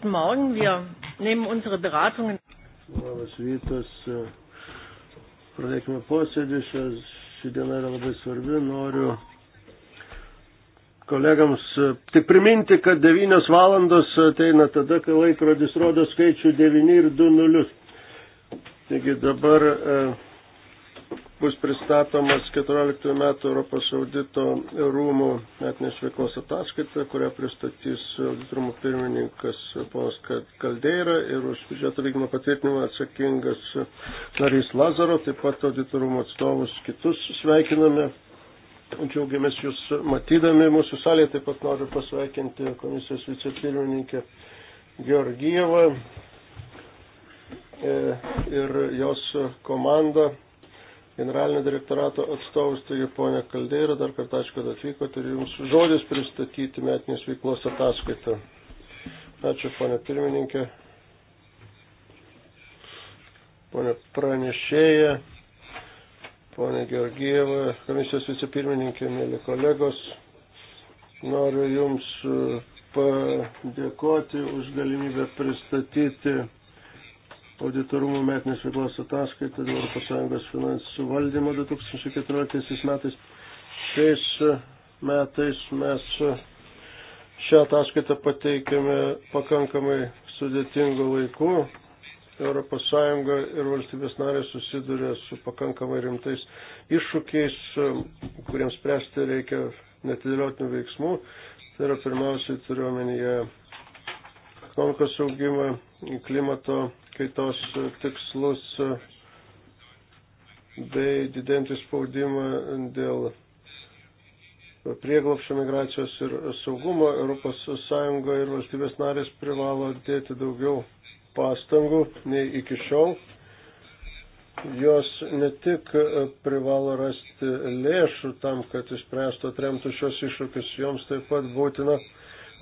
Guten Morgen. Wir nehmen unsere Beratungen. Labas rytas. Pradėkime posėdį. Ši diena yra labai svarbi. Noriu kolegams e, tik priminti, kad 9 valandos ateina tada, kai laikrodis rodo skaičių 9 ir 2 nulius. Taigi dabar. E, bus pristatomas 14 metų Europos audito rūmų metinės veiklos ataskaita, kurią pristatys auditorumų pirmininkas ponas Kaldeira ir už biudžeto vykdymo patvirtinimą atsakingas narys Lazaro, taip pat auditorumų atstovus kitus sveikiname. Džiaugiamės Jūs matydami mūsų salėje, taip pat noriu pasveikinti komisijos vicepirmininkę Georgijevą e, ir jos komandą generalinio direktorato atstovus, taigi ponė Kaldeira, dar kartą ačiū, kad atvykote ir jums žodis pristatyti metinės veiklos ataskaitą. Ačiū, ponė pirmininkė, ponė pranešėja, ponė Georgieva, komisijos vicepirmininkė, mėly kolegos. Noriu jums padėkoti už galimybę pristatyti auditorumų metinės veiklos ataskaita dėl ES finansų valdymo 2014 metais. Šiais e, metais mes e, šią ataskaitą pateikėme pakankamai sudėtingu laiku. ES ir valstybės narės susiduria su pakankamai rimtais iššūkiais, e, kuriems spręsti reikia netidėliotinių veiksmų. Tai yra pirmiausiai turiuomenyje ekonomikos augimą, klimato kaitos tikslus bei didinti spaudimą dėl prieglopščio migracijos ir saugumo Europos Sąjunga ir valstybės narės privalo dėti daugiau pastangų nei iki šiol. Jos ne tik privalo rasti lėšų tam, kad išspręstų atremtų šios iššūkius, joms taip pat būtina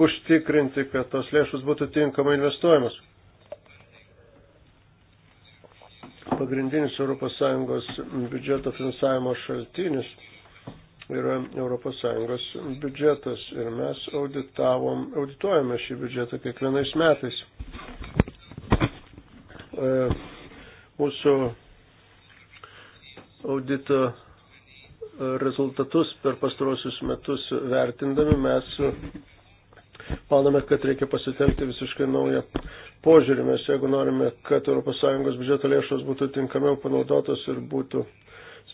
užtikrinti, kad tos lėšos būtų tinkamai investuojamos. pagrindinis ES biudžeto finansavimo šaltinis yra ES biudžetas ir mes auditavom, audituojame šį biudžetą kiekvienais metais. E, mūsų audito rezultatus per pastarosius metus vertindami mes manome, kad reikia pasitelkti visiškai naują požiūrį. Mes jeigu norime, kad ES biudžeto lėšos būtų tinkamiau panaudotos ir būtų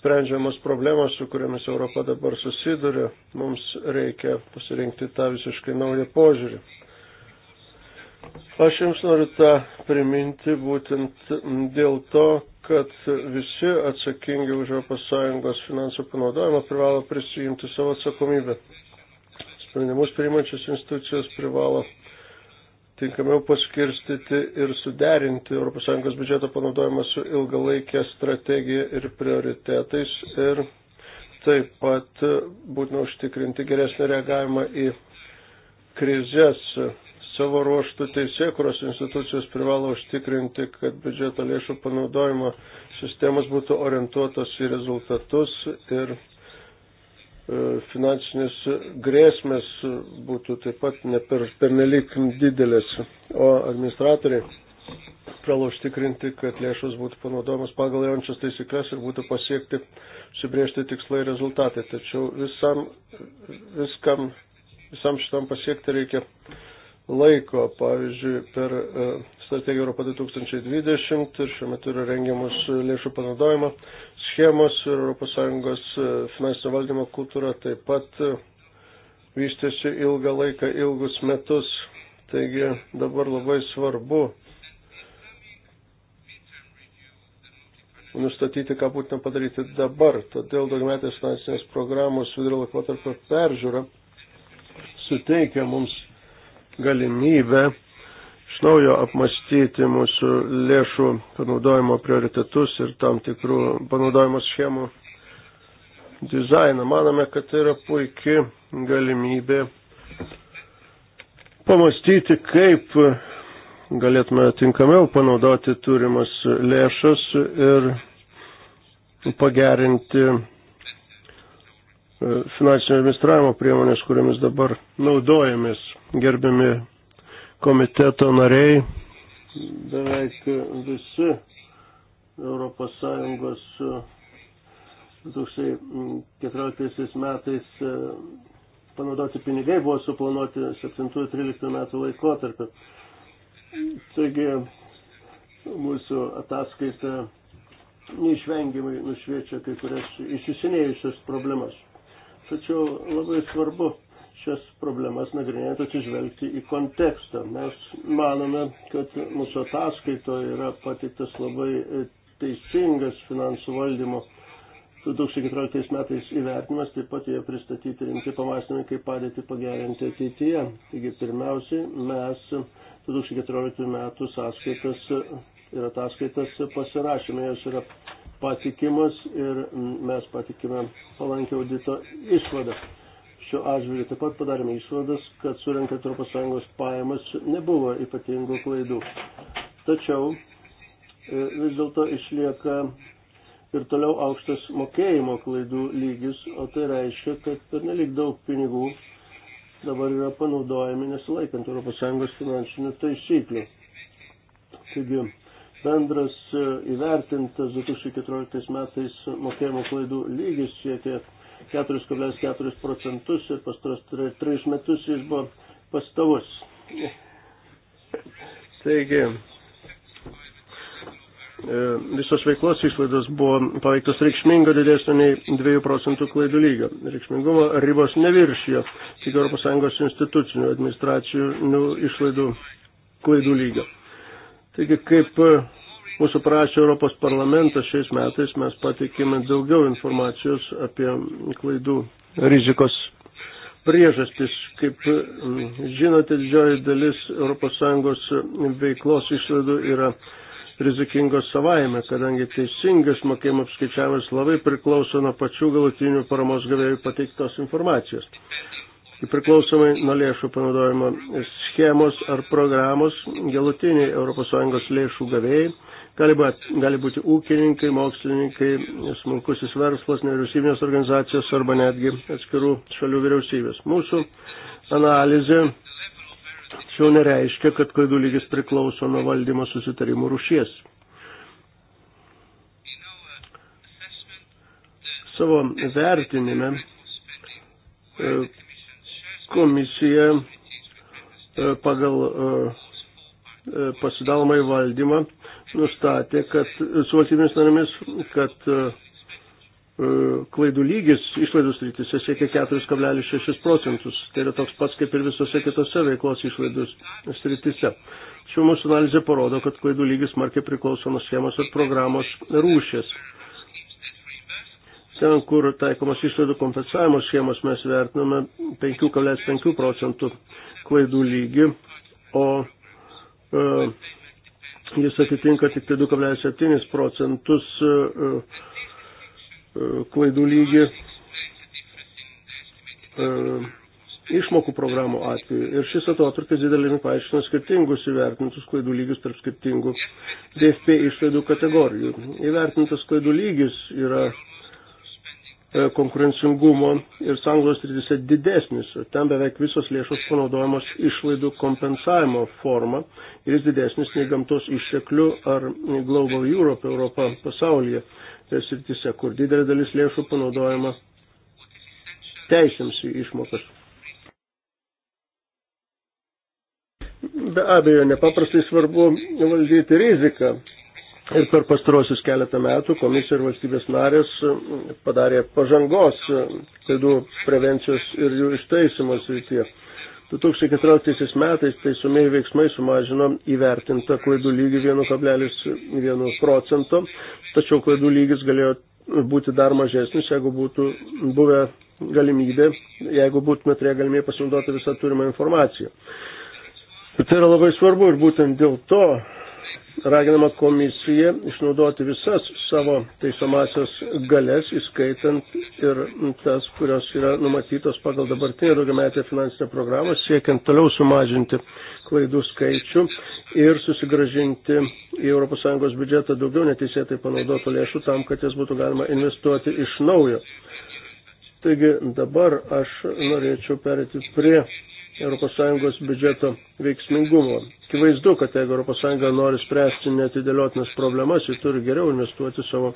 sprendžiamos problemos, su kuriamis Europa dabar susiduria, mums reikia pasirinkti tą visiškai naują požiūrį. Aš jums noriu tą priminti būtent dėl to, kad visi atsakingi už ES finansų panaudojimą privalo prisijimti savo atsakomybę sprendimus priimančios institucijos privalo tinkamiau paskirstyti ir suderinti ES biudžeto panaudojimą su ilgalaikė strategija ir prioritetais ir taip pat būtina užtikrinti geresnį reagavimą į krizės. Savo ruoštų teisėkuros institucijos privalo užtikrinti, kad biudžeto lėšų panaudojimo sistemas būtų orientuotos į rezultatus ir E, finansinės grėsmės būtų taip pat ne per, pernelyg didelės, o administratoriai pralo užtikrinti, kad lėšos būtų panaudojamas pagal jaučias taisyklės ir būtų pasiekti subriežti tikslai rezultatai. Tačiau visam, viskam, visam šitam pasiekti reikia laiko, pavyzdžiui, per e, strategiją Europą 2020 ir šiuo metu yra rengiamos lėšų panaudojimo schemos ir ES e, finansinio valdymo kultūra taip pat e, vystėsi ilgą laiką, ilgus metus. Taigi dabar labai svarbu nustatyti, ką būtina padaryti dabar. Todėl daugiametės finansinės programos vidurio laikotarpio peržiūra suteikia mums galimybę iš naujo apmastyti mūsų lėšų panaudojimo prioritetus ir tam tikrų panaudojimo schemų dizainą. Manome, kad tai yra puikia galimybė pamastyti, kaip galėtume tinkamiau panaudoti turimas lėšas ir pagerinti E, finansinio administravimo priemonės, kuriamis dabar naudojamės, gerbiami komiteto nariai, beveik visi ES 2014 e, metais e, panaudoti pinigai buvo suplanuoti 7-13 metų laikotarpiu. Taigi mūsų ataskaita neišvengiamai nušviečia kai kurias įsisinėjusias problemas. Tačiau labai svarbu šias problemas nagrinėjant atsižvelgti į kontekstą. Mes manome, kad mūsų ataskaitoje yra pateiktas labai e, teisingas finansų valdymo 2014 metais įvertinimas, taip pat jie pristatyti rimti pamastymai, kaip padėti pagerinti ateityje. Taigi pirmiausiai mes 2014 metų sąskaitas ir ataskaitas pasirašėme, jos yra patikimas ir mes patikime palankę audito išvadą. Šiuo atžvilgiu taip pat padarėme išvadas, kad surinkant ES pajamas nebuvo ypatingų klaidų. Tačiau e, vis dėlto išlieka ir toliau aukštas mokėjimo klaidų lygis, o tai reiškia, kad per nelik daug pinigų dabar yra panaudojami nesilaikant ES finansinių taisyklių. Taigi, Bendras e, įvertintas 2014 metais mokėjimo klaidų lygis siekė 4,4 procentus ir pastaros 3 metus jis buvo pastovus. Taigi, e, visos veiklos išlaidos buvo paveiktos reikšmingo didesnio nei 2 procentų klaidų lygio. Reikšmingumo ribos neviršijo tik ES institucinių administracijų išlaidų klaidų lygio. Taigi, kaip e, mūsų prašė Europos parlamentas, šiais metais mes pateikėme daugiau informacijos apie klaidų rizikos priežastis. Kaip e, žinote, didžioji dalis ES veiklos išlaidų yra rizikingos savaime, kadangi teisingas mokėjimo apskaičiavimas labai priklauso nuo pačių galutinių paramos gavėjų pateiktos informacijos. Tai priklausomai nuo lėšų panaudojimo schemos ar programos, galutiniai ES lėšų gavėjai gali, būt, gali būti ūkininkai, mokslininkai, smulkusis verslas, nevyriausybinės organizacijos arba netgi atskirų šalių vyriausybės. Mūsų analizė čia nereiškia, kad klaidų lygis priklauso nuo valdymo susitarimų rušies. savo vertinime komisija e, pagal e, e, pasidalomą į valdymą nustatė, kad su valstybėmis narėmis, kad klaidų lygis išlaidų srityse siekia 4,6 procentus. Tai yra toks pats kaip ir visose kitose veiklos išlaidų srityse. Šiuo mūsų analizė parodo, kad klaidų lygis markiai priklauso nuo schemos ir programos rūšės. Ten, kur taikomas išlaidų kompensavimo schemos, mes vertiname 5,5 procentų klaidų lygį, o e, jis atitinka tik tai 2,7 procentus e, e, klaidų lygį e, išmokų programų atveju. Ir šis atotrukis didelėmi paaiškina skirtingus įvertintus klaidų lygius tarp skirtingų DFP išlaidų kategorijų. Įvertintas klaidų lygis yra E, konkurencingumo ir sanglos rytise didesnis. Ten beveik visos lėšos panaudojamos išlaidų kompensavimo forma ir jis didesnis nei gamtos išteklių ar Global Europe, Europa pasaulyje e, srityse, kur didelė dalis lėšų panaudojama teisėms į išmokas. Be abejo, nepaprastai svarbu valdyti riziką, Ir per pastarosius keletą metų komisija ir valstybės narės padarė pažangos klaidų prevencijos ir jų ištaisimo srityje. 2014 metais teisumai veiksmai sumažino įvertintą klaidų lygį 1,1 procento, tačiau klaidų lygis galėjo būti dar mažesnis, jeigu būtų buvę galimybė, jeigu būtume turėję galimybę pasinaudoti visą turimą informaciją. Tai yra labai svarbu ir būtent dėl to raginama komisija išnaudoti visas savo teisomasios galės, įskaitant ir tas, kurios yra numatytos pagal dabartinę daugiametę finansinę programą, siekiant toliau sumažinti klaidų skaičių ir susigražinti į ES biudžetą daugiau neteisėtai panaudotų lėšų tam, kad jas būtų galima investuoti iš naujo. Taigi dabar aš norėčiau perėti prie ES biudžeto veiksmingumo. Kivaizdu, kad jeigu ES nori spręsti netidėliotinas problemas, ji turi geriau investuoti savo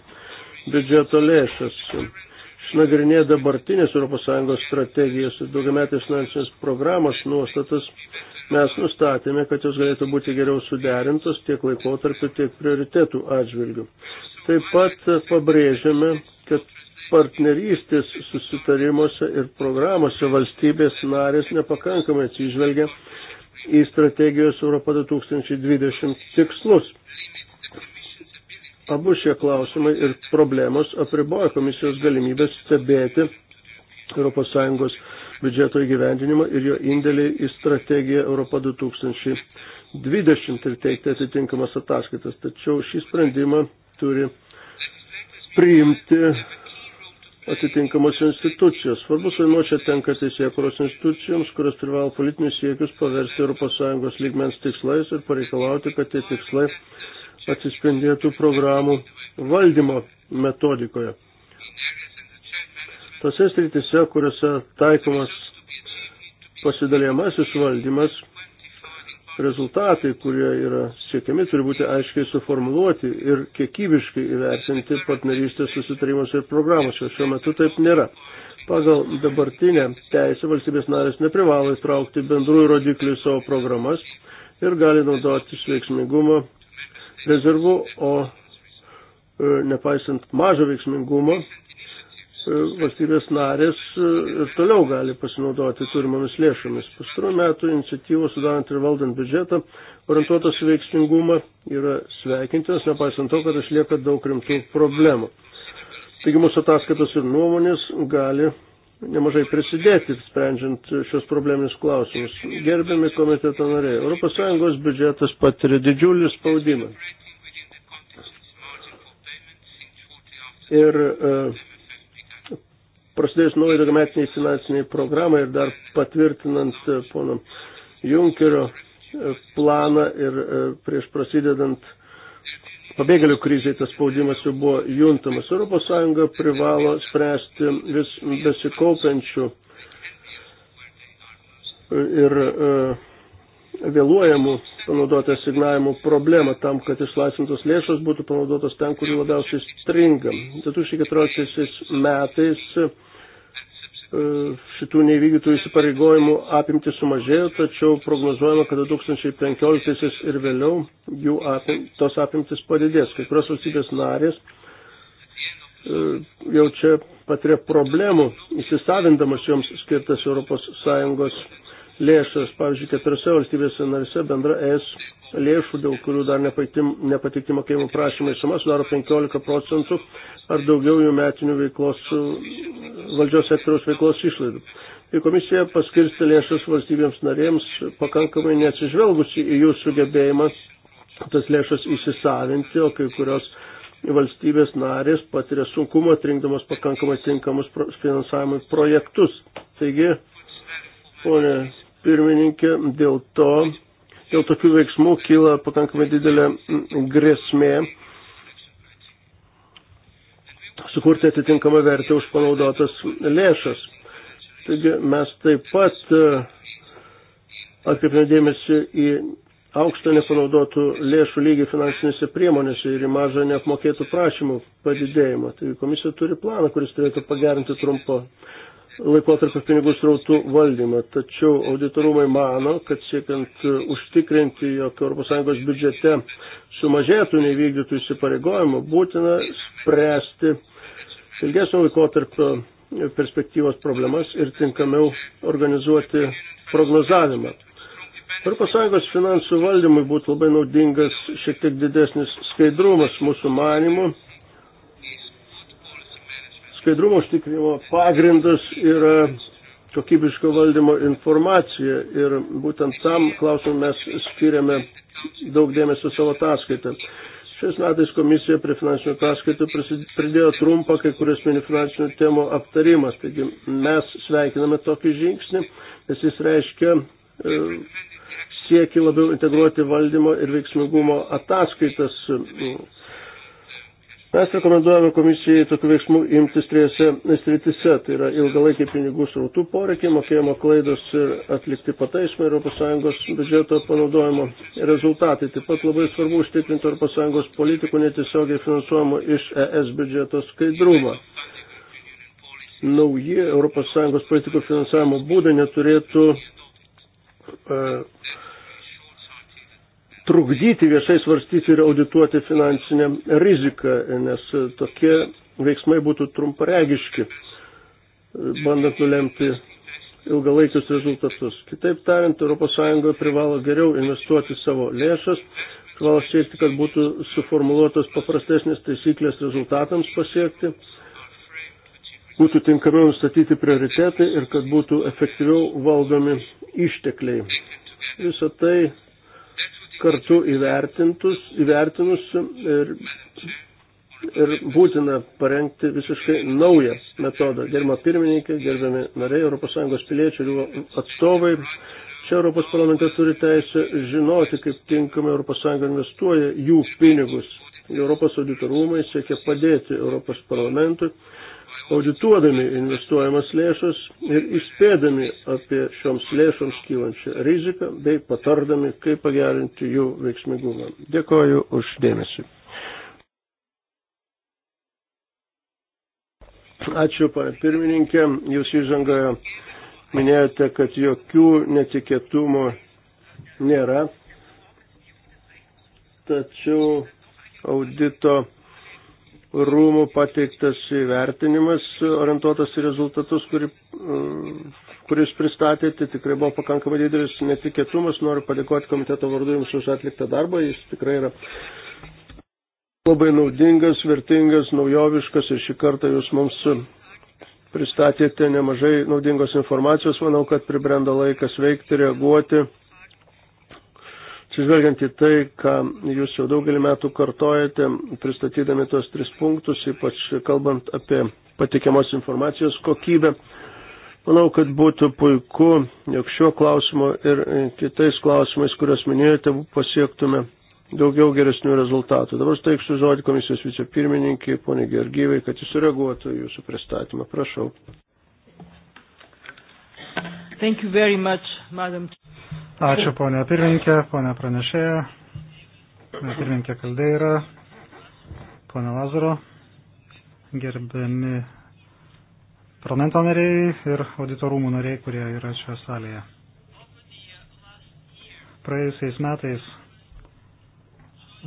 biudžeto lėšas išnagrinėję dabartinės ES strategijos ir daugiametės finansinės programos nuostatas, mes nustatėme, kad jos galėtų būti geriau suderintos tiek laikotarpiu, tiek prioritetų atžvilgių. Taip pat pabrėžiame, kad partnerystės susitarimuose ir programuose valstybės narės nepakankamai atsižvelgia į strategijos Europa 2020 tikslus. Abu šie klausimai ir problemos apriboja komisijos galimybės stebėti ES biudžeto įgyvendinimą ir jo indėlį į strategiją Europa 2020 ir teikti atitinkamas ataskaitas. Tačiau šį sprendimą turi priimti atitinkamos institucijos. Svarbus vaidmuo čia tenka teisėkuros institucijoms, kurios privalo politinius siekius paversti ES lygmens tikslais ir pareikalauti, kad tie tikslai atsispindėtų programų valdymo metodikoje. Tose sritise, kuriuose taikomas pasidalėmasis valdymas, rezultatai, kurie yra siekiami, turi būti aiškiai suformuluoti ir kiekybiškai įvertinti partnerystės susitarimuose ir programuose. Šiuo metu taip nėra. Pagal dabartinę teisę valstybės narės neprivalo įtraukti bendrųjų rodiklių į savo programas ir gali naudotis veiksmingumo rezervu, o e, nepaisant mažo veiksmingumo, e, valstybės narės e, ir toliau gali pasinaudoti turimomis lėšomis. Pastarų metų iniciatyvos sudarant ir valdant biudžetą orientuotas veiksmingumą yra sveikintinas, nepaisant to, kad išlieka daug rimtų problemų. Taigi mūsų ataskaitos ir nuomonės gali nemažai prisidėti, sprendžiant šios probleminius klausimus. Gerbiami komiteto nariai, ES biudžetas patiria didžiulį spaudimą. Ir uh, prasidėjus naujai daugiametiniai finansiniai programai ir dar patvirtinant e, pono Junkerio e, planą ir prieš prasidedant pabėgėlių krizėje tas spaudimas jau buvo juntamas. ES privalo spręsti vis besikaupiančių ir e, vėluojamų panaudoti asignavimų problemą tam, kad išlaisvintos lėšos būtų panaudotos ten, kur labiausiai stringa. 2014 metais E, šitų neįvykdytų įsipareigojimų apimti sumažėjo, tačiau prognozuojama, kad 2015 ir vėliau jų apim, tos apimtis padidės. Kai kurios valstybės narės e, jau čia patiria problemų įsisavindamas joms skirtas ES lėšas. Pavyzdžiui, keturiose valstybėse narise bendra ES lėšų, dėl kurių dar nepatikti mokėjimų prašymai suma sudaro 15 procentų ar daugiau jų metinių veiklos, valdžios sektoriaus veiklos išlaidų. Ir komisija paskirsti lėšas valstybėms narėms pakankamai neatsižvelgusi į jų sugebėjimą tas lėšas įsisavinti, o kai kurios valstybės narės patiria sunkumą atrinkdamas pakankamai tinkamus finansavimui projektus. Taigi, ponė pirmininkė, dėl to, dėl tokių veiksmų kyla pakankamai didelė grėsmė sukurti atitinkamą vertę už panaudotas lėšas. Taigi mes taip pat e, atkreipėme dėmesį į aukštą nepanaudotų lėšų lygį finansinėse priemonėse ir į mažą neapmokėtų prašymų padidėjimą. Tai komisija turi planą, kuris turėtų pagerinti trumpo laikotarpio pinigų srautų valdymą. Tačiau auditorumai mano, kad siekiant užtikrinti, jog ES biudžete sumažėtų nevykdytų įsipareigojimų, būtina spręsti ilgesnio laikotarpio perspektyvos problemas ir tinkamiau organizuoti prognozavimą. ES finansų valdymui būtų labai naudingas šiek tiek didesnis skaidrumas mūsų manimų Skaidrumo užtikrinimo pagrindas yra kokybiško valdymo informacija ir būtent tam klausimui mes skiriame daug dėmesio savo ataskaitą. Šiais metais komisija prie finansinių ataskaitų pridėjo trumpą kai kurias mini finansinių temų aptarimas. Taigi mes sveikiname tokį žingsnį, nes jis reiškia e, sieki labiau integruoti valdymo ir veiksmingumo ataskaitas Mes rekomenduojame komisijai tokių veiksmų imtis trijose sritise, tai yra ilgalaikiai pinigų srautų poreikiai, mokėjimo klaidos ir atlikti pataismą ES biudžeto panaudojimo rezultatai. Taip pat labai svarbu užtikrinti ES politikų netiesiogiai finansuojamo iš ES biudžeto skaidrumą. Nauji ES politikų finansavimo būdai neturėtų uh, trukdyti viešai svarstyti ir audituoti finansinę riziką, nes tokie veiksmai būtų trumparegiški, bandant nulemti ilgalaikius rezultatus. Kitaip tariant, ES privalo geriau investuoti savo lėšas, privalo siekti, kad būtų suformuoluotos paprastesnės taisyklės rezultatams pasiekti, būtų tinkamiau nustatyti prioritetai ir kad būtų efektyviau valdomi ištekliai. Visą tai kartu įvertinus ir, ir būtina parengti visiškai naują metodą. Gerbama pirmininkė, gerbiami nariai, ES piliečių ir atstovai. Čia Europos parlamentas turi teisę žinoti, kaip tinkamai ES investuoja jų pinigus. Europos auditorumai siekia padėti Europos parlamentui audituodami investuojamas lėšas ir įspėdami apie šioms lėšoms kylančią riziką bei patardami, kaip pagerinti jų veiksmingumą. Dėkoju už dėmesį. Ačiū, pane pirmininkė. Jūs įžangoje minėjote, kad jokių netikėtumų nėra. Tačiau audito rūmų pateiktas įvertinimas, orientuotas į rezultatus, kuri, mm, kuris pristatėte, tai tikrai buvo pakankamai didelis netikėtumas. Noriu padėkoti komiteto vardu Jums už atliktą darbą, jis tikrai yra labai naudingas, vertingas, naujoviškas ir šį kartą Jūs mums pristatėte nemažai naudingos informacijos. Manau, kad pribrendo laikas veikti, reaguoti. Atsižvelgiant į tai, ką jūs jau daugelį metų kartojate, pristatydami tos tris punktus, ypač kalbant apie patikiamos informacijos kokybę, manau, kad būtų puiku, jog šiuo klausimu ir kitais klausimais, kuriuos minėjote, pasiektume daugiau geresnių rezultatų. Dabar steiksiu žodį komisijos vicepirmininkai, ponė Gergyvai, kad jis sureaguotų jūsų pristatymą. Prašau. Thank you very much, madam. Ačiū ponia pirmininkė, ponia pranešėja, ponia pirmininkė Kaldeira, ponia Lazaro, gerbiami parlamento nariai ir auditorumų nariai, kurie yra šioje salėje. Praėjusiais metais,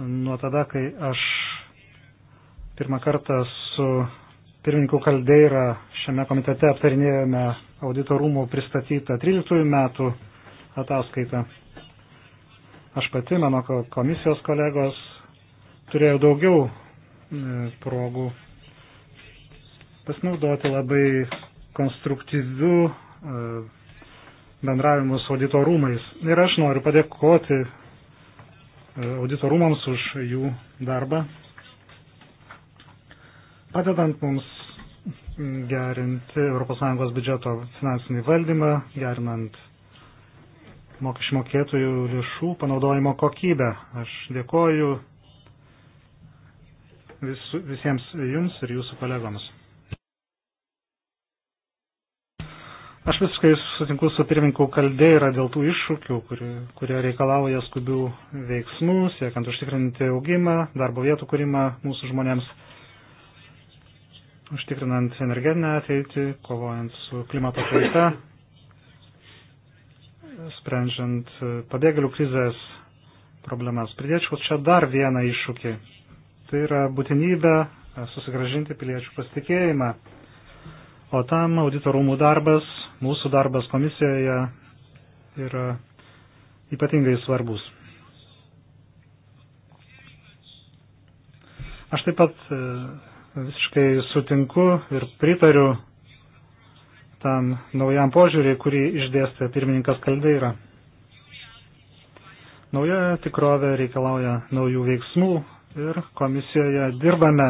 nuo tada, kai aš pirmą kartą su pirmininku Kaldeira šiame komitete aptarinėjome auditorumų pristatytą 13 metų ataskaitą. Aš pati, mano komisijos kolegos, turėjau daugiau e, progų pasinaudoti labai konstruktyvių e, bendravimu su auditorumais. Ir aš noriu padėkoti e, auditorumams už jų darbą, padedant mums gerinti ES biudžeto finansinį valdymą, gerinant mokesčių mokėtojų lėšų panaudojimo kokybę. Aš dėkoju vis, visiems jums ir jūsų kolegoms. Aš visiškai sutinku su pirmininku Kaldeira dėl tų iššūkių, kurie, kurie reikalauja skubių veiksmų, siekiant užtikrinti augimą, darbo vietų kūrimą mūsų žmonėms, užtikrinant energetinę ateitį, kovojant su klimato kaita sprendžiant e, pabėgėlių krizės problemas. Pridėčiau čia dar vieną iššūkį. Tai yra būtinybė e, susigražinti piliečių pasitikėjimą. O tam auditorumų darbas, mūsų darbas komisijoje yra ypatingai svarbus. Aš taip pat e, visiškai sutinku ir pritariu tam naujam požiūriui, kurį išdėstė pirmininkas Kaldeira. Nauja tikrovė reikalauja naujų veiksmų ir komisijoje dirbame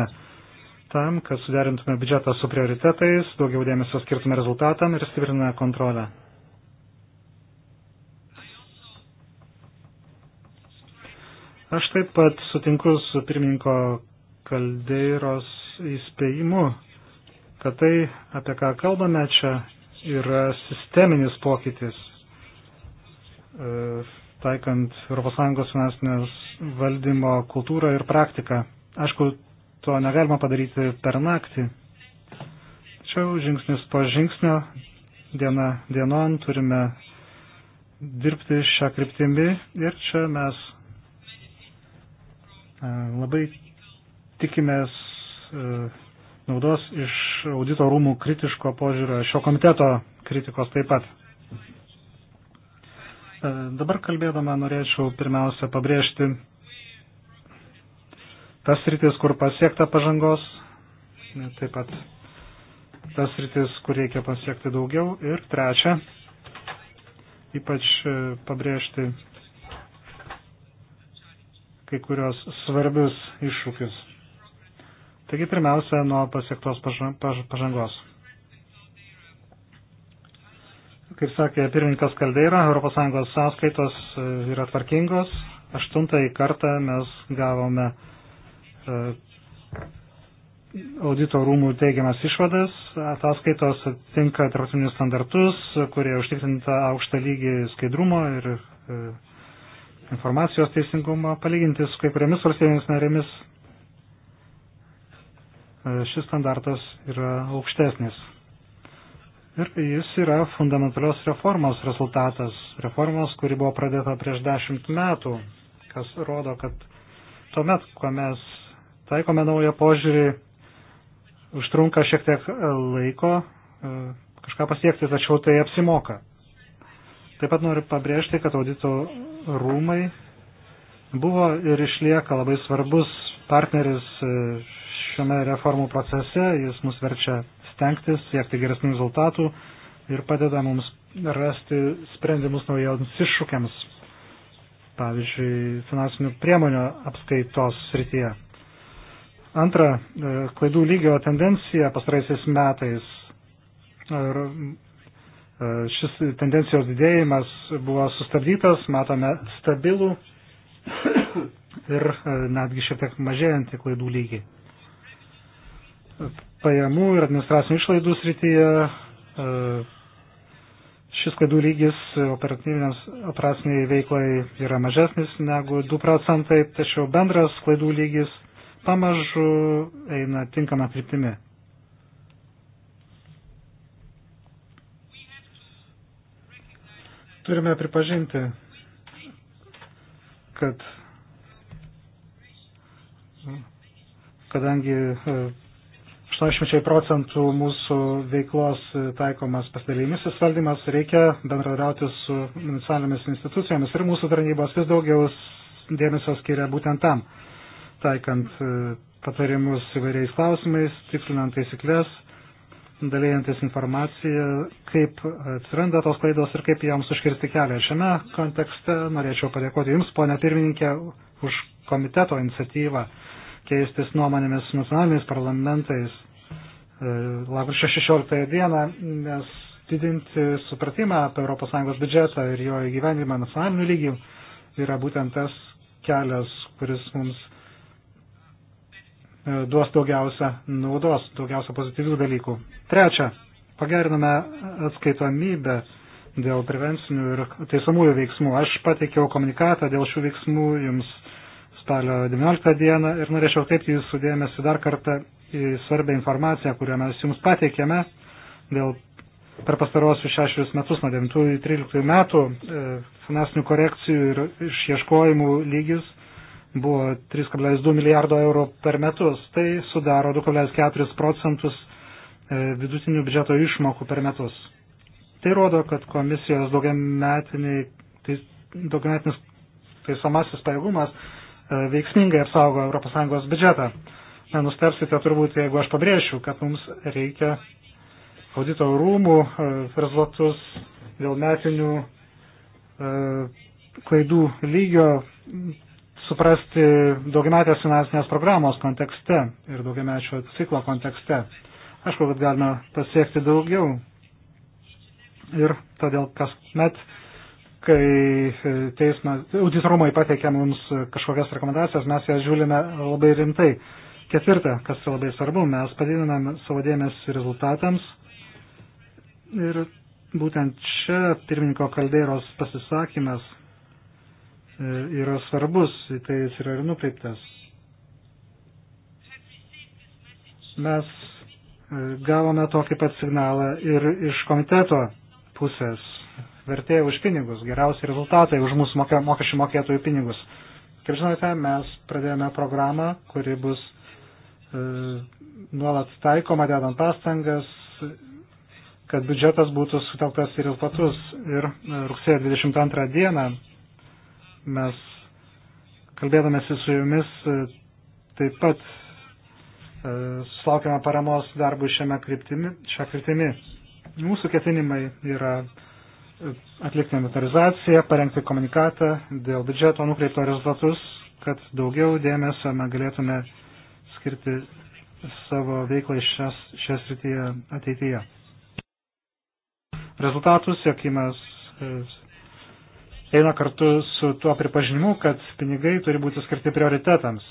tam, kad suderintume biudžetą su prioritetais, daugiau dėmesio skirtume rezultatam ir stipriname kontrolę. Aš taip pat sutinku su pirmininko Kaldeiros įspėjimu kad tai, apie ką kalbame čia, yra sisteminis pokytis e, taikant ES finansinės valdymo kultūrą ir praktiką. Aišku, to negalima padaryti per naktį. Tačiau žingsnis po žingsnio, diena dienon turime dirbti šią kryptimį ir čia mes e, labai tikimės e, naudos iš audito rūmų kritiško požiūrio, šio komiteto kritikos taip pat. E, dabar kalbėdama norėčiau pirmiausia pabrėžti tas rytis, kur pasiekta pažangos, taip pat tas rytis, kur reikia pasiekti daugiau. Ir trečia, ypač e, pabrėžti kai kurios svarbius iššūkius. Taigi pirmiausia, nuo pasiektos pažangos. Kaip sakė pirmininkas Kaldeira, ES sąskaitos e, yra tvarkingos. Aštuntąjį kartą mes gavome e, audito rūmų teigiamas išvadas. Ataskaitos atitinka tarptautinius standartus, kurie užtikrinta aukštą lygį skaidrumo ir e, informacijos teisingumo. Palyginti su kai kuriamis valstybėmis narėmis E, šis standartas yra aukštesnis. Ir jis yra fundamentalios reformos rezultatas. Reformos, kuri buvo pradėta prieš dešimt metų, kas rodo, kad tuomet, kuo mes taikome naują požiūrį, užtrunka šiek tiek laiko e, kažką pasiekti, tačiau tai apsimoka. Taip pat noriu pabrėžti, kad audito rūmai buvo ir išlieka labai svarbus partneris e, šiame reformų procese, jis mus verčia stengtis, siekti geresnių rezultatų ir padeda mums rasti sprendimus naujoms iššūkiams, pavyzdžiui, finansinių priemonių apskaitos srityje. Antra, e, klaidų lygio tendencija pastaraisiais metais. Ir e, šis tendencijos didėjimas buvo sustabdytas, matome stabilų ir e, netgi šiek tiek mažėjantį klaidų lygį pajamų ir administracinių išlaidų srityje e, šis klaidų lygis operaciniai veiklai yra mažesnis negu 2 procentai, tačiau bendras klaidų lygis pamažu eina tinkama kryptimi. Turime pripažinti, kad kadangi e, 80 procentų mūsų veiklos taikomas pasidalimisis valdymas, reikia bendradarbiauti su nacionalinėmis institucijomis ir mūsų tarnybos vis daugiau dėmesio skiria būtent tam, taikant e, patarimus įvairiais klausimais, tikslinant taisyklės, dalyjantis informaciją, kaip atsiranda tos klaidos ir kaip joms užkirsti kelią. Šiame kontekste norėčiau padėkoti Jums, ponia pirmininkė, už komiteto iniciatyvą keistis nuomonėmis su nacionaliniais parlamentais E, lapkričio 16 dieną, nes didinti supratimą apie ES biudžetą ir jo įgyvendimą nacionaliniu lygiu yra būtent tas kelias, kuris mums e, duos daugiausia naudos, daugiausia pozityvių dalykų. Trečia, pageriname atskaitomybę dėl prevencinių ir teisomųjų veiksmų. Aš pateikiau komunikatą dėl šių veiksmų jums spalio 19 dieną ir norėčiau atkreipti jūsų dėmesį dar kartą į svarbę informaciją, kurią mes jums pateikėme dėl per pastarosius šešerius metus, nuo 9-13 metų, e, finansinių korekcijų ir išieškojimų lygis buvo 3,2 milijardo eurų per metus. Tai sudaro 2,4 procentus e, vidutinių biudžeto išmokų per metus. Tai rodo, kad komisijos tai, daugiametinis taisomasis pajėgumas e, veiksmingai apsaugo ES biudžetą. Nenustepsite turbūt, jeigu aš pabrėšiu, kad mums reikia audito rūmų e, rezultatus dėl metinių e, klaidų lygio suprasti daugiametės finansinės programos kontekste ir daugiamečio ciklo kontekste. Aišku, kad galime pasiekti daugiau. Ir todėl kasmet, kai teismas, auditorumai pateikia mums kažkokias rekomendacijas, mes jas žiūrime labai rimtai. Ketvirta, kas labai svarbu, mes padidiname savo dėmesį rezultatams ir būtent čia pirmininko kalderos pasisakymas e, yra svarbus, tai jis yra ir nukreiptas. Mes e, gavome tokį pat signalą ir iš komiteto pusės vertėjai už pinigus, geriausi rezultatai už mūsų mokesčių mokėtojų pinigus. Kaip žinote, mes pradėjome programą, kuri bus E, nuolat taikoma, dedant pastangas, kad biudžetas būtų sutelktas į rezultatus. Ir e, rugsėjo 22 dieną mes kalbėdamėsi su jumis e, taip pat sulaukėme paramos darbų šiame kryptimi, šią kryptimi. Mūsų ketinimai yra atlikti inventarizaciją, parengti komunikatą dėl biudžeto nukreipto rezultatus, kad daugiau dėmesio mes galėtume skirti savo veiklai šias, šias rytyje ateityje. Rezultatų siekimas e, eina kartu su tuo pripažinimu, kad pinigai turi būti skirti prioritetams.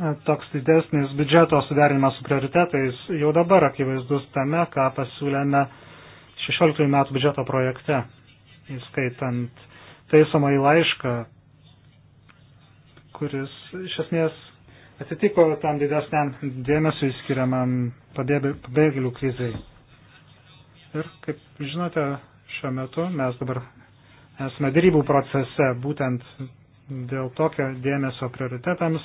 E, toks didesnis biudžeto suderinimas su prioritetais jau dabar akivaizdus tame, ką pasiūlėme 16 metų biudžeto projekte, įskaitant taisomą į laišką, kuris iš esmės atsitiko tam didesniam dėmesiu įskiriamam pabėgėlių krizai. Ir kaip žinote, šiuo metu mes dabar esame dėrybų procese būtent dėl tokio dėmesio prioritetams.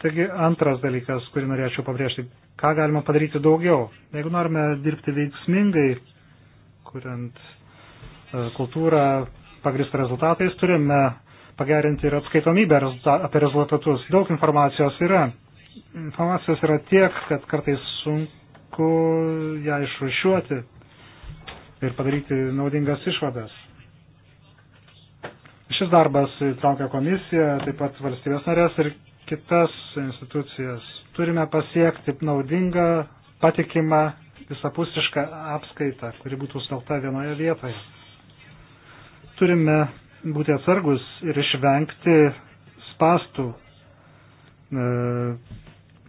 Taigi antras dalykas, kurį norėčiau pabrėžti, ką galima padaryti daugiau. Jeigu norime dirbti veiksmingai, kuriant e, kultūrą pagristą rezultatais, turime pagerinti ir atskaitomybę apie rezultatus. Daug informacijos yra. Informacijos yra tiek, kad kartais sunku ją išrušiuoti ir padaryti naudingas išvadas. Šis darbas įtraukia komisiją, taip pat valstybės narės ir kitas institucijas. Turime pasiekti naudingą, patikimą, visapusišką apskaitą, kuri būtų stalta vienoje vietoje. Turime būti atsargus ir išvengti spastų. E,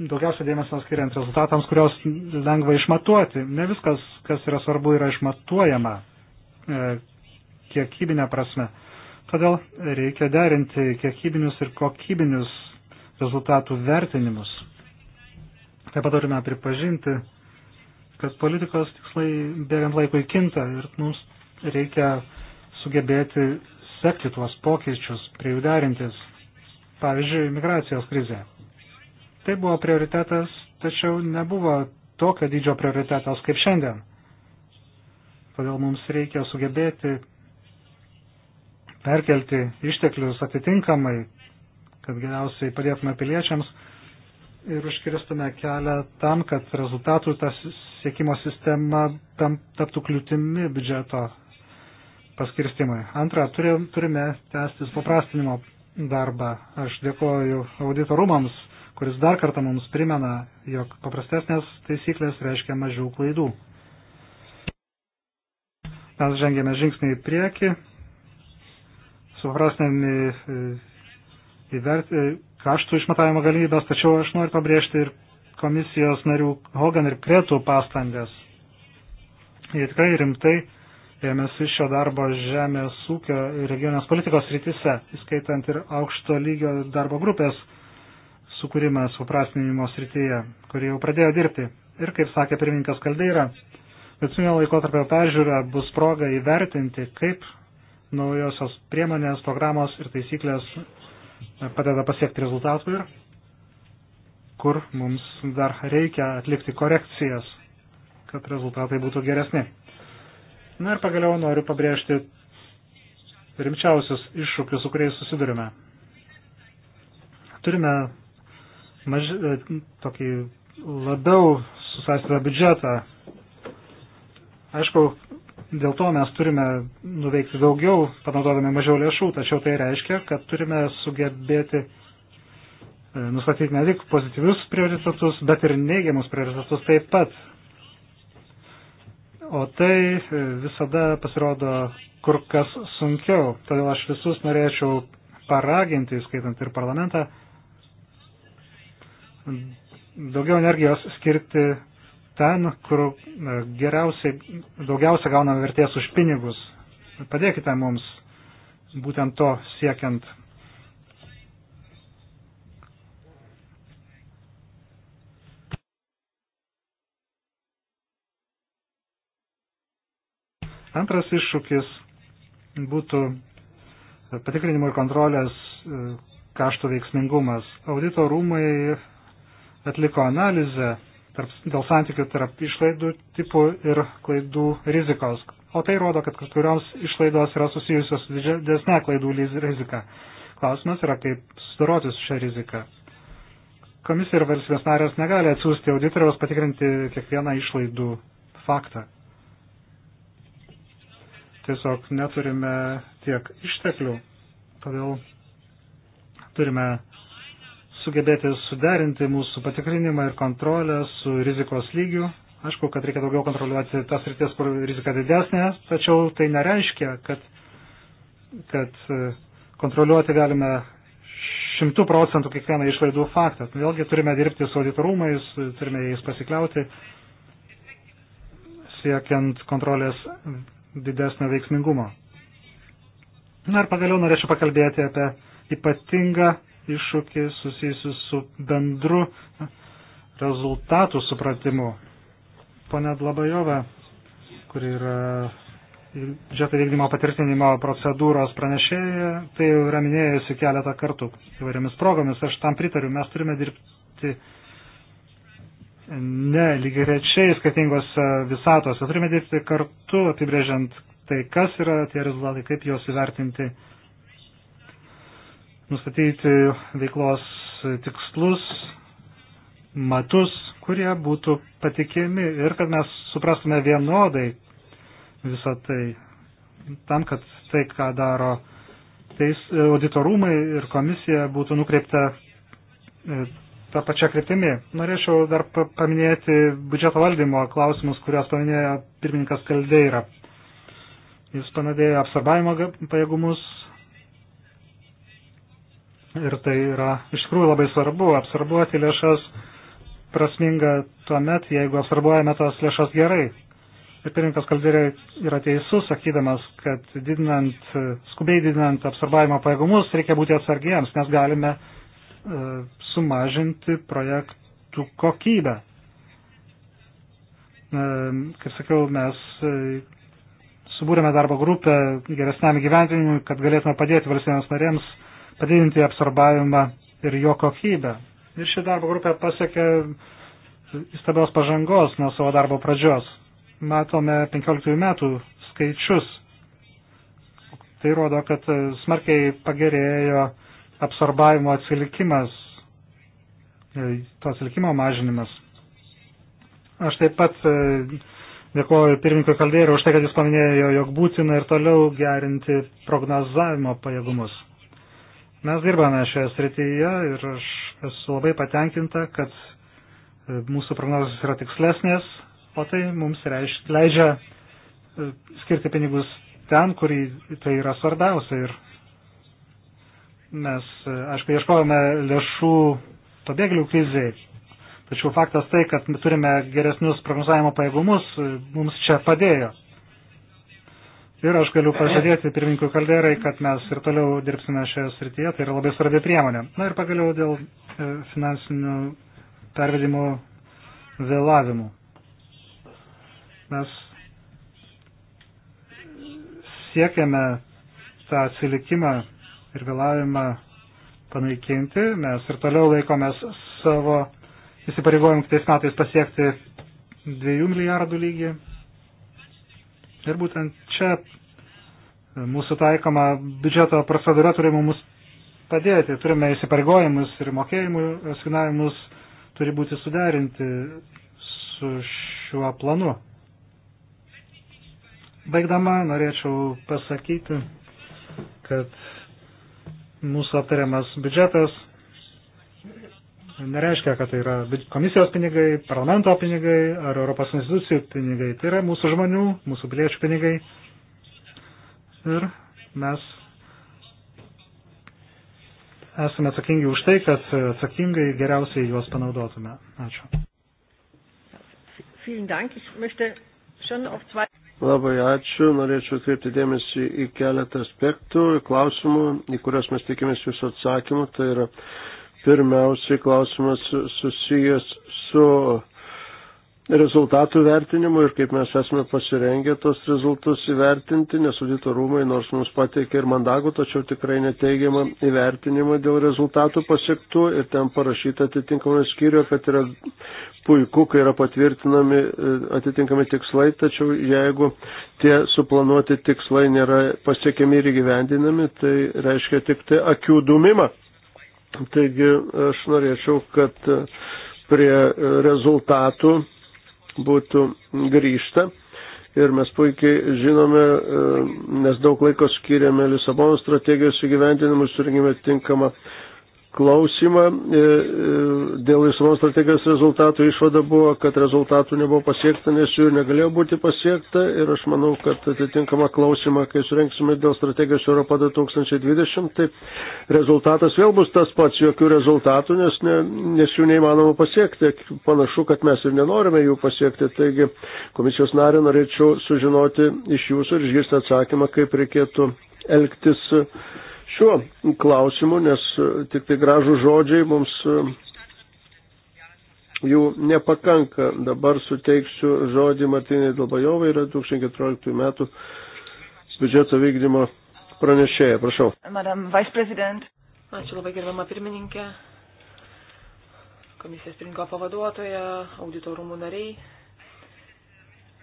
daugiausia dėmesio skiriant rezultatams, kurios lengva išmatuoti. Ne viskas, kas yra svarbu, yra išmatuojama e, kiekybinė prasme. Todėl reikia derinti kiekybinius ir kokybinius rezultatų vertinimus. Taip pat turime pripažinti, kad politikos tikslai bėgant laikui kinta ir mums reikia sugebėti sekti tuos pokyčius, prie jų derintis. Pavyzdžiui, migracijos krizė. Tai buvo prioritetas, tačiau nebuvo tokio dydžio prioritetas kaip šiandien. Todėl mums reikia sugebėti perkelti išteklius atitinkamai, kad geriausiai padėtume piliečiams ir užkirstume kelią tam, kad rezultatų tas siekimo sistema tam, taptų kliūtimi biudžeto paskirstimui. Antra, turime tęsti suprastinimo darbą. Aš dėkoju auditorumams, kuris dar kartą mums primena, jog paprastesnės taisyklės reiškia mažiau klaidų. Mes žengėme žingsnį į priekį, suprastinami e, e, kaštų išmatavimo galimybės, tačiau aš noriu pabrėžti ir komisijos narių Hogan ir Kretų pastangas. Jie tikrai rimtai ėmėsi šio darbo žemės ūkio ir regionės politikos rytise, įskaitant ir aukšto lygio darbo grupės sukūrimą suprasminimo srityje, kuri jau pradėjo dirbti. Ir kaip sakė pirmininkas Kaldeira, vidutinio laikotarpio peržiūra bus proga įvertinti, kaip naujosios priemonės, programos ir taisyklės padeda pasiekti rezultatų ir kur mums dar reikia atlikti korekcijas, kad rezultatai būtų geresni. Na ir pagaliau noriu pabrėžti rimčiausius iššūkius, su kuriais susidurime. Turime maž... E, tokį labiau susastytą biudžetą. Aišku, dėl to mes turime nuveikti daugiau, panaudodami mažiau lėšų, tačiau tai reiškia, kad turime sugebėti e, nustatyti ne tik pozityvius prioritetus, bet ir neigiamus prioritetus taip pat o tai e, visada pasirodo kur kas sunkiau. Todėl aš visus norėčiau paraginti, skaitant ir parlamentą, daugiau energijos skirti ten, kur e, geriausiai, daugiausia gauname vertės už pinigus. Padėkite mums būtent to siekiant Antras iššūkis būtų patikrinimo ir kontrolės e, kašto veiksmingumas. Audito rūmai atliko analizę tarp, dėl santykių tarp išlaidų tipų ir klaidų rizikos. O tai rodo, kad kažkurioms išlaidos yra susijusios su didesne klaidų rizika. Klausimas yra, kaip sudaroti su šią riziką. Komisija ir valstybės narės negali atsiųsti auditoriaus patikrinti kiekvieną išlaidų faktą tiesiog neturime tiek išteklių, todėl turime sugebėti suderinti mūsų patikrinimą ir kontrolę su rizikos lygiu. Aišku, kad reikia daugiau kontroliuoti tas rytis, kur rizika didesnė, tačiau tai nereiškia, kad, kad e, kontroliuoti galime šimtų procentų kiekvieną išlaidų faktą. Vėlgi turime dirbti su auditorumais, turime jais pasikliauti, siekiant kontrolės didesnio veiksmingumo. Na ir pagaliau norėčiau pakalbėti apie ypatingą iššūkį susijusiu su bendru rezultatų supratimu. Pone Dlabajova, kuri yra biudžeto vykdymo patvirtinimo procedūros pranešėja, tai jau yra minėjusi keletą kartų įvairiomis progomis, aš tam pritariu, mes turime dirbti ne lygiai rečiai skirtingose visatose. Turime dirbti kartu, apibrėžiant tai, kas yra tie rezultatai, kaip juos įvertinti, nustatyti veiklos tikslus, matus, kurie būtų patikimi ir kad mes suprastume vienodai visą tai, tam, kad tai, ką daro teis, auditorumai ir komisija būtų nukreipta e, tą pačią kryptimį. Norėčiau dar paminėti biudžeto valdymo klausimus, kuriuos paminėjo pirmininkas Kaldeira. Jis panadėjo apsarbavimo pajėgumus ir tai yra iš tikrųjų labai svarbu apsarbuoti lėšas prasminga tuo met, jeigu apsarbuojame tas lėšas gerai. Ir pirmininkas Kalderė yra teisus, sakydamas, kad didinant, skubiai didinant apsarbavimo pajėgumus reikia būti atsargiems, nes galime uh, E, sumažinti projektų kokybę. E, kaip sakiau, mes e, subūrėme darbo grupę geresniam gyventinimui, kad galėtume padėti valstybėms narėms padidinti absorbavimą ir jo kokybę. Ir ši darbo grupė pasiekė įstabios pažangos nuo savo darbo pradžios. Matome 15 metų skaičius. Tai rodo, kad smarkiai pagerėjo uh, absorbavimo atsilikimas, e, to atsilikimo mažinimas. Aš taip pat e, dėkoju pirmininkui Kaldėriu už tai, kad jis paminėjo, jog būtina ir toliau gerinti prognozavimo pajėgumus. Mes dirbame šioje srityje ir aš esu labai patenkinta, kad e, mūsų prognozijos yra tikslesnės, o tai mums reiš, leidžia skirti pinigus ten, kur tai yra svarbiausia ir mes, e, aišku, ieškojame lėšų pabėgėlių krizai, tačiau faktas tai, kad turime geresnius prognozavimo pajėgumus, e, mums čia padėjo. Ir aš galiu pažadėti pirmininkų kalderai, kad mes ir toliau dirbsime šioje srityje, tai yra labai svarbi priemonė. Na ir pagaliau dėl e, finansinių pervedimų vėlavimų. Mes siekiame tą atsilikimą ir vėlavimą panaikinti. Mes ir toliau laikomės savo įsipareigojimų kitais metais pasiekti 2 milijardų lygį. Ir būtent čia mūsų taikoma biudžeto procedūra turi mums padėti. Turime įsipareigojimus ir mokėjimų asignavimus turi būti suderinti su šiuo planu. Baigdama norėčiau pasakyti, kad mūsų aptariamas biudžetas nereiškia, kad tai yra komisijos pinigai, parlamento pinigai ar Europos institucijų pinigai. Tai yra mūsų žmonių, mūsų piliečių pinigai. Ir mes esame atsakingi už tai, kad atsakingai geriausiai juos panaudotume. Ačiū. Labai ačiū. Norėčiau atkreipti dėmesį į keletą aspektų, klausimų, į kurias mes tikimės jūsų atsakymų. Tai yra pirmiausiai klausimas susijęs su rezultatų vertinimu ir kaip mes esame pasirengę tos rezultatus įvertinti, nes audito rūmai nors mums pateikė ir mandagų, tačiau tikrai neteigiamą įvertinimą dėl rezultatų pasiektų ir ten parašyta atitinkamai skyriuje, kad yra puiku, kai yra patvirtinami e, atitinkami tikslai, tačiau jeigu tie suplanuoti tikslai nėra pasiekiami ir įgyvendinami, tai reiškia tik tai akių dumimą. Taigi aš norėčiau, kad e, prie e, rezultatų būtų grįžta. Ir mes puikiai žinome, e, nes daug laiko skiriame Lisabono strategijos įgyvendinimui, surinkime tinkamą klausimą e, e, dėl Lisabonos strategijos rezultatų išvada buvo, kad rezultatų nebuvo pasiekta, nes jų negalėjo būti pasiekta ir aš manau, kad atitinkamą klausimą, kai surenksime dėl strategijos Europa 2020, tai rezultatas vėl bus tas pats, jokių rezultatų, nes, ne, nes jų neįmanoma pasiekti. Panašu, kad mes ir nenorime jų pasiekti. Taigi, komisijos narė, norėčiau sužinoti iš jūsų ir išgirsti atsakymą, kaip reikėtų elgtis. Uh, šiuo klausimu, nes e, tik tai gražų žodžiai mums e, jų nepakanka. Dabar suteiksiu žodį Martinai Dalbajovai, yra 2014 metų biudžeto vykdymo pranešėja. Prašau. Madam Vice President. Ačiū labai gerbama pirmininkė, komisijos pirmininko pavaduotoja, auditorumų nariai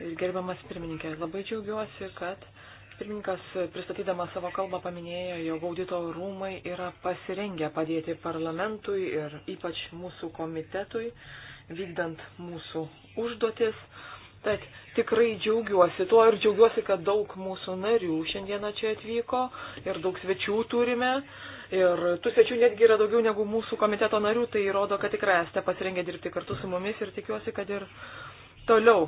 ir gerbiamas pirmininkė. Labai džiaugiuosi, kad Pirmininkas, pristatydamas savo kalbą, paminėjo, jog audito rūmai yra pasirengę padėti parlamentui ir ypač mūsų komitetui, vykdant mūsų užduotis. Tad tikrai džiaugiuosi tuo ir džiaugiuosi, kad daug mūsų narių šiandieną čia atvyko ir daug svečių turime. Ir tų svečių netgi yra daugiau negu mūsų komiteto narių, tai rodo, kad tikrai esate pasirengę dirbti kartu su mumis ir tikiuosi, kad ir toliau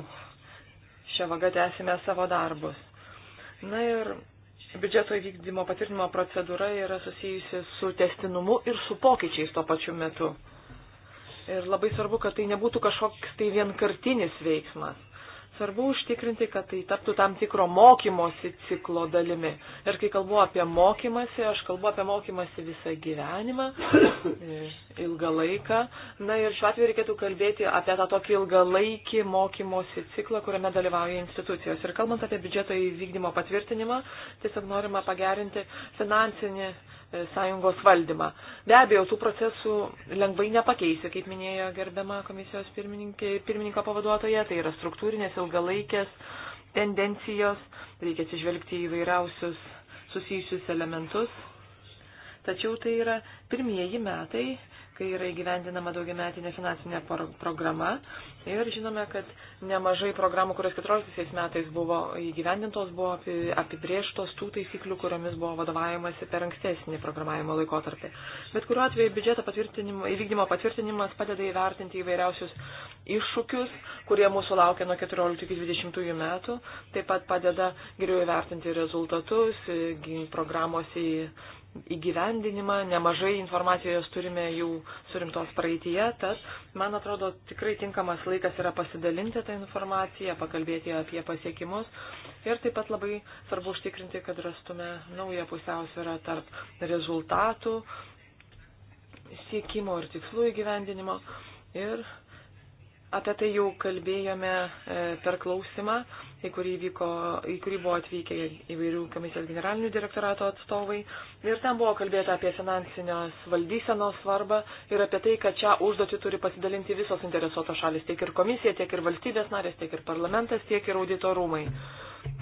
šią vagą tęsime savo darbus. Na ir biudžeto įvykdymo patvirtinimo procedūra yra susijusi su testinumu ir su pokyčiais tuo pačiu metu. Ir labai svarbu, kad tai nebūtų kažkoks tai vienkartinis veiksmas svarbu užtikrinti, kad tai taptų tam tikro mokymosi ciklo dalimi. Ir kai kalbu apie mokymasi, aš kalbu apie mokymasi visą gyvenimą, ilgą laiką. Na ir šiuo atveju reikėtų kalbėti apie tą tokį ilgalaikį mokymosi ciklą, kuriame dalyvauja institucijos. Ir kalbant apie biudžeto įvykdymo patvirtinimą, tiesiog norima pagerinti finansinį sąjungos valdymą. Be abejo, tų procesų lengvai nepakeisi, kaip minėjo gerbiama komisijos pirmininko pavaduotoje, tai yra struktūrinės ilgalaikės tendencijos, reikia atsižvelgti į vairiausius susijusius elementus. Tačiau tai yra pirmieji metai, kai yra įgyvendinama daugiametinė finansinė programa. Ir žinome, kad nemažai programų, kurios 14 metais buvo įgyvendintos, buvo apibrieštos tų taisyklių, kuriomis buvo vadovaujamasi per ankstesnį programavimo laikotarpį. Bet kuriuo atveju biudžeto patvirtinimo, įvykdymo patvirtinimas padeda įvertinti įvairiausius iššūkius, kurie mūsų laukia nuo 14 iki 20 metų, taip pat padeda geriau įvertinti rezultatus, programos į įgyvendinimą, nemažai informacijos turime jau surimtos praeitie, tad, man atrodo, tikrai tinkamas laikas yra pasidalinti tą informaciją, pakalbėti apie pasiekimus ir taip pat labai svarbu užtikrinti, kad rastume naują pusiausvyrą tarp rezultatų, siekimo ir tikslų įgyvendinimo ir Apie tai jau kalbėjome e, per klausimą, į kurį, vyko, į kurį buvo atvykę įvairių komisijos generalinių direktorato atstovai. Ir ten buvo kalbėta apie finansinios valdysenos svarbą ir apie tai, kad čia užduotį turi pasidalinti visos interesuotos šalis, tiek ir komisija, tiek ir valstybės narės, tiek ir parlamentas, tiek ir auditorumai.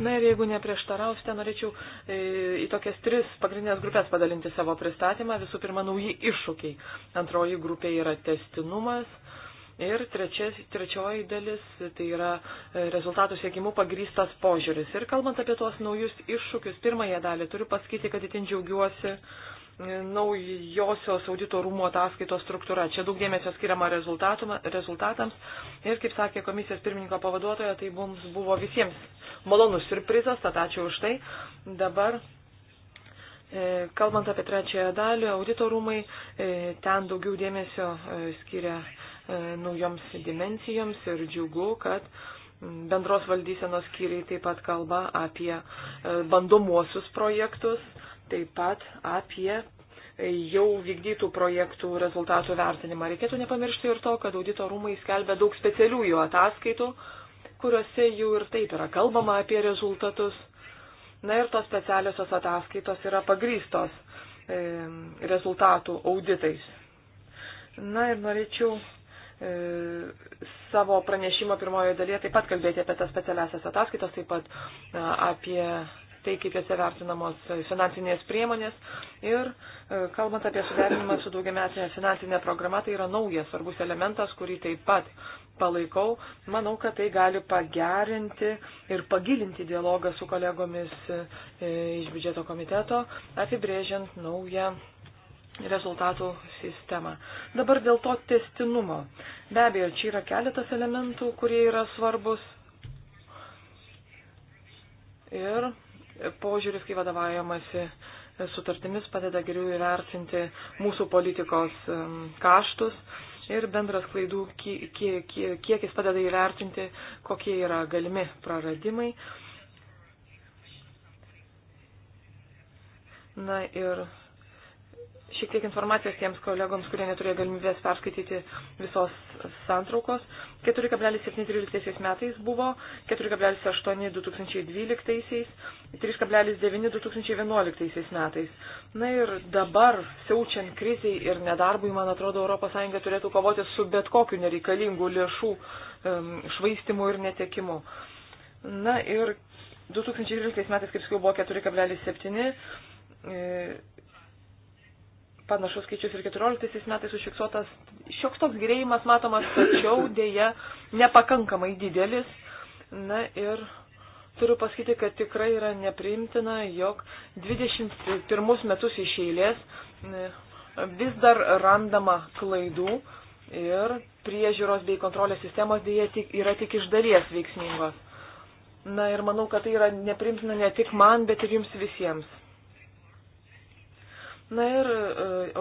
Na ir jeigu neprieštarausite, norėčiau e, į tokias tris pagrindinės grupės padalinti savo pristatymą. Visų pirma, nauji iššūkiai. Antroji grupė yra testinumas. Ir trečia, trečioji dalis tai yra e, rezultatų siekimų pagrystas požiūris. Ir kalbant apie tuos naujus iššūkius, pirmąją dalį turiu pasakyti, kad itin džiaugiuosi e, naujosios audito rūmų ataskaitos struktūra. Čia daug dėmesio skiriama rezultatams. Ir kaip sakė komisijos pirmininko pavaduotoja, tai mums buvo visiems malonus surprizas, tad ačiū už tai. Dabar e, Kalbant apie trečiąją dalį, audito rūmai ten daugiau dėmesio skiria E, naujoms dimencijoms ir džiugu, kad bendros valdysenos skyriai taip pat kalba apie e, bandomuosius projektus, taip pat apie jau vykdytų projektų rezultatų vertinimą. Reikėtų nepamiršti ir to, kad audito rūmai skelbia daug specialiųjų ataskaitų, kuriuose jau ir taip yra kalbama apie rezultatus. Na ir tos specialiosios ataskaitos yra pagrystos e, rezultatų auditais. Na ir norėčiau E, savo pranešimo pirmojoje dalyje taip pat kalbėti apie tas specialiasias ataskaitas, taip pat e, apie tai, kaip jose vertinamos finansinės priemonės. Ir e, kalbant apie suderinimą su daugiametinė finansinė programa, tai yra naujas svarbus elementas, kurį taip pat palaikau. Manau, kad tai gali pagerinti ir pagilinti dialogą su kolegomis iš biudžeto komiteto, apibrėžiant naują rezultatų sistemą. Dabar dėl to testinumo. Be abejo, čia yra keletas elementų, kurie yra svarbus. Ir požiūris, kai vadovaujamasi sutartimis, padeda geriau įvertinti mūsų politikos kaštus ir bendras klaidų kiekis padeda įvertinti, kokie yra galimi praradimai. Na ir šiek tiek informacijos tiems kolegoms, kurie neturėjo galimybės perskaityti visos santraukos. 4,713 metais buvo, 4,8 2012, 3,9 2011 metais. Na ir dabar, siaučiant kriziai ir nedarbui, man atrodo, ES turėtų kovoti su bet kokiu nereikalingu lėšų švaistimu ir netekimu. Na ir 2012 metais, kaip sakiau, buvo 4,7 panašus skaičius ir 14 metais užfiksuotas šioks toks gerėjimas matomas, tačiau dėja nepakankamai didelis. Na ir turiu pasakyti, kad tikrai yra nepriimtina, jog 21 metus iš eilės e, vis dar randama klaidų ir priežiūros bei kontrolės sistemos dėja tik, yra tik iš dalies veiksmingos. Na ir manau, kad tai yra neprimtina ne tik man, bet ir jums visiems. Na ir e,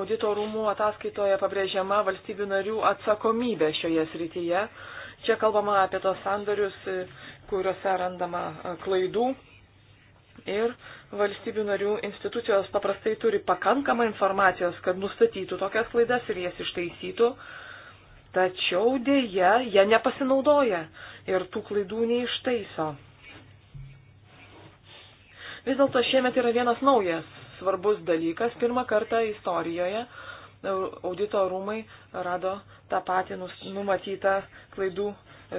audito rūmų ataskaitoje pabrėžiama valstybių narių atsakomybė šioje srityje. Čia kalbama apie tos sandorius, e, kuriuose randama e, klaidų. Ir valstybių narių institucijos paprastai turi pakankamą informacijos, kad nustatytų tokias klaidas ir jas ištaisytų. Tačiau dėja, jie nepasinaudoja ir tų klaidų neištaiso. Vis dėlto šiemet yra vienas naujas svarbus dalykas. Pirmą kartą istorijoje audito rūmai rado tą patį numatytą klaidų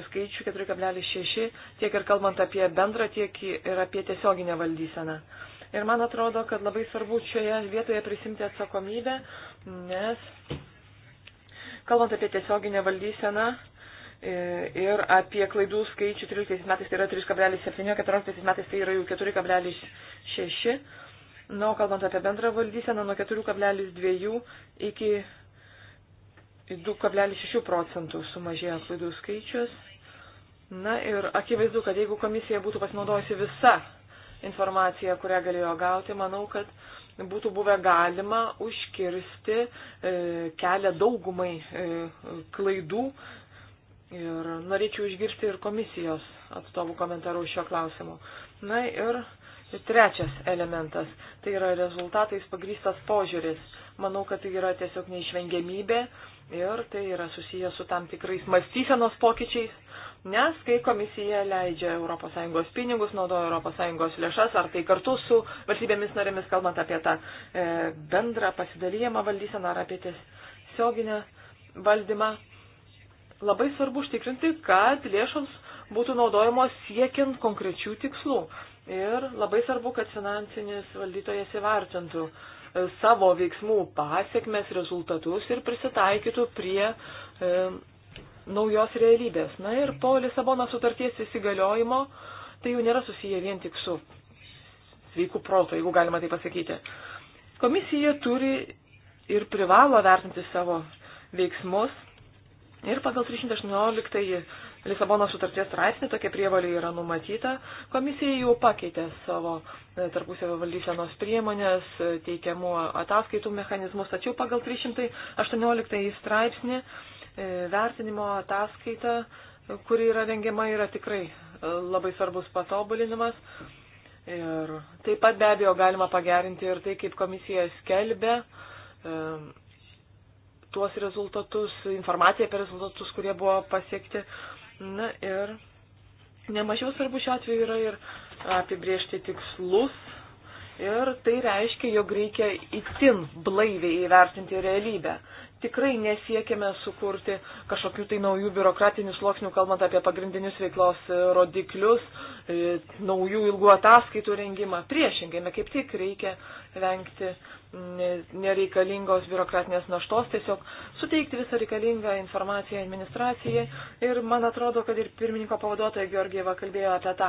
skaičių 4,6, tiek ir kalbant apie bendrą, tiek ir apie tiesioginę valdyseną. Ir man atrodo, kad labai svarbu šioje vietoje prisimti atsakomybę, nes kalbant apie tiesioginę valdyseną, e, ir apie klaidų skaičių 13 metais tai yra 3,7, 14 metais tai yra jau 4,6. Na, o kalbant apie bendrą valdyseną, nuo 4,2 iki 2,6 procentų sumažėjo klaidų skaičius. Na ir akivaizdu, kad jeigu komisija būtų pasinaudojusi visa informacija, kurią galėjo gauti, manau, kad būtų buvę galima užkirsti e, kelią daugumai e, klaidų. Ir norėčiau išgirsti ir komisijos atstovų komentarų šio klausimu. Na ir Trečias elementas - tai yra rezultatais pagrystas požiūris. Manau, kad tai yra tiesiog neišvengiamybė ir tai yra susijęs su tam tikrais mąstysenos pokyčiais, nes kai komisija leidžia ES pinigus, naudoja ES lėšas, ar tai kartu su valstybėmis narėmis, kalbant apie tą e, bendrą pasidalyjimą valdyseną ar apie tiesioginę valdymą, labai svarbu užtikrinti, kad lėšoms būtų naudojamos siekiant konkrečių tikslų. Ir labai svarbu, kad finansinis valdytojas įvertintų e, savo veiksmų pasiekmes, rezultatus ir prisitaikytų prie e, naujos realybės. Na ir po Lisabono sutarties įsigaliojimo tai jau nėra susiję vien tik su sveiku protu, jeigu galima tai pasakyti. Komisija turi ir privalo vertinti savo veiksmus ir pagal 318 Lisabono sutarties straipsnį tokia prievalė yra numatyta. Komisija jau pakeitė savo e, tarpusavio valdysenos priemonės, e, teikiamų ataskaitų mechanizmus, tačiau pagal 318 straipsnį e, vertinimo ataskaita, kuri yra rengiama, yra tikrai labai svarbus patobulinimas. Ir taip pat be abejo galima pagerinti ir tai, kaip komisija skelbia tuos rezultatus, informaciją apie rezultatus, kurie buvo pasiekti. Na ir nemažiau svarbu šiuo atveju yra ir apibriežti tikslus. Ir tai reiškia, jog reikia itin blaiviai įvertinti realybę. Tikrai nesiekime sukurti kažkokių tai naujų biurokratinių sluoksnių, kalbant apie pagrindinius veiklos rodiklius, e, naujų ilgų ataskaitų rengimą. Priešingai, kaip tik reikia vengti nereikalingos biurokratinės naštos, tiesiog suteikti visą reikalingą informaciją administracijai. Ir man atrodo, kad ir pirmininko pavaduotoja Georgieva kalbėjo apie tą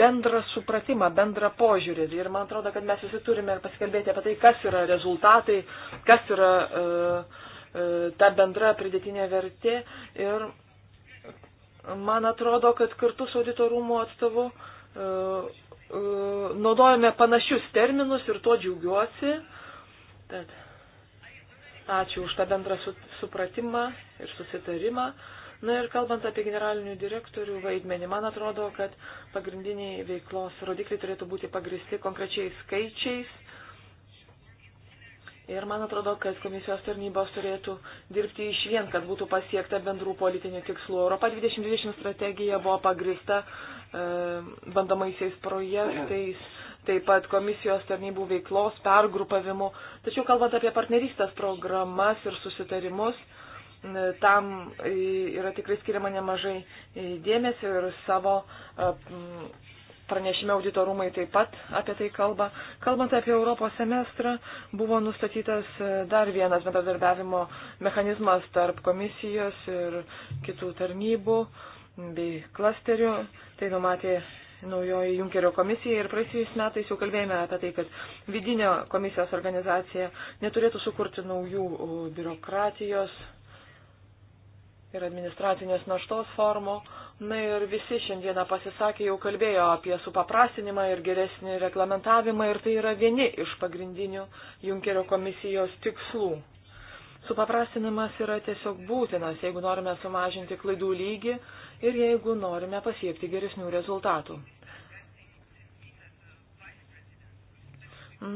bendrą supratimą, bendrą požiūrį. Ir man atrodo, kad mes visi turime pasikalbėti apie tai, kas yra rezultatai, kas yra uh, uh, ta bendra pridėtinė vertė. Ir man atrodo, kad kartu su auditorumo atstovu uh, naudojame panašius terminus ir tuo džiaugiuosi. Tad ačiū už tą bendrą supratimą ir susitarimą. Na ir kalbant apie generalinių direktorių vaidmenį, man atrodo, kad pagrindiniai veiklos rodikliai turėtų būti pagristi konkrečiais skaičiais. Ir man atrodo, kad komisijos tarnybos turėtų dirbti iš vien, kad būtų pasiekta bendrų politinių tikslų. Europa 2020 strategija buvo pagrista e, bandomaisiais projektais. Yeah taip pat komisijos tarnybų veiklos pergrupavimu. Tačiau kalbant apie partnerystės programas ir susitarimus, tam yra tikrai skiriama nemažai dėmesio ir savo pranešime auditorumai taip pat apie tai kalba. Kalbant apie Europos semestrą, buvo nustatytas dar vienas bendradarbiavimo mechanizmas tarp komisijos ir kitų tarnybų bei klasterių. Tai numatė naujoji Junkerio komisija ir praeisiais metais jau kalbėjome apie tai, kad vidinio komisijos organizacija neturėtų sukurti naujų biurokratijos ir administracinės naštos formų. Na ir visi šiandieną pasisakė, jau kalbėjo apie supaprastinimą ir geresnį reglamentavimą ir tai yra vieni iš pagrindinių Junkerio komisijos tikslų. Supaprastinimas yra tiesiog būtinas, jeigu norime sumažinti klaidų lygį ir jeigu norime pasiekti geresnių rezultatų.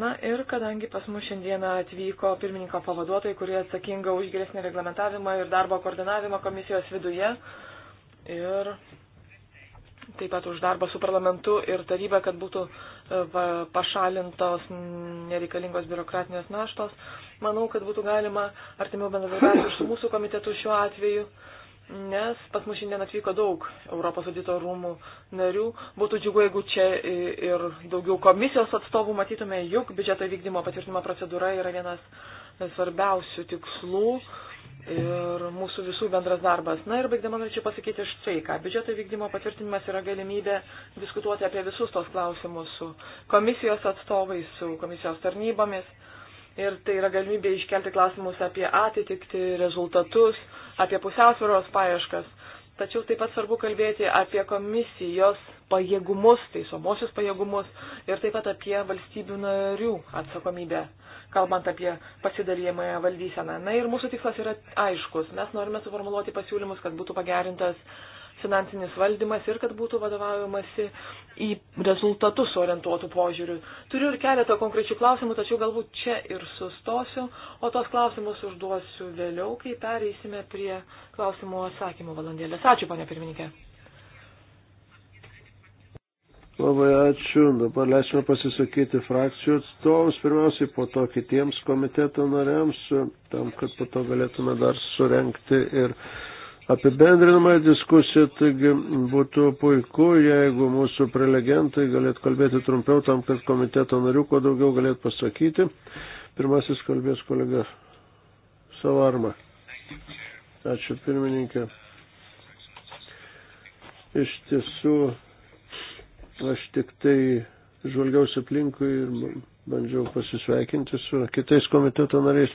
Na ir kadangi pas mus šiandieną atvyko pirmininko pavaduotojai, kurie atsakinga už geresnį reglamentavimą ir darbo koordinavimą komisijos viduje ir taip pat už darbą su parlamentu ir taryba, kad būtų e, pašalintos nereikalingos biurokratinės naštos, manau, kad būtų galima artimiau bendradarbiauti su mūsų komitetu šiuo atveju nes pas mus šiandien atvyko daug Europos audito rūmų narių. Būtų džiugu, jeigu čia ir daugiau komisijos atstovų matytume, juk biudžeto vykdymo patvirtinimo procedūra yra vienas svarbiausių tikslų ir mūsų visų bendras darbas. Na ir baigdama norėčiau pasakyti štai ką. Biudžeto vykdymo patvirtinimas yra galimybė diskutuoti apie visus tos klausimus su komisijos atstovais, su komisijos tarnybomis. Ir tai yra galimybė iškelti klausimus apie atitikti rezultatus, apie pusiausvėros paieškas, tačiau taip pat svarbu kalbėti apie komisijos pajėgumus, teisomosius pajėgumus ir taip pat apie valstybių narių atsakomybę, kalbant apie pasidalėjimąją valdyseną. Na ir mūsų tikslas yra aiškus. Mes norime suformuoluoti pasiūlymus, kad būtų pagerintas uh, finansinis valdymas ir kad būtų vadovaujamasi į rezultatus orientuotų požiūrių. Turiu ir keletą konkrečių klausimų, tačiau galbūt čia ir sustosiu, o tos klausimus užduosiu vėliau, kai pereisime prie klausimų atsakymų valandėlės. Ačiū, ponė pirmininkė. Labai ačiū. Dabar leisime pasisakyti frakcijų atstovus pirmiausiai, po to kitiems komiteto nariams, tam, kad po to galėtume dar surenkti ir apibendrinamą diskusiją, taigi būtų puiku, jeigu mūsų prelegentai galėtų kalbėti trumpiau tam, kad komiteto narių kuo daugiau galėtų pasakyti. Pirmasis kalbės kolega Savarma. Ačiū pirmininkė. Iš tiesų, aš tik tai žvalgiausi aplinkui ir bandžiau pasisveikinti su kitais komiteto nariais.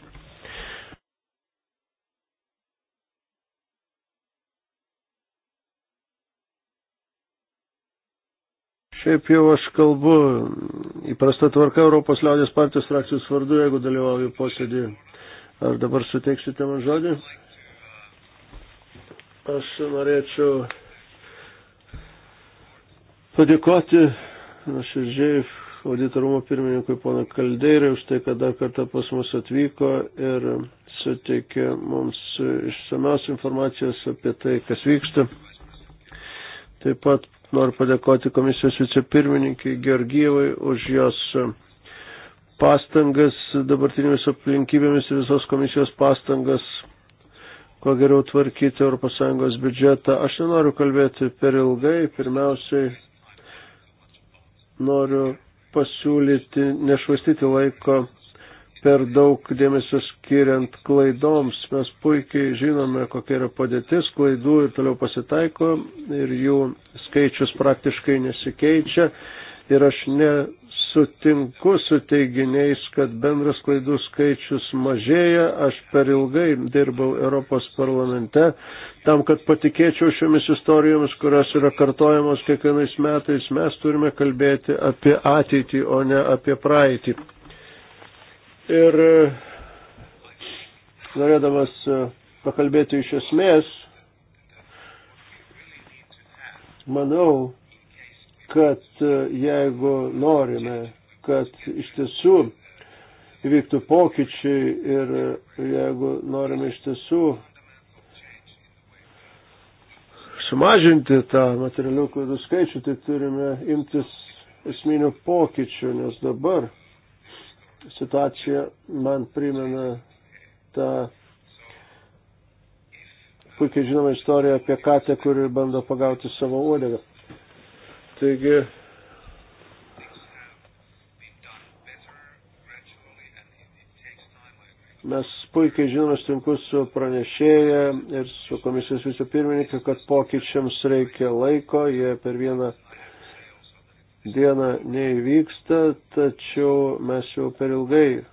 Šiaip jau aš kalbu įprasta tvarka Europos liaudės partijos frakcijos vardu, jeigu dalyvauju posėdį. Ar dabar suteiksite man žodį? Aš norėčiau padėkoti nuoširdžiai auditorumo pirmininkui pono Kaldeiriui už tai, kad dar kartą pas mus atvyko ir suteikė mums išsamios informacijos apie tai, kas vyksta. Taip pat Noriu padėkoti komisijos vicepirmininkai Georgijevai už jos pastangas dabartinėmis aplinkybėmis ir visos komisijos pastangas, kuo geriau tvarkyti ES biudžetą. Aš nenoriu kalbėti per ilgai, pirmiausiai noriu pasiūlyti nešvaistyti laiko per daug dėmesio skiriant klaidoms. Mes puikiai žinome, kokia yra padėtis, klaidų ir toliau pasitaiko ir jų skaičius praktiškai nesikeičia. Ir aš nesutinku su teiginiais, kad bendras klaidų skaičius mažėja. Aš per ilgai dirbau Europos parlamente tam, kad patikėčiau šiomis istorijomis, kurios yra kartojamos kiekvienais metais. Mes turime kalbėti apie ateitį, o ne apie praeitį. Ir e, norėdamas e, pakalbėti iš esmės, manau, kad e, jeigu norime, kad iš tiesų įvyktų pokyčiai ir jeigu norime iš tiesų sumažinti tą materialių klaidų skaičių, tai turime imtis esminių pokyčių, nes dabar situacija man primena tą puikiai žinomą istoriją apie katę, kuri bando pagauti savo uodegą. Taigi, mes puikiai žinome sutinku su pranešėja ir su komisijos vicepirmininkė, kad pokyčiams reikia laiko, jie per vieną dieną neįvyksta, tačiau mes jau per ilgai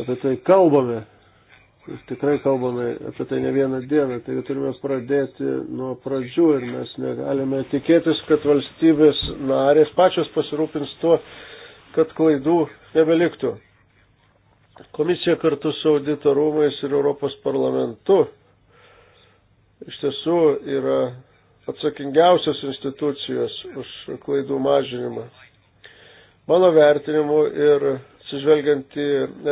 apie tai kalbame. Ir tikrai kalbame apie tai ne vieną dieną, taigi turime pradėti nuo pradžių ir mes negalime tikėtis, kad valstybės narės pačios pasirūpins tuo, kad klaidų nebeliktų. Komisija kartu su auditorumais ir Europos parlamentu iš tiesų yra atsakingiausios institucijos už klaidų mažinimą. Mano vertinimu ir atsižvelgiant į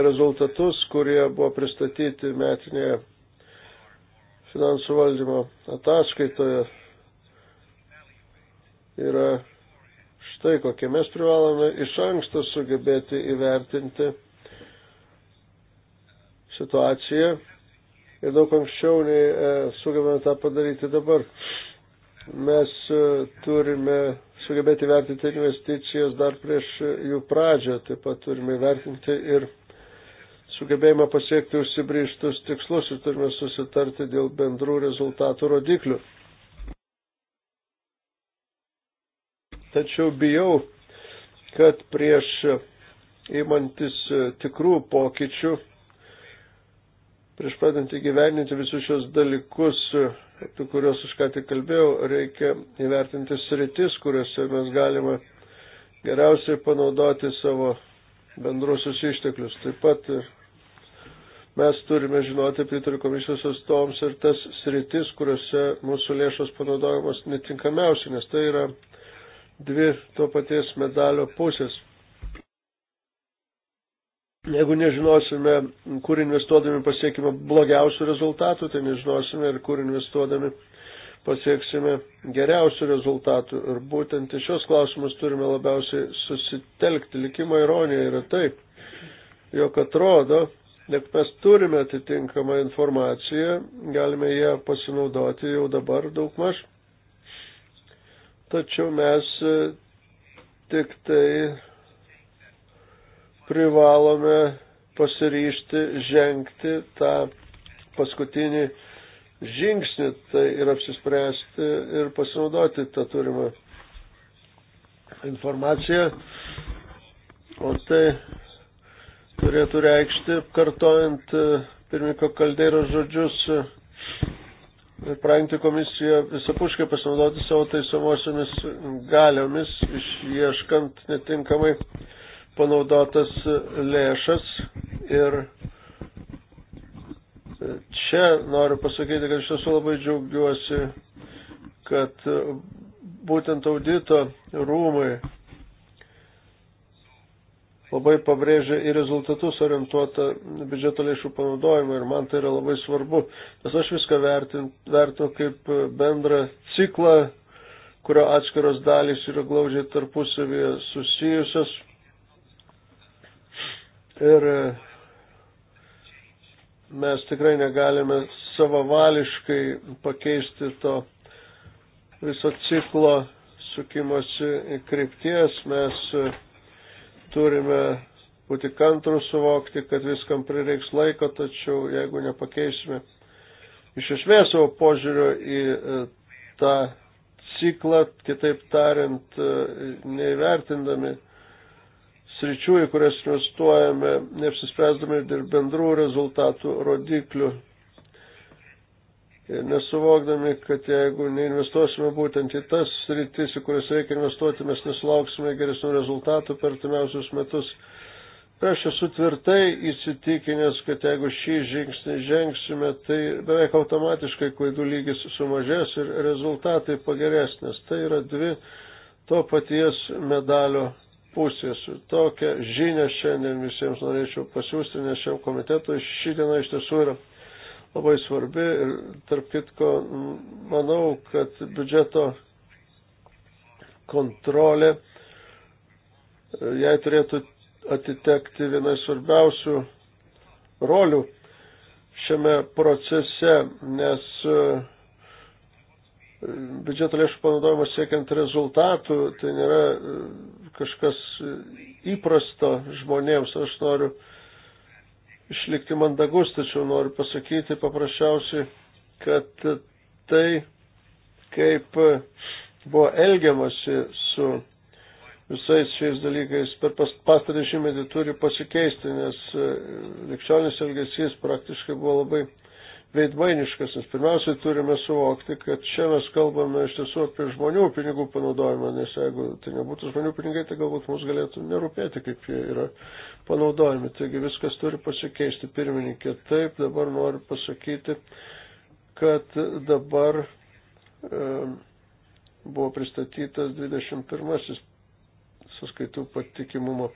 rezultatus, kurie buvo pristatyti metinėje finansų valdymo ataskaitoje, yra štai kokie. Mes privalome iš anksto sugebėti įvertinti situaciją ir daug anksčiau nei e, sugebame tą padaryti dabar. Mes e, turime sugebėti vertinti investicijas dar prieš e, jų pradžią, taip pat turime vertinti ir sugebėjimą pasiekti užsibrieštus tikslus ir turime susitarti dėl bendrų rezultatų rodiklių. Tačiau bijau, kad prieš įmantis e, tikrų pokyčių Prieš pradant įgyveninti visus šios dalykus, apie kuriuos aš ką tik kalbėjau, reikia įvertinti sritis, kuriuose mes galime geriausiai panaudoti savo bendrusius išteklius. Taip pat mes turime žinoti, pritariu komisijos atstovams, ir tas sritis, kuriuose mūsų lėšos panaudojamos netinkamiausiai, nes tai yra dvi to paties medalio pusės. Jeigu nežinosime, kur investuodami pasiekime blogiausių rezultatų, tai nežinosime ir kur investuodami pasieksime geriausių rezultatų. Ir būtent į šios klausimus turime labiausiai susitelkti. Likimo ironija yra tai, jog atrodo, jog mes turime atitinkamą informaciją, galime ją pasinaudoti jau dabar daugmaž. Tačiau mes e, tik tai privalome pasiryšti žengti tą paskutinį žingsnį, tai ir apsispręsti ir pasinaudoti tą turimą informaciją. O tai turėtų reikšti, kartojant pirmiko kaldeiro žodžius, praeinti komisiją visapuškai pasinaudoti savo taisomosiomis galiomis, išieškant netinkamai panaudotas lėšas ir čia noriu pasakyti, kad iš tiesų labai džiaugiuosi, kad būtent audito rūmai labai pabrėžia į rezultatus orientuotą biudžeto lėšų panaudojimą ir man tai yra labai svarbu, nes aš viską vertinu kaip bendrą ciklą, kurio atskiros dalys yra glaudžiai tarpusavyje susijusios Ir e, mes tikrai negalime savavališkai pakeisti to viso ciklo sukimosi krypties. Mes e, turime būti kantrus suvokti, kad viskam prireiks laiko, tačiau jeigu nepakeisime iš esmės savo požiūrio į e, tą ciklą, kitaip tariant, neįvertindami sričių, į kurias investuojame, neapsispręsdami dėl bendrų rezultatų rodiklių. Ir nesuvokdami, kad jeigu neinvestuosime būtent į tas sritis, į kurias reikia investuoti, mes nesulauksime geresnių rezultatų per timiausius metus. Aš esu tvirtai įsitikinęs, kad jeigu šį žingsnį žengsime, tai beveik automatiškai klaidų lygis sumažės ir rezultatai pagerės, nes tai yra dvi to paties medalio pusės. Tokią žinią šiandien visiems norėčiau pasiūsti, nes šiam komitetui ši diena iš tiesų yra labai svarbi ir tarp kitko manau, kad biudžeto kontrolė e, jai turėtų atitekti vienai svarbiausių rolių šiame procese, nes e, biudžeto lėšų panaudojimas siekiant rezultatų, tai nėra e, kažkas įprasto žmonėms. Aš noriu išlikti mandagus, tačiau noriu pasakyti paprasčiausiai, kad tai, kaip buvo elgiamasi su visais šiais dalykais per pastarį šimtmetį turi pasikeisti, nes e, likščionis elgesys praktiškai buvo labai veidmainiškas, nes pirmiausiai turime suvokti, kad čia mes kalbame iš tiesų apie žmonių pinigų panaudojimą, nes jeigu tai nebūtų žmonių pinigai, tai galbūt mums galėtų nerūpėti, kaip jie yra panaudojami. Taigi viskas turi pasikeisti. Pirmininkė, taip, dabar noriu pasakyti, kad dabar e, buvo pristatytas 21 sąskaitų patikimumo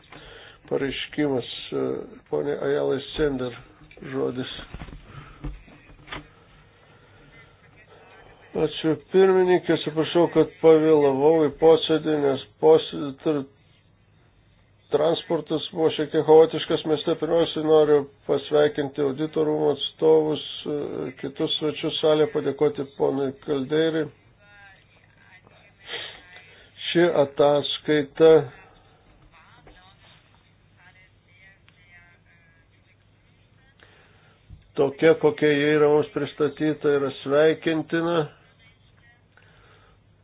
pareiškimas. E, Pone Ajalai Sender žodis. Ačiū pirmininkė, atsiprašau, kad pavėlavau į posėdį, nes posėdį tar... transportas buvo šiek tiek chaotiškas. Mes pirmiausiai noriu pasveikinti auditorumo atstovus, kitus svečius salę, padėkoti ponui Kaldeiriui. Ši ataskaita tokia, kokia jie yra mums pristatyta, yra sveikintina.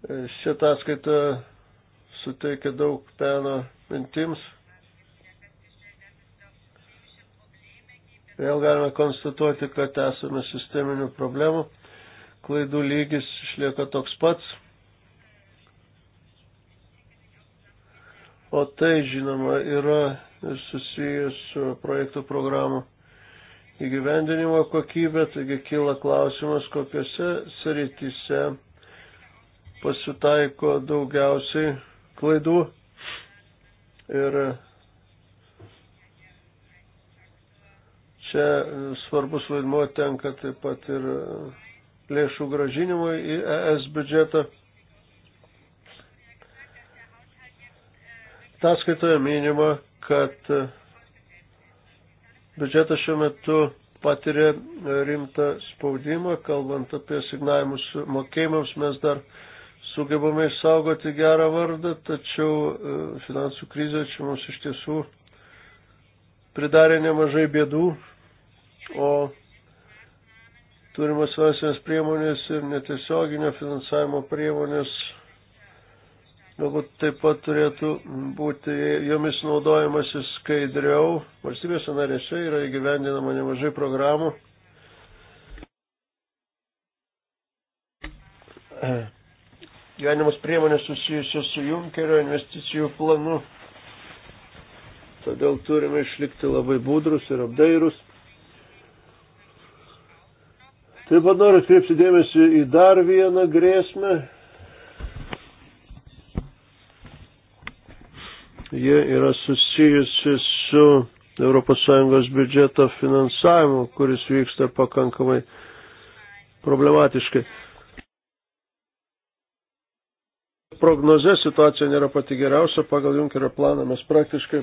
Ši ataskaita suteikia daug peno mintims. Vėl galime konstatuoti, kad esame sisteminių problemų. Klaidų lygis išlieka toks pats. O tai, žinoma, yra susijęs su projektų programų įgyvendinimo kokybė, taigi kyla klausimas, kokiuose srityse pasitaiko daugiausiai klaidų ir čia svarbus vaidmuo tenka taip pat ir lėšų gražinimui į ES biudžetą. Taskaitoje minima, kad biudžetas šiuo metu patiria rimtą spaudimą, kalbant apie signavimus mokėjimams, mes dar uh, sugebame išsaugoti gerą vardą, tačiau e, finansų krizė čia mums iš tiesų pridarė nemažai bėdų, o turimas finansinės priemonės ir netiesioginio finansavimo priemonės galbūt taip pat turėtų būti jomis naudojamasi skaidriau. Valstybės narėse yra įgyvendinama nemažai programų gyvenimus priemonės susijusios su Junkerio investicijų planu. Todėl turime išlikti labai budrus ir apdairus. Taip pat noriu atkreipti dėmesį į dar vieną grėsmę. Jie yra susijusi su ES biudžeto finansavimu, kuris vyksta pakankamai problematiškai. prognoze situacija nėra pati geriausia. Pagal Junkerio planą mes praktiškai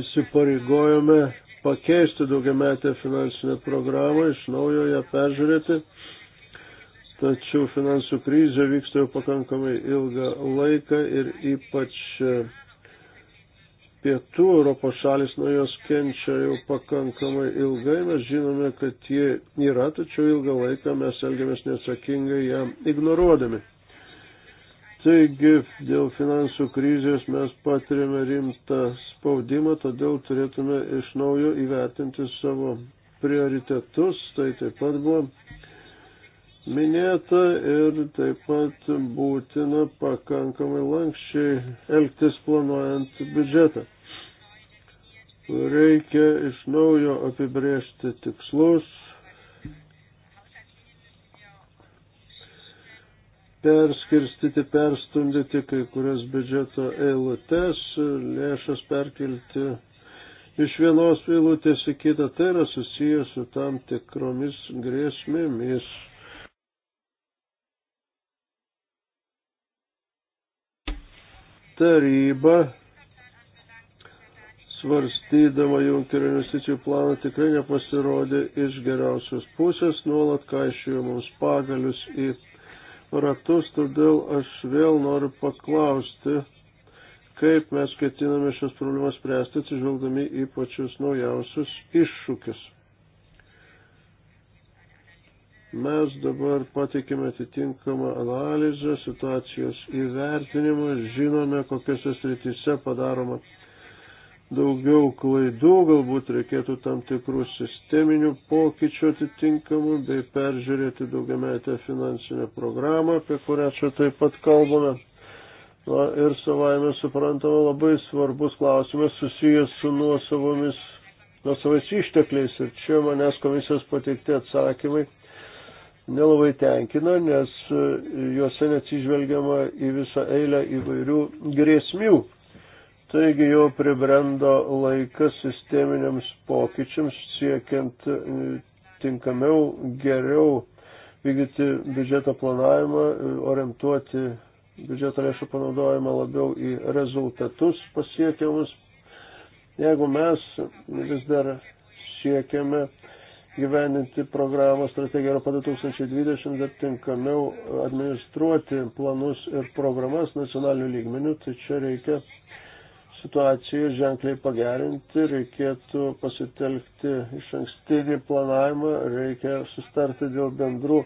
įsipareigojome pakeisti daugiametę finansinę programą, iš naujo ją peržiūrėti. Tačiau finansų krizė vyksta jau pakankamai ilgą laiką ir ypač pietų Europos šalis nuo jos kenčia jau pakankamai ilgai. Mes žinome, kad jie yra, tačiau ilgą laiką mes elgiamės neatsakingai ją ignoruodami. Taigi dėl finansų krizės mes patiriame rimtą spaudimą, todėl turėtume iš naujo įvertinti savo prioritetus. Tai taip pat buvo minėta ir taip pat būtina pakankamai lankščiai elgtis planuojant biudžetą. Reikia iš naujo apibriežti tikslus, perskirstyti, perstumdyti kai kurias biudžeto eilutes, lėšas perkelti iš vienos eilutės į kitą. Tai yra susijęs su tam tikromis grėsmėmis. Taryba svarstydama Junkerio investicijų planą tikrai nepasirodė iš geriausios pusės, nuolat kaišėjo mums pagalius į ratus, todėl aš vėl noriu paklausti, kaip mes ketiname šios problemas spręsti, atsižvelgdami į pačius naujausius iššūkius. Mes dabar pateikėme atitinkamą analizę, situacijos įvertinimą, žinome, kokiuose srityse padaroma daugiau klaidų, galbūt reikėtų tam tikrų sisteminių pokyčių atitinkamų, bei peržiūrėti daugiametę finansinę programą, apie kurią čia taip pat kalbame. Na, ir savaime suprantama labai svarbus klausimas susijęs su nuosavomis, nuosavais ištekliais. Ir čia manęs komisijos pateikti atsakymai nelabai tenkina, nes juose neatsižvelgiama į visą eilę įvairių grėsmių Taigi jau pribrendo laikas sisteminiams pokyčiams, siekiant e, tinkamiau, geriau vykdyti biudžeto planavimą, e, orientuoti biudžeto lėšų panaudojimą labiau į rezultatus pasiekiamus. Jeigu mes vis dar siekiame gyveninti programą strategiją Europa 2020, dar tinkamiau administruoti planus ir programas nacionalinių lygmenių, tai čia reikia situaciją ženkliai pagerinti, reikėtų pasitelkti iš ankstinį planavimą, reikia sustarti dėl bendrų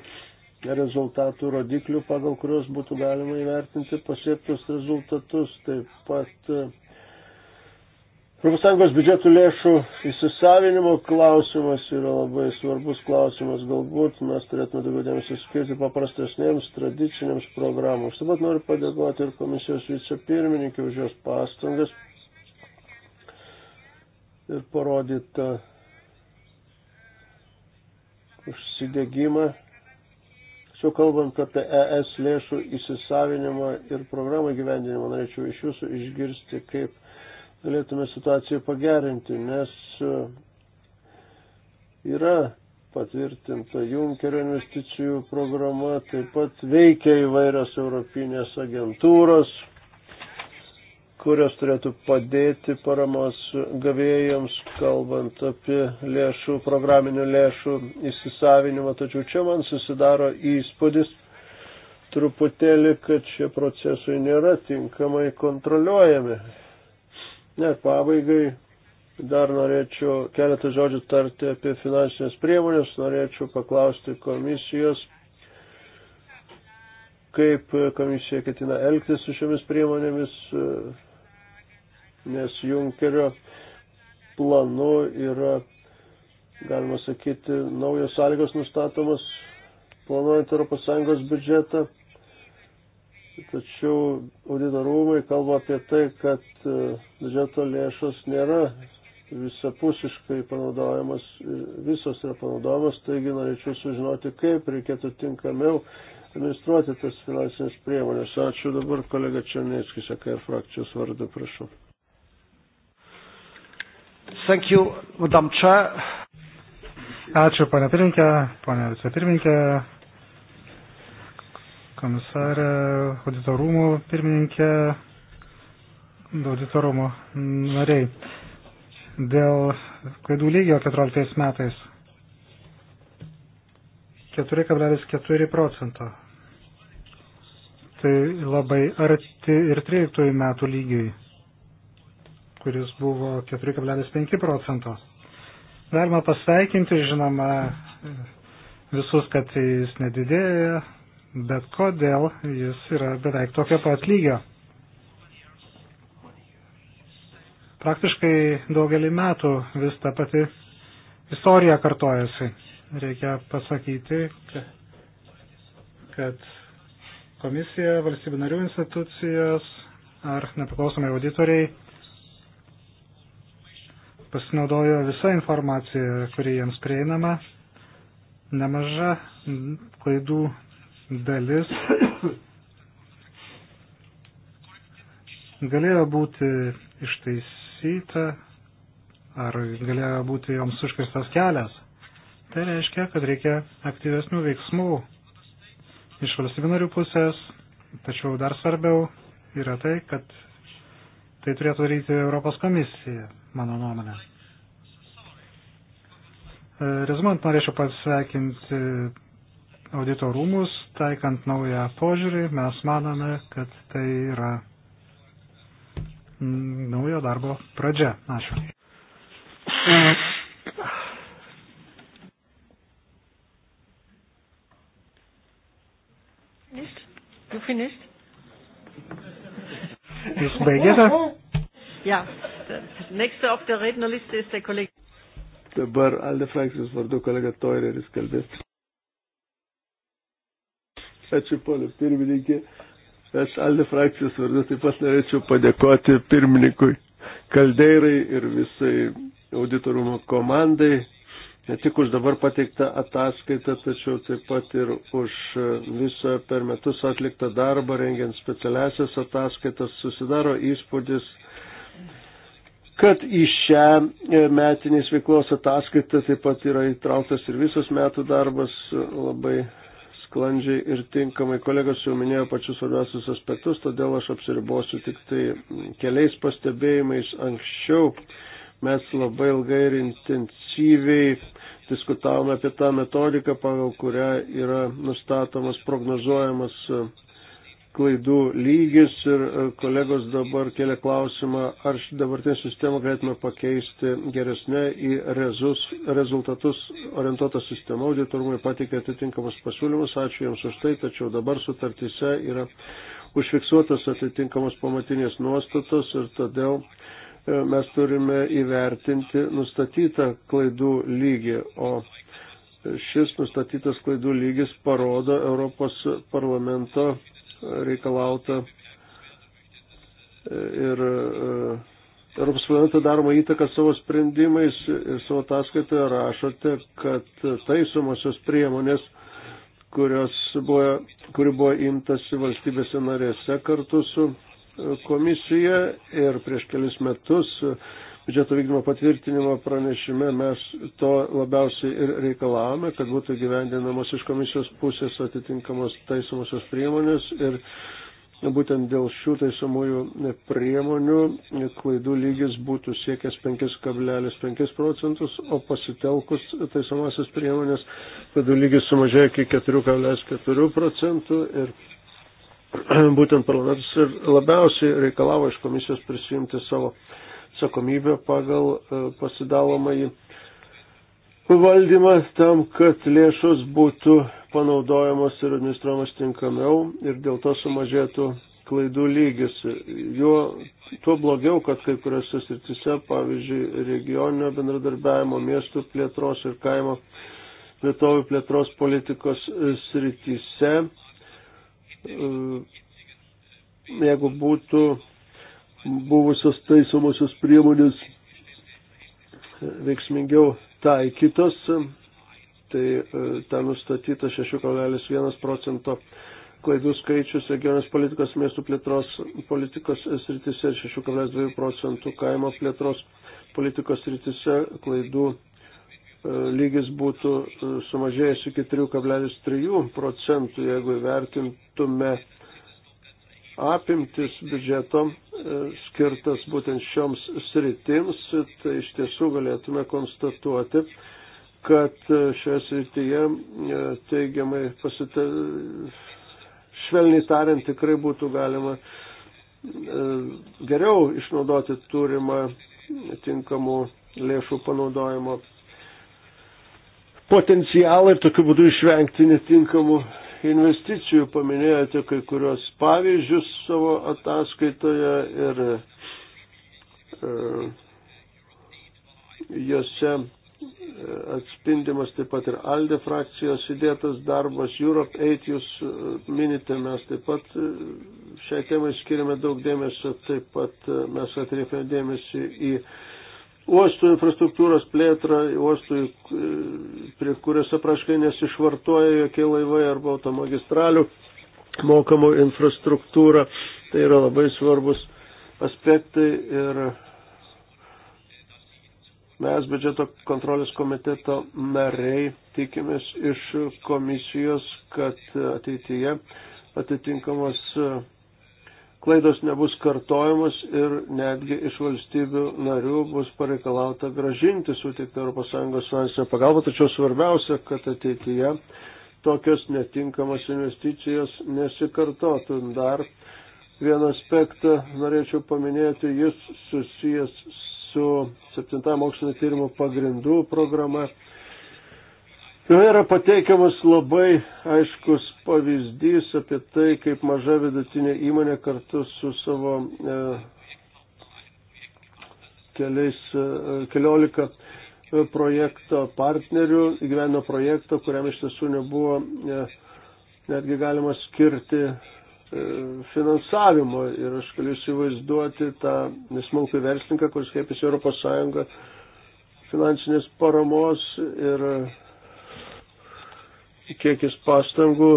rezultatų rodiklių, pagal kuriuos būtų galima įvertinti pasiektus rezultatus. Taip pat ES biudžetų lėšų įsisavinimo klausimas yra labai svarbus klausimas. Galbūt mes turėtume daugiau dėmesio skirti paprastesnėms tradicinėms programoms. Taip pat noriu padėkoti ir komisijos vicepirmininkė už jos pastangas parodytą užsidėgymą. Šiuo kalbant apie ES lėšų įsisavinimą ir programų gyvendinimą, norėčiau iš jūsų išgirsti, kaip galėtume situaciją pagerinti, nes e, yra patvirtinta Junkerio investicijų programa, taip pat veikia įvairios europinės agentūros, kurios turėtų padėti paramos gavėjams, kalbant apie lėšų, programinių lėšų įsisavinimą. Tačiau čia man susidaro įspūdis truputėlį, kad šie procesai nėra tinkamai kontroliuojami. Ne, pabaigai dar norėčiau keletą žodžių tarti apie finansinės priemonės, norėčiau paklausti komisijos kaip komisija ketina elgtis su šiomis priemonėmis, nes Junkerio planu yra, galima sakyti, naujos sąlygos nustatomas planuojant ES biudžetą. Tačiau auditorumai kalba apie tai, kad e, biudžeto lėšos nėra visapusiškai panaudojamas, e, visos yra panaudojamas, taigi norėčiau sužinoti, kaip reikėtų tinkamiau administruoti tas finansinės priemonės. Ačiū dabar kolega Černieckis, sakai, frakcijos vardu, prašau. Thank you, Madam Chair. Ačiū, ponia pirminkė, ponia vicepirminkė, komisarė, auditorumų pirmininkė, auditorumų nariai. Dėl klaidų lygio 14 metais 4,4 procento. Tai labai arti ir 13 metų lygiui kuris buvo 4,5 procento. Galima pasveikinti, žinoma, visus, kad jis nedidėja, bet kodėl jis yra beveik tokio pat lygio. Praktiškai daugelį metų vis ta pati istorija kartojasi. Reikia pasakyti, kad komisija, valstybių narių institucijos ar nepriklausomai auditoriai pasinaudojo visą informaciją, kuri jiems prieinama. Nemaža klaidų dalis galėjo būti ištaisyta ar galėjo būti joms užkirstas kelias. Tai reiškia, kad reikia aktyvesnių veiksmų iš valstybių narių pusės, tačiau dar svarbiau yra tai, kad tai turėtų daryti Europos komisija mano nuomonė. E, rezumant, norėčiau pasveikinti audito rūmus, taikant naują požiūrį, mes manome, kad tai yra naujo darbo pradžia. Ačiū. Jūs baigėte? Ja. Nächster auf der Rednerliste ist der Kollege. Dabar Alde frakcijos vardu kolega Toireris kalbės. Ačiū, ponas pirmininkė. Aš Alde frakcijos vardu taip pat norėčiau padėkoti pirmininkui Kaldeirai ir visai auditorumo komandai, ne tik už dabar pateiktą ataskaitą, tačiau taip pat ir už visą per metus atliktą darbą, rengiant specialiasias ataskaitas, susidaro įspūdis, kad į šią e, metinės veiklos ataskaitą taip pat yra įtrauktas ir visas metų darbas e, labai sklandžiai ir tinkamai. Kolegos jau minėjo pačius svarbiausius aspektus, todėl aš apsiribosiu tik tai keliais pastebėjimais. Anksčiau mes labai ilgai ir intensyviai diskutavome apie tą metodiką, pagal kurią yra nustatomas prognozuojamas e, klaidų lygis ir e, kolegos dabar kelia klausimą, ar dabartinę sistemą galėtume pakeisti geresnė į rezus, rezultatus orientuotą sistemą. Auditorumai patikė atitinkamus pasiūlymus, ačiū jiems už tai, tačiau dabar sutartyse yra užfiksuotas atitinkamos pamatinės nuostatos ir todėl e, mes turime įvertinti nustatytą klaidų lygį, o šis nustatytas klaidų lygis parodo Europos parlamento reikalauta ir e, Europos parlamento daroma įtaka savo sprendimais ir savo ataskaitoje rašote, kad taisomosios priemonės, kurios buvo, kuri buvo imtasi valstybėse narėse kartu su e, komisija ir prieš kelis metus biudžeto vykdymo patvirtinimo pranešime mes to labiausiai ir reikalavome, kad būtų gyvendinamos iš komisijos pusės atitinkamos taisomosios priemonės ir būtent dėl šių taisomųjų priemonių klaidų lygis būtų siekęs 5,5 procentus, o pasitelkus taisomasios priemonės klaidų lygis sumažėjo iki 4,4 procentų ir būtent parlamentas ir labiausiai reikalavo iš komisijos prisijimti savo atsakomybę pagal e, pasidalomą į valdymas tam, kad lėšos būtų panaudojamos ir administruojamos tinkamiau ir dėl to sumažėtų klaidų lygis. Jo, tuo blogiau, kad kai kuriuose sritise, pavyzdžiui, regioninio bendradarbiavimo, miestų plėtros ir kaimo vietovių plėtros politikos sritise, e, jeigu būtų buvusios taisomosios priemonės veiksmingiau taikytos, tai e, ten nustatyta 6,1 procento klaidų skaičius regionės politikos miestų plėtros politikos sritise ir 6,2 procentų kaimo plėtros politikos sritise klaidų e, lygis būtų e, sumažėjęs iki 3,3 procentų, jeigu vertintume apimtis biudžeto e, skirtas būtent šioms sritims, tai iš tiesų galėtume konstatuoti, kad e, šioje srityje e, teigiamai pasita... švelniai tariant tikrai būtų galima geriau išnaudoti turimą tinkamų lėšų panaudojimo potencialą ir tokiu būdu išvengti netinkamų investicijų paminėjote kai kurios pavyzdžius savo ataskaitoje ir e, jose e, atspindimas taip pat ir Alde frakcijos įdėtas darbas, Europe 8 jūs e, minite, mes taip pat e, šiai temai skiriame daug dėmesio, taip pat mes atkreipiame dėmesį į uostų infrastruktūros plėtrą, uostų, prie kuriuose praškai nesišvartuoja jokie laivai arba automagistralių mokamų infrastruktūrą. Tai yra labai svarbus aspektai ir mes biudžeto kontrolės komiteto nariai tikimės iš komisijos, kad ateityje atitinkamos klaidos nebus kartojamos ir netgi iš valstybių narių bus pareikalauta gražinti suteiktą ES finansinę pagalbą, tačiau svarbiausia, kad ateityje tokios netinkamos investicijos nesikartotų. Dar vieną aspektą norėčiau paminėti, jis susijęs su 7 mokslinio tyrimo pagrindų programa Joje yra pateikiamas labai aiškus pavyzdys apie tai, kaip maža vidutinė įmonė kartu su savo e, keliais, e, keliolika e, projekto partnerių įgyveno projektą, kuriam iš tiesų nebuvo e, netgi galima skirti e, finansavimo. Ir aš galiu įsivaizduoti tą nesmulkų verslininką, kuris kreipėsi Europos Sąjungą finansinės paramos ir e, kiekis pastangų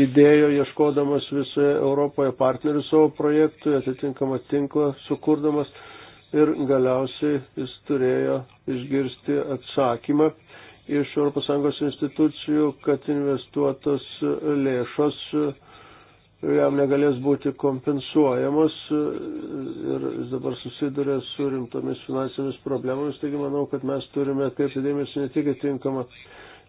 įdėjo ieškodamas visoje Europoje partnerių savo projektui, atitinkamą tinklą sukurdamas ir galiausiai jis turėjo išgirsti atsakymą iš ES institucijų, kad investuotos lėšos jam negalės būti kompensuojamos ir jis dabar susiduria su rimtomis finansinėmis problemomis. Taigi manau, kad mes turime atkreipti dėmesį ne tik atinkamą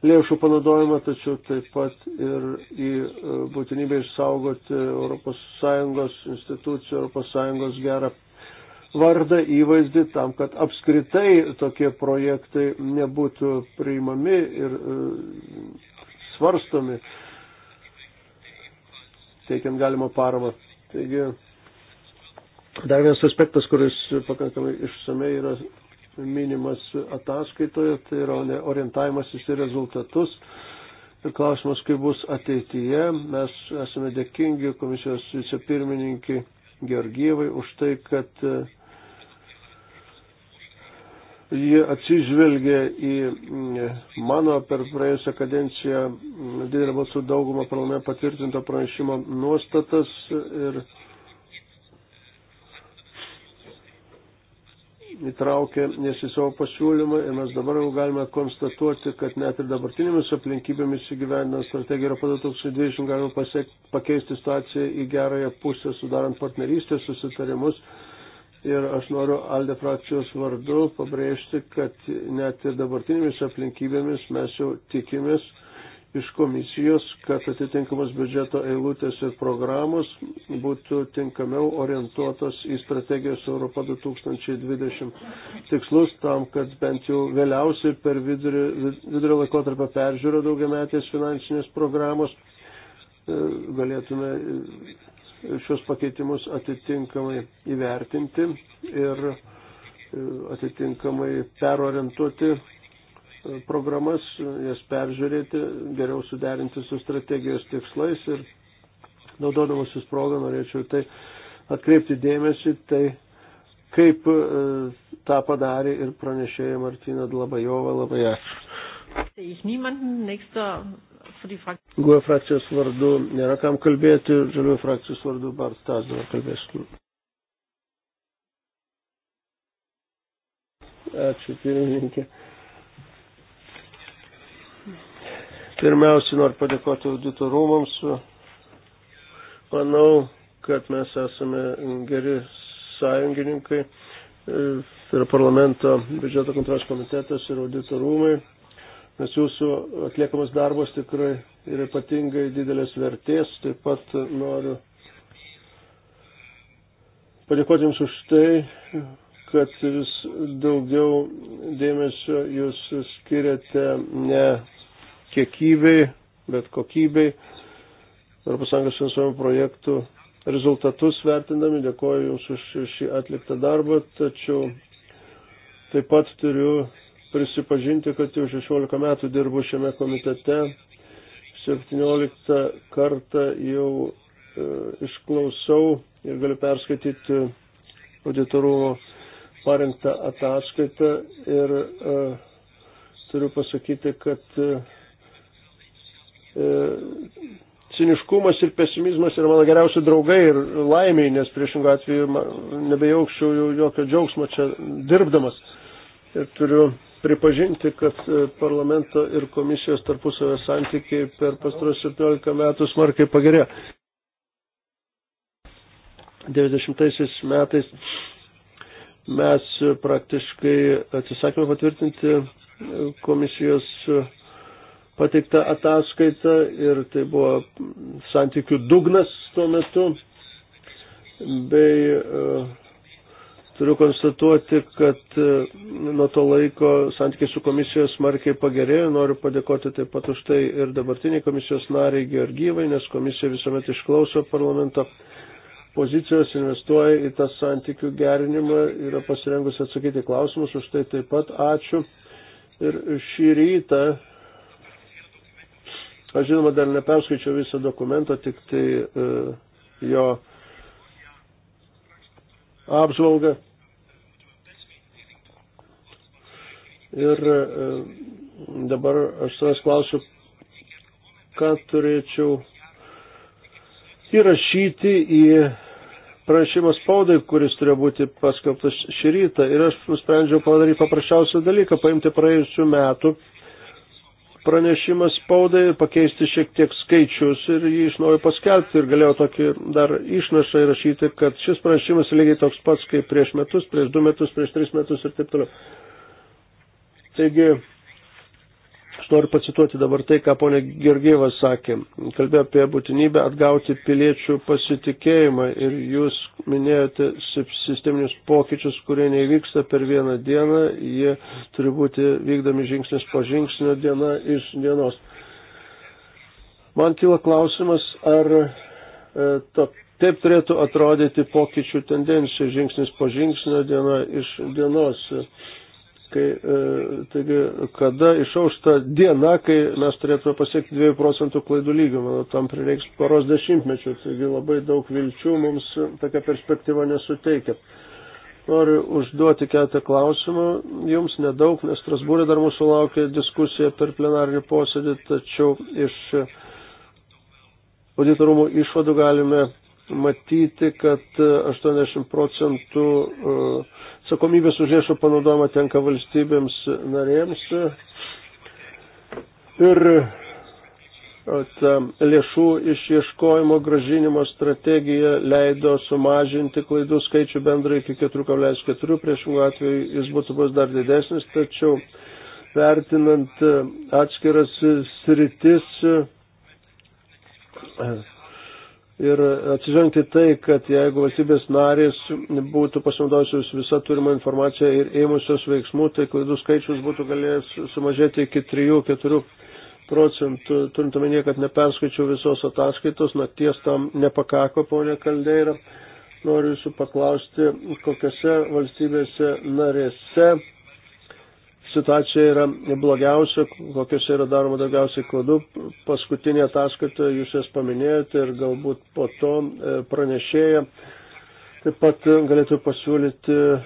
lėšų panaudojimą, tačiau taip pat ir į e, būtinybę išsaugoti ES institucijų, ES gerą vardą, įvaizdį tam, kad apskritai tokie projektai nebūtų priimami ir e, svarstomi, teikiant galimą paramą. Taigi, dar vienas aspektas, kuris pakankamai išsamei yra minimas ataskaitoje, tai yra orientavimasis į rezultatus. Ir klausimas, kaip bus ateityje. Mes esame dėkingi komisijos vicepirmininkai Georgievai už tai, kad e, jie atsižvelgia į mano per praėjusią kadenciją didelę balsų daugumą parlamente patvirtinto pranešimo nuostatas ir įtraukė nes į savo pasiūlymą ir mes dabar jau galime konstatuoti, kad net ir dabartinėmis aplinkybėmis įgyvendinant strategiją Europa 2020 galima pasiek, pakeisti situaciją į gerąją pusę, sudarant partnerystės susitarimus. Ir aš noriu Alde frakcijos vardu pabrėžti, kad net ir dabartinėmis aplinkybėmis mes jau tikimės, iš komisijos, kad atitinkamos biudžeto eilutės ir programos būtų tinkamiau orientuotos į strategijos Europa 2020 tikslus, tam, kad bent jau vėliausiai per vidurio, vidurio laikotarpio peržiūrą daugiametės finansinės programos e, galėtume šios pakeitimus atitinkamai įvertinti ir e, atitinkamai perorientuoti programas, jas peržiūrėti, geriau suderinti su strategijos tikslais ir naudodamasis progą norėčiau tai atkreipti dėmesį, tai kaip e, tą padarė ir pranešėja Martina Dlabajova, labai ačiū. Guoja frakcijos vardu nėra kam kalbėti, žaliųjų frakcijos vardu Bartas dabar kalbės. Ačiū, pirmininkė. Pirmiausia, noriu padėkoti auditorumams. Manau, kad mes esame geri sąjungininkai. E, tai yra parlamento biudžeto kontrolės komitetas ir auditorumai, nes jūsų atliekamas darbas tikrai yra ypatingai didelės vertės. Taip pat noriu padėkoti Jums už tai, kad vis daugiau dėmesio Jūs skiriate ne kiekybei, bet kokybei ES finansuojamų projektų rezultatus vertindami. Dėkuoju Jums už šį atliktą darbą, tačiau taip pat turiu prisipažinti, kad jau 16 metų dirbu šiame komitete. 17 kartą jau e, išklausau ir galiu perskaityti auditorumo parengtą ataskaitą ir e, turiu pasakyti, kad e, E, ciniškumas ir pesimizmas yra mano geriausi draugai ir laimiai, nes priešingų atveju nebejaukščiau jokio džiaugsmo čia dirbdamas. Ir turiu pripažinti, kad e, parlamento ir komisijos tarpusavio santykiai per pastaros 17 metų smarkiai pagerėjo. 90 metais mes praktiškai atsisakėme patvirtinti komisijos pateikta ataskaita ir tai buvo santykių dugnas tuo metu. Bei e, turiu konstatuoti, kad e, nuo to laiko santykiai su komisijos smarkiai pagerėjo. Noriu padėkoti taip pat už tai ir dabartiniai komisijos nariai Georgyvai, nes komisija visuomet išklauso parlamento pozicijos investuoja į tą santykių gerinimą, yra pasirengusi atsakyti klausimus, už tai taip pat ačiū. Ir šį rytą Aš žinoma dar neperskaičiau viso dokumento, tik tai e, jo apžvalgą. Ir e, dabar aš savęs klausiu, ką turėčiau įrašyti į pranešimą spaudai, kuris turėjo būti paskelbtas šį rytą. Ir aš nusprendžiau padaryti paprasčiausią dalyką, paimti praėjusių metų pranešimas spaudai, pakeisti šiek tiek skaičius ir jį iš naujo paskelbti ir galėjau tokį dar išnašą įrašyti, kad šis pranešimas lygiai toks pats kaip prieš metus, prieš du metus, prieš tris metus ir taip toliau. Taigi noriu pacituoti dabar tai, ką ponė Gergievas sakė. Kalbėjo apie būtinybę atgauti piliečių pasitikėjimą ir jūs minėjote sisteminius pokyčius, kurie nevyksta per vieną dieną, jie turi būti vykdami žingsnis po žingsnio diena iš dienos. Man kyla klausimas, ar e, to, taip turėtų atrodyti pokyčių tendencija žingsnis po žingsnio diena iš dienos. E, kai, e, taigi, kada išaušta diena, kai mes turėtume pasiekti 2 procentų klaidų lygį, manau, tam prireiks poros dešimtmečių, taigi labai daug vilčių mums tokia perspektyva nesuteikia. Noriu užduoti keletą klausimų, jums nedaug, nes Strasbūrė dar mūsų laukia diskusija per plenarinį posėdį, tačiau iš auditorumų išvadų galime matyti, kad 80 procentų Sakomybės už lėšų panaudojimą tenka valstybėms narėms. Ir ta lėšų išieškojimo gražinimo strategija leido sumažinti klaidų skaičių bendrai iki 4,4, priešingų atveju jis būtų bus dar didesnis, tačiau vertinant atskiras sritis, ir atsižvelgti tai, kad jeigu valstybės narės būtų pasinaudojusios visą turimą informaciją ir ėmusios veiksmų, tai klaidų skaičius būtų galėjęs sumažėti iki 3-4 procentų, turint omenyje, kad neperskaičiau visos ataskaitos, nakties tam nepakako, ponė Kaldeira. Noriu jūsų paklausti, kokiose valstybėse narėse situacija yra blogiausia, kokiuose yra daroma daugiausiai klaidų. Paskutinė ataskaita jūs jas paminėjote ir galbūt po to e, pranešėja taip pat galėtų pasiūlyti e,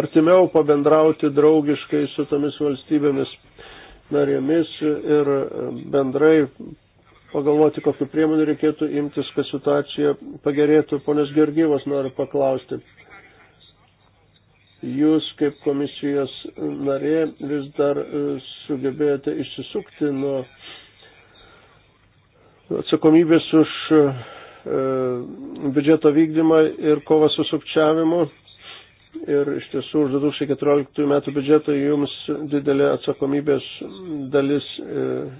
artimiau pabendrauti draugiškai su tomis valstybėmis narėmis ir e, bendrai pagalvoti, kokiu priemonių reikėtų imtis, kad situacija pagerėtų. Ponas Gergyvas nori paklausti jūs kaip komisijos narė vis dar e, sugebėjote išsisukti nuo atsakomybės už e, e, biudžeto vykdymą ir kovą su sukčiavimu. Ir iš tiesų už 2014 metų biudžetą jums didelė atsakomybės dalis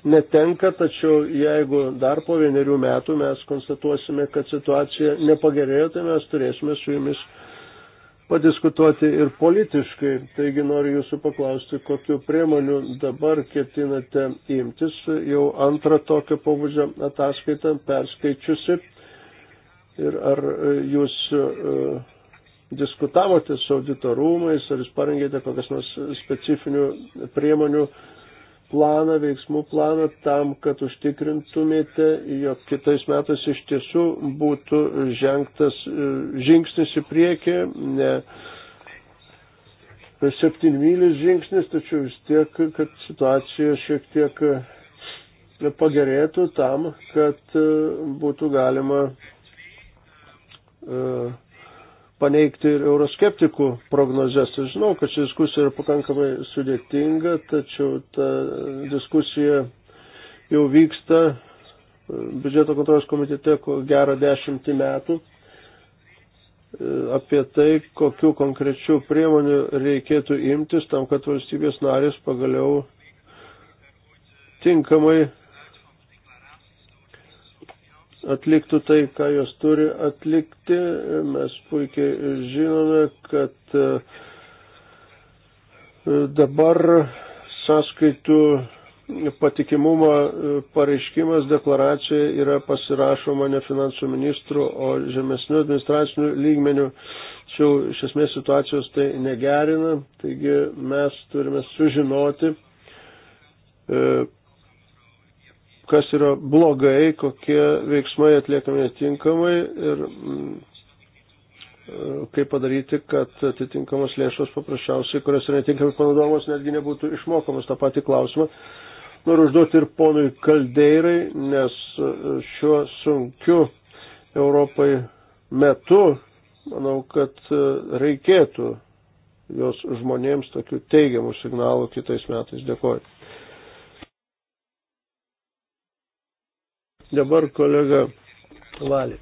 netenka, tačiau jeigu dar po vienerių metų mes konstatuosime, kad situacija nepagerėjo, tai mes turėsime su jumis uh, padiskutuoti ir politiškai. Taigi noriu jūsų paklausti, kokiu priemonių dabar ketinate imtis. Jau antrą tokio pobūdžio ataskaitą perskaičiusi. Ir ar e, jūs e, diskutavote su auditorumais, ar jūs parengėte kokias nors specifinių priemonių planą, veiksmų planą tam, kad užtikrintumėte, jog kitais metais iš tiesų būtų žengtas e, žingsnis į priekį, ne septynmylis žingsnis, tačiau vis tiek, kad situacija šiek tiek pagerėtų tam, kad e, būtų galima uh, paneigti ir euroskeptikų prognozes. Aš žinau, kad ši diskusija yra pakankamai sudėtinga, tačiau ta diskusija jau vyksta biudžeto kontrolės komitete gerą dešimtį metų apie tai, kokiu konkrečiu priemoniu reikėtų imtis tam, kad valstybės narės pagaliau tinkamai atliktų tai, ką jos turi atlikti. Mes puikiai žinome, kad e, dabar sąskaitų patikimumo e, pareiškimas deklaracija yra pasirašoma ne finansų ministrų, o žemesnių administracinių lygmenių. Tačiau iš esmės situacijos tai negerina, taigi mes turime sužinoti, e, kas yra blogai, kokie veiksmai atliekami netinkamai ir mm, e, kaip padaryti, kad atitinkamos lėšos paprasčiausiai, kurios yra netinkamai panaudojamos, netgi nebūtų išmokamos. Ta pati klausimą noriu užduoti ir ponui Kaldeirai, nes e, šiuo sunkiu Europai metu, manau, kad e, reikėtų jos žmonėms tokių teigiamų signalų kitais metais. Dėkuoju. Dabar kolega Valė.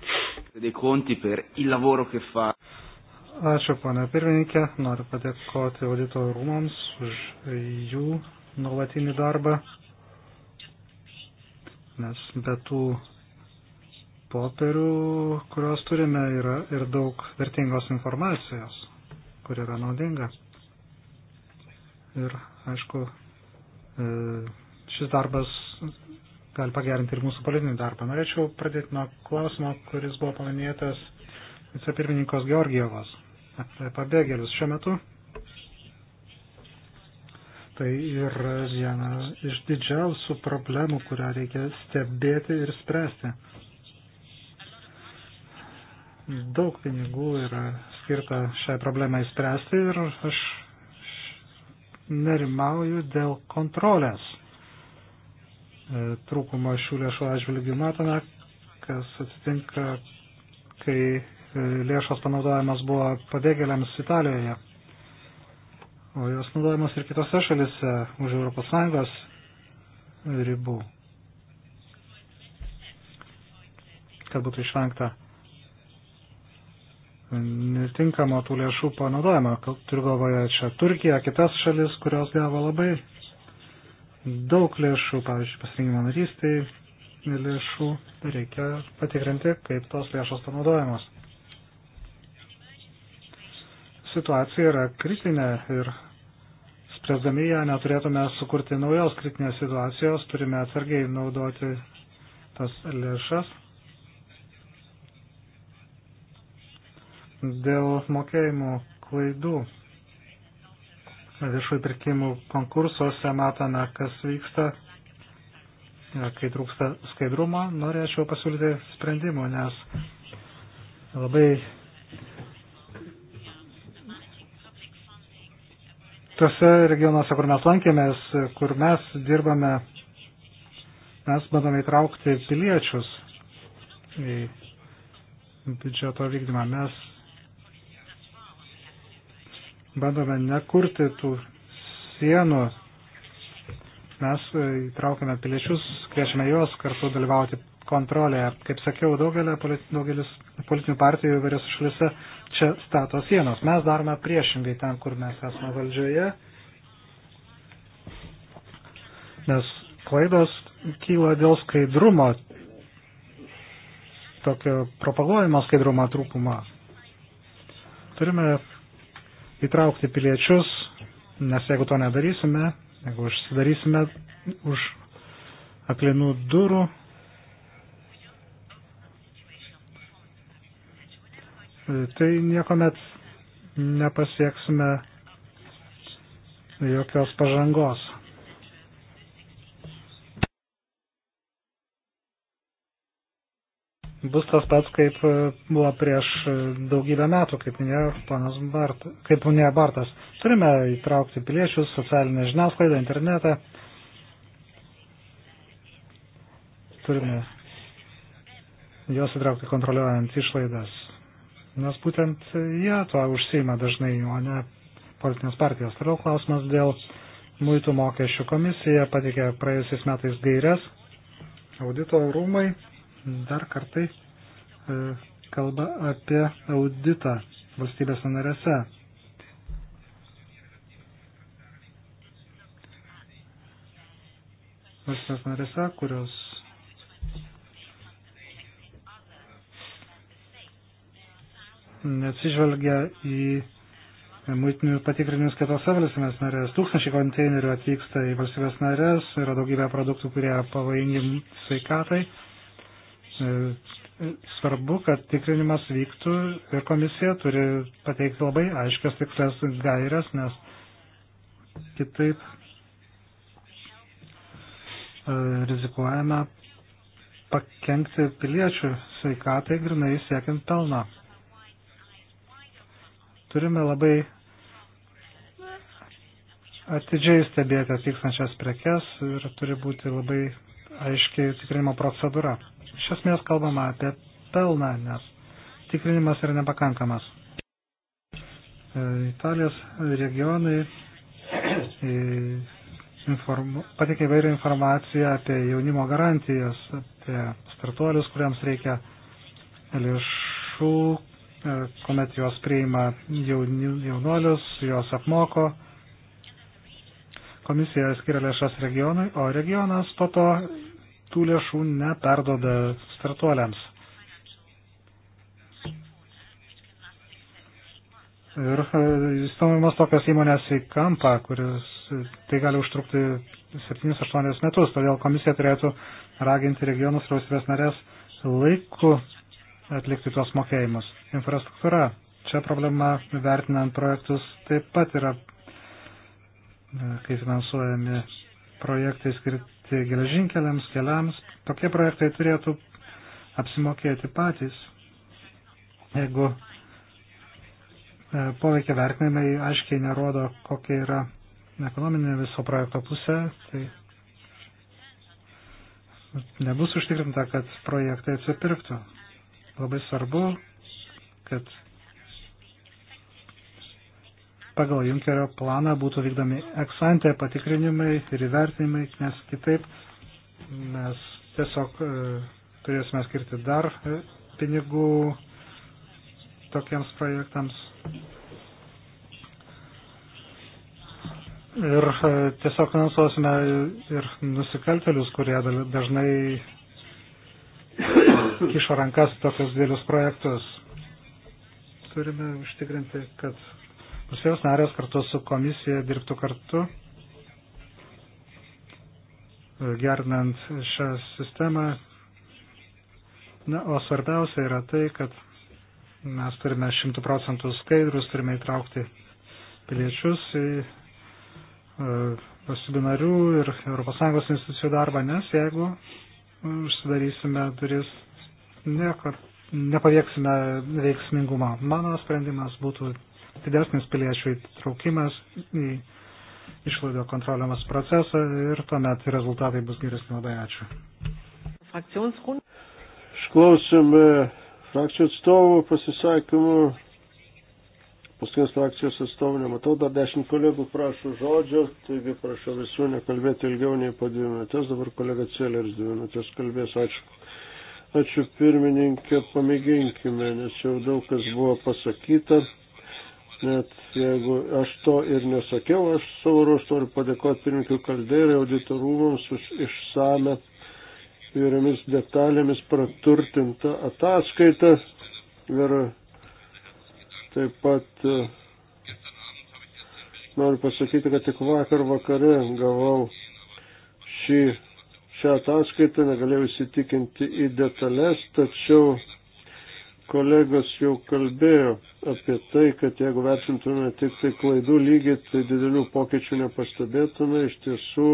Ačiū, pana pirmininkė. Noriu padėkoti audito rūmams už jų nuolatinį darbą, nes be tų popierių, kuriuos turime, yra ir daug vertingos informacijos, kur yra naudinga. Ir, aišku, e, šis darbas gali pagerinti ir mūsų politinį darbą. Norėčiau pradėti nuo klausimo, kuris buvo paminėtas vicepirmininkos Georgijovos apie pabėgėlius šiuo metu. Tai yra viena iš didžiausių problemų, kurią reikia stebėti ir spręsti. Daug pinigų yra skirta šiai problemai spręsti ir aš nerimauju dėl kontrolės E, trūkumą šių lėšų atžvilgių. Matome, kas atsitinka, kai e, lėšos panaudojimas buvo pabėgėliams Italijoje, o jos naudojimas ir kitose šalise už ES ribų, kad būtų išvengta netinkamo tų lėšų panaudojimo. Turiu galvoje čia Turkiją, kitas šalis, kurios gavo labai daug lėšų, pavyzdžiui, pasirinkimo narystai lėšų, reikia patikrinti, kaip tos lėšos panaudojamos. Situacija yra kritinė ir spręsdami ją neturėtume sukurti naujos kritinės situacijos, turime atsargiai naudoti tas lėšas. Dėl mokėjimų klaidų viešųjų pirkimų konkursuose matome, kas vyksta, kai trūksta skaidrumo, norėčiau pasiūlyti sprendimų, nes labai tose regionuose, kur mes lankėmės, kur mes dirbame, mes bandome įtraukti piliečius į biudžeto vykdymą. Mes bandome nekurti tų sienų. Mes įtraukiame piliečius, kviečiame juos kartu dalyvauti kontrolėje. Kaip sakiau, daugelė daugelis politinių partijų įvairiose šalise čia stato sienos. Mes darome priešingai ten, kur mes esame valdžioje, nes klaidos kyla dėl skaidrumo, tokio propaguojimo skaidrumo trūkumo. Turime įtraukti piliečius, nes jeigu to nedarysime, jeigu užsidarysime už aklinų durų, tai niekuomet nepasieksime jokios pažangos. bus tas pats, kaip e, buvo prieš e, daugybę metų, kaip minėjo panas Bart, kaip minėjo Bartas. Turime įtraukti piliečius, socialinę žiniasklaidą, internetą. Turime juos įtraukti kontroliuojant išlaidas. Nes būtent jie tuo užsima dažnai, o ne politinės partijos. Toliau klausimas dėl muitų mokesčių komisija patikė praėjusiais metais gairias audito rūmai dar kartai e, kalba apie auditą valstybės narėse. Valstybės narėse, kurios neatsižvelgia į muitinių patikrinimus kitose valstybės narės. Tūkstančiai konteinerių atvyksta į valstybės narės, yra daugybė produktų, kurie pavojingi sveikatai. E, e, svarbu, kad tikrinimas vyktų ir komisija turi pateikti labai aiškias tikras gairias, nes kitaip e, rizikuojame pakengti piliečių sveikatai grinai siekiant pelno. Turime labai atidžiai stebėti atvykstančias prekes ir turi būti labai aiškiai tikrinimo procedūra. Iš esmės kalbama apie pelną, nes tikrinimas yra nepakankamas. E, Italijos regionai e, informu, patikė įvairią informaciją apie jaunimo garantijas, apie startuolius, kuriems reikia lėšų, e, kuomet juos priima jauni, jaunuolius, juos apmoko. Komisija skiria lėšas regionui, o regionas po to tų lėšų neperdoda startuoliams. Ir e, įstumimas tokios įmonės į kampą, kuris e, tai gali užtrukti 7-8 metus, todėl komisija turėtų raginti regionus ir valstybės narės laiku atlikti tuos mokėjimus. Infrastruktūra. Čia problema vertinant projektus taip pat yra, e, kai finansuojami projektai skirti geležinkeliams, keliams. Tokie projektai turėtų apsimokėti patys, jeigu e, poveikia vertinimai aiškiai nerodo, kokia yra ekonominė viso projekto pusė, tai nebus užtikrinta, kad projektai atsipirktų. Labai svarbu, kad pagal Junkerio planą būtų vykdomi eksantė patikrinimai ir įvertinimai, nes kitaip mes tiesiog e, turėsime skirti dar e, pinigų tokiems projektams. Ir e, tiesiog finansuosime ir nusikaltelius, kurie dažnai kišo rankas tokius dėlius projektus. Turime užtikrinti, kad Rusijos narės kartu su komisija dirbtų kartu, gernant šią sistemą. Na, o svarbiausia yra tai, kad mes turime šimtų procentų skaidrus, turime įtraukti piliečius į e, valstybinarių ir ES institucijų darbą, nes jeigu užsidarysime duris, nieko, nepavieksime veiksmingumą. Mano sprendimas būtų didesnis piliečių įtraukimas į išlaidų kontroliamas procesą ir tuomet rezultatai bus geresni. Labai ačiū. Išklausim frakcijų atstovų pasisakymų. Paskutės frakcijos atstovų nematau, dar dešimt kolegų prašo žodžio, taigi prašau visų nekalbėti ilgiau nei po dvi minutės, dabar kolega Celeris dvi minutės kalbės, ačiū. Ačiū pirmininkė, pamėginkime, nes jau daug kas buvo pasakyta net jeigu aš to ir nesakiau, aš savo ruoštų noriu padėkoti pirmininkui Kalderai auditorumams už išsame įvairiomis detalėmis praturtintą ataskaitą ir taip pat e, noriu pasakyti, kad tik vakar vakare gavau šį, šią ataskaitą, negalėjau įsitikinti į detalės, tačiau Kolegos jau kalbėjo apie tai, kad jeigu vertintume tik tai klaidų lygį, tai didelių pokyčių nepastebėtume. Iš tiesų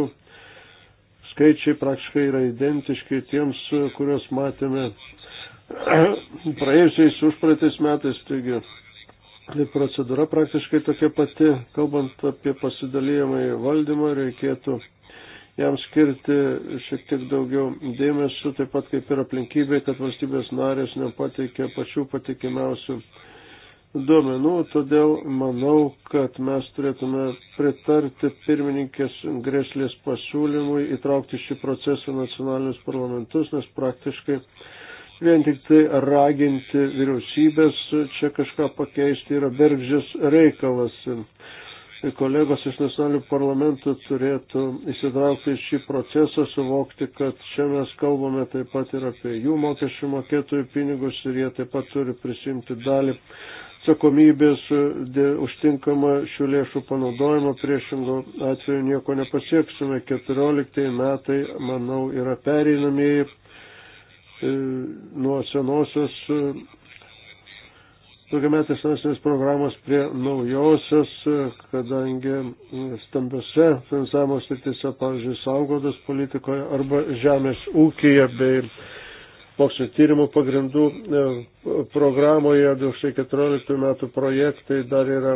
skaičiai praktiškai yra identiški tiems, kuriuos matėme praėjusiais užpraeitais metais. Taigi tai procedūra praktiškai tokia pati, kalbant apie pasidalyjamą į valdymą, reikėtų jam skirti šiek tiek daugiau dėmesio, taip pat kaip ir aplinkybė, kad valstybės narės nepateikė pačių patikimiausių duomenų, todėl manau, kad mes turėtume pritarti pirmininkės greslės pasiūlymui įtraukti šį procesą nacionalinius parlamentus, nes praktiškai vien tik tai raginti vyriausybės čia kažką pakeisti yra bergždžias reikalas kolegos iš nacionalinių parlamentų turėtų įsitraukti į šį procesą, suvokti, kad čia mes kalbame taip pat ir apie jų mokesčių mokėtojų pinigus ir jie taip pat turi prisimti dalį atsakomybės užtinkamą šių lėšų panaudojimą, priešingų atveju nieko nepasieksime. 14 metai, manau, yra pereinamieji e, nuo senosios daugiametės finansinės programos prie naujosios, kadangi stambiose finansavimo sritise, pavyzdžiui, saugodos politikoje arba žemės ūkija bei mokslo tyrimų pagrindų e, programoje 2014 metų projektai dar yra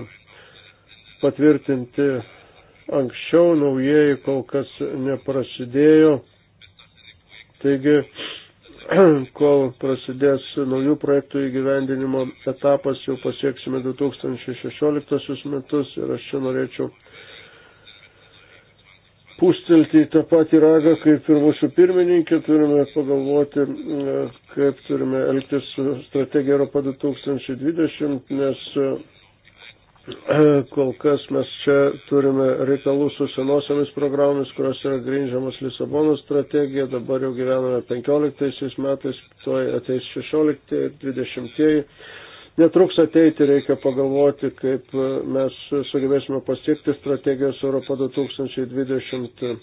patvirtinti anksčiau, naujieji kol kas neprasidėjo. Taigi, kol prasidės naujų projektų įgyvendinimo etapas, jau pasieksime 2016 metus ir aš čia norėčiau pūstelti į tą patį ragą, kaip ir mūsų pirmininkė, turime pagalvoti, e, kaip turime elgtis su strategija Europa 2020, nes kol kas mes čia turime reikalų su senosiamis programomis, kurios yra grindžiamas Lisabono strategija, dabar jau gyvename 15 metais, tuoj ateis 16 ir 20. Netruks ateiti reikia pagalvoti, kaip mes sugebėsime pasiekti strategijos Europą 2020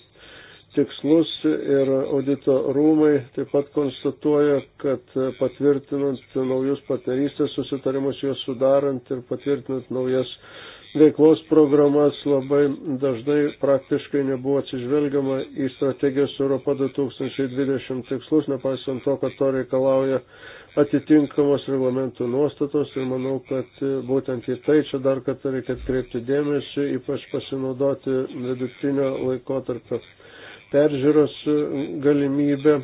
tikslus ir audito rūmai taip pat konstatuoja, kad patvirtinant naujus partnerystės susitarimus, juos sudarant ir patvirtinant naujas veiklos programas labai dažnai praktiškai nebuvo atsižvelgiama į strategijos Europa 2020 tikslus, nepaisant to, kad to reikalauja atitinkamos reglamentų nuostatos ir manau, kad būtent į tai čia dar kartą reikia atkreipti dėmesį, ypač pasinaudoti vidutinio laikotarpio peržiūros galimybę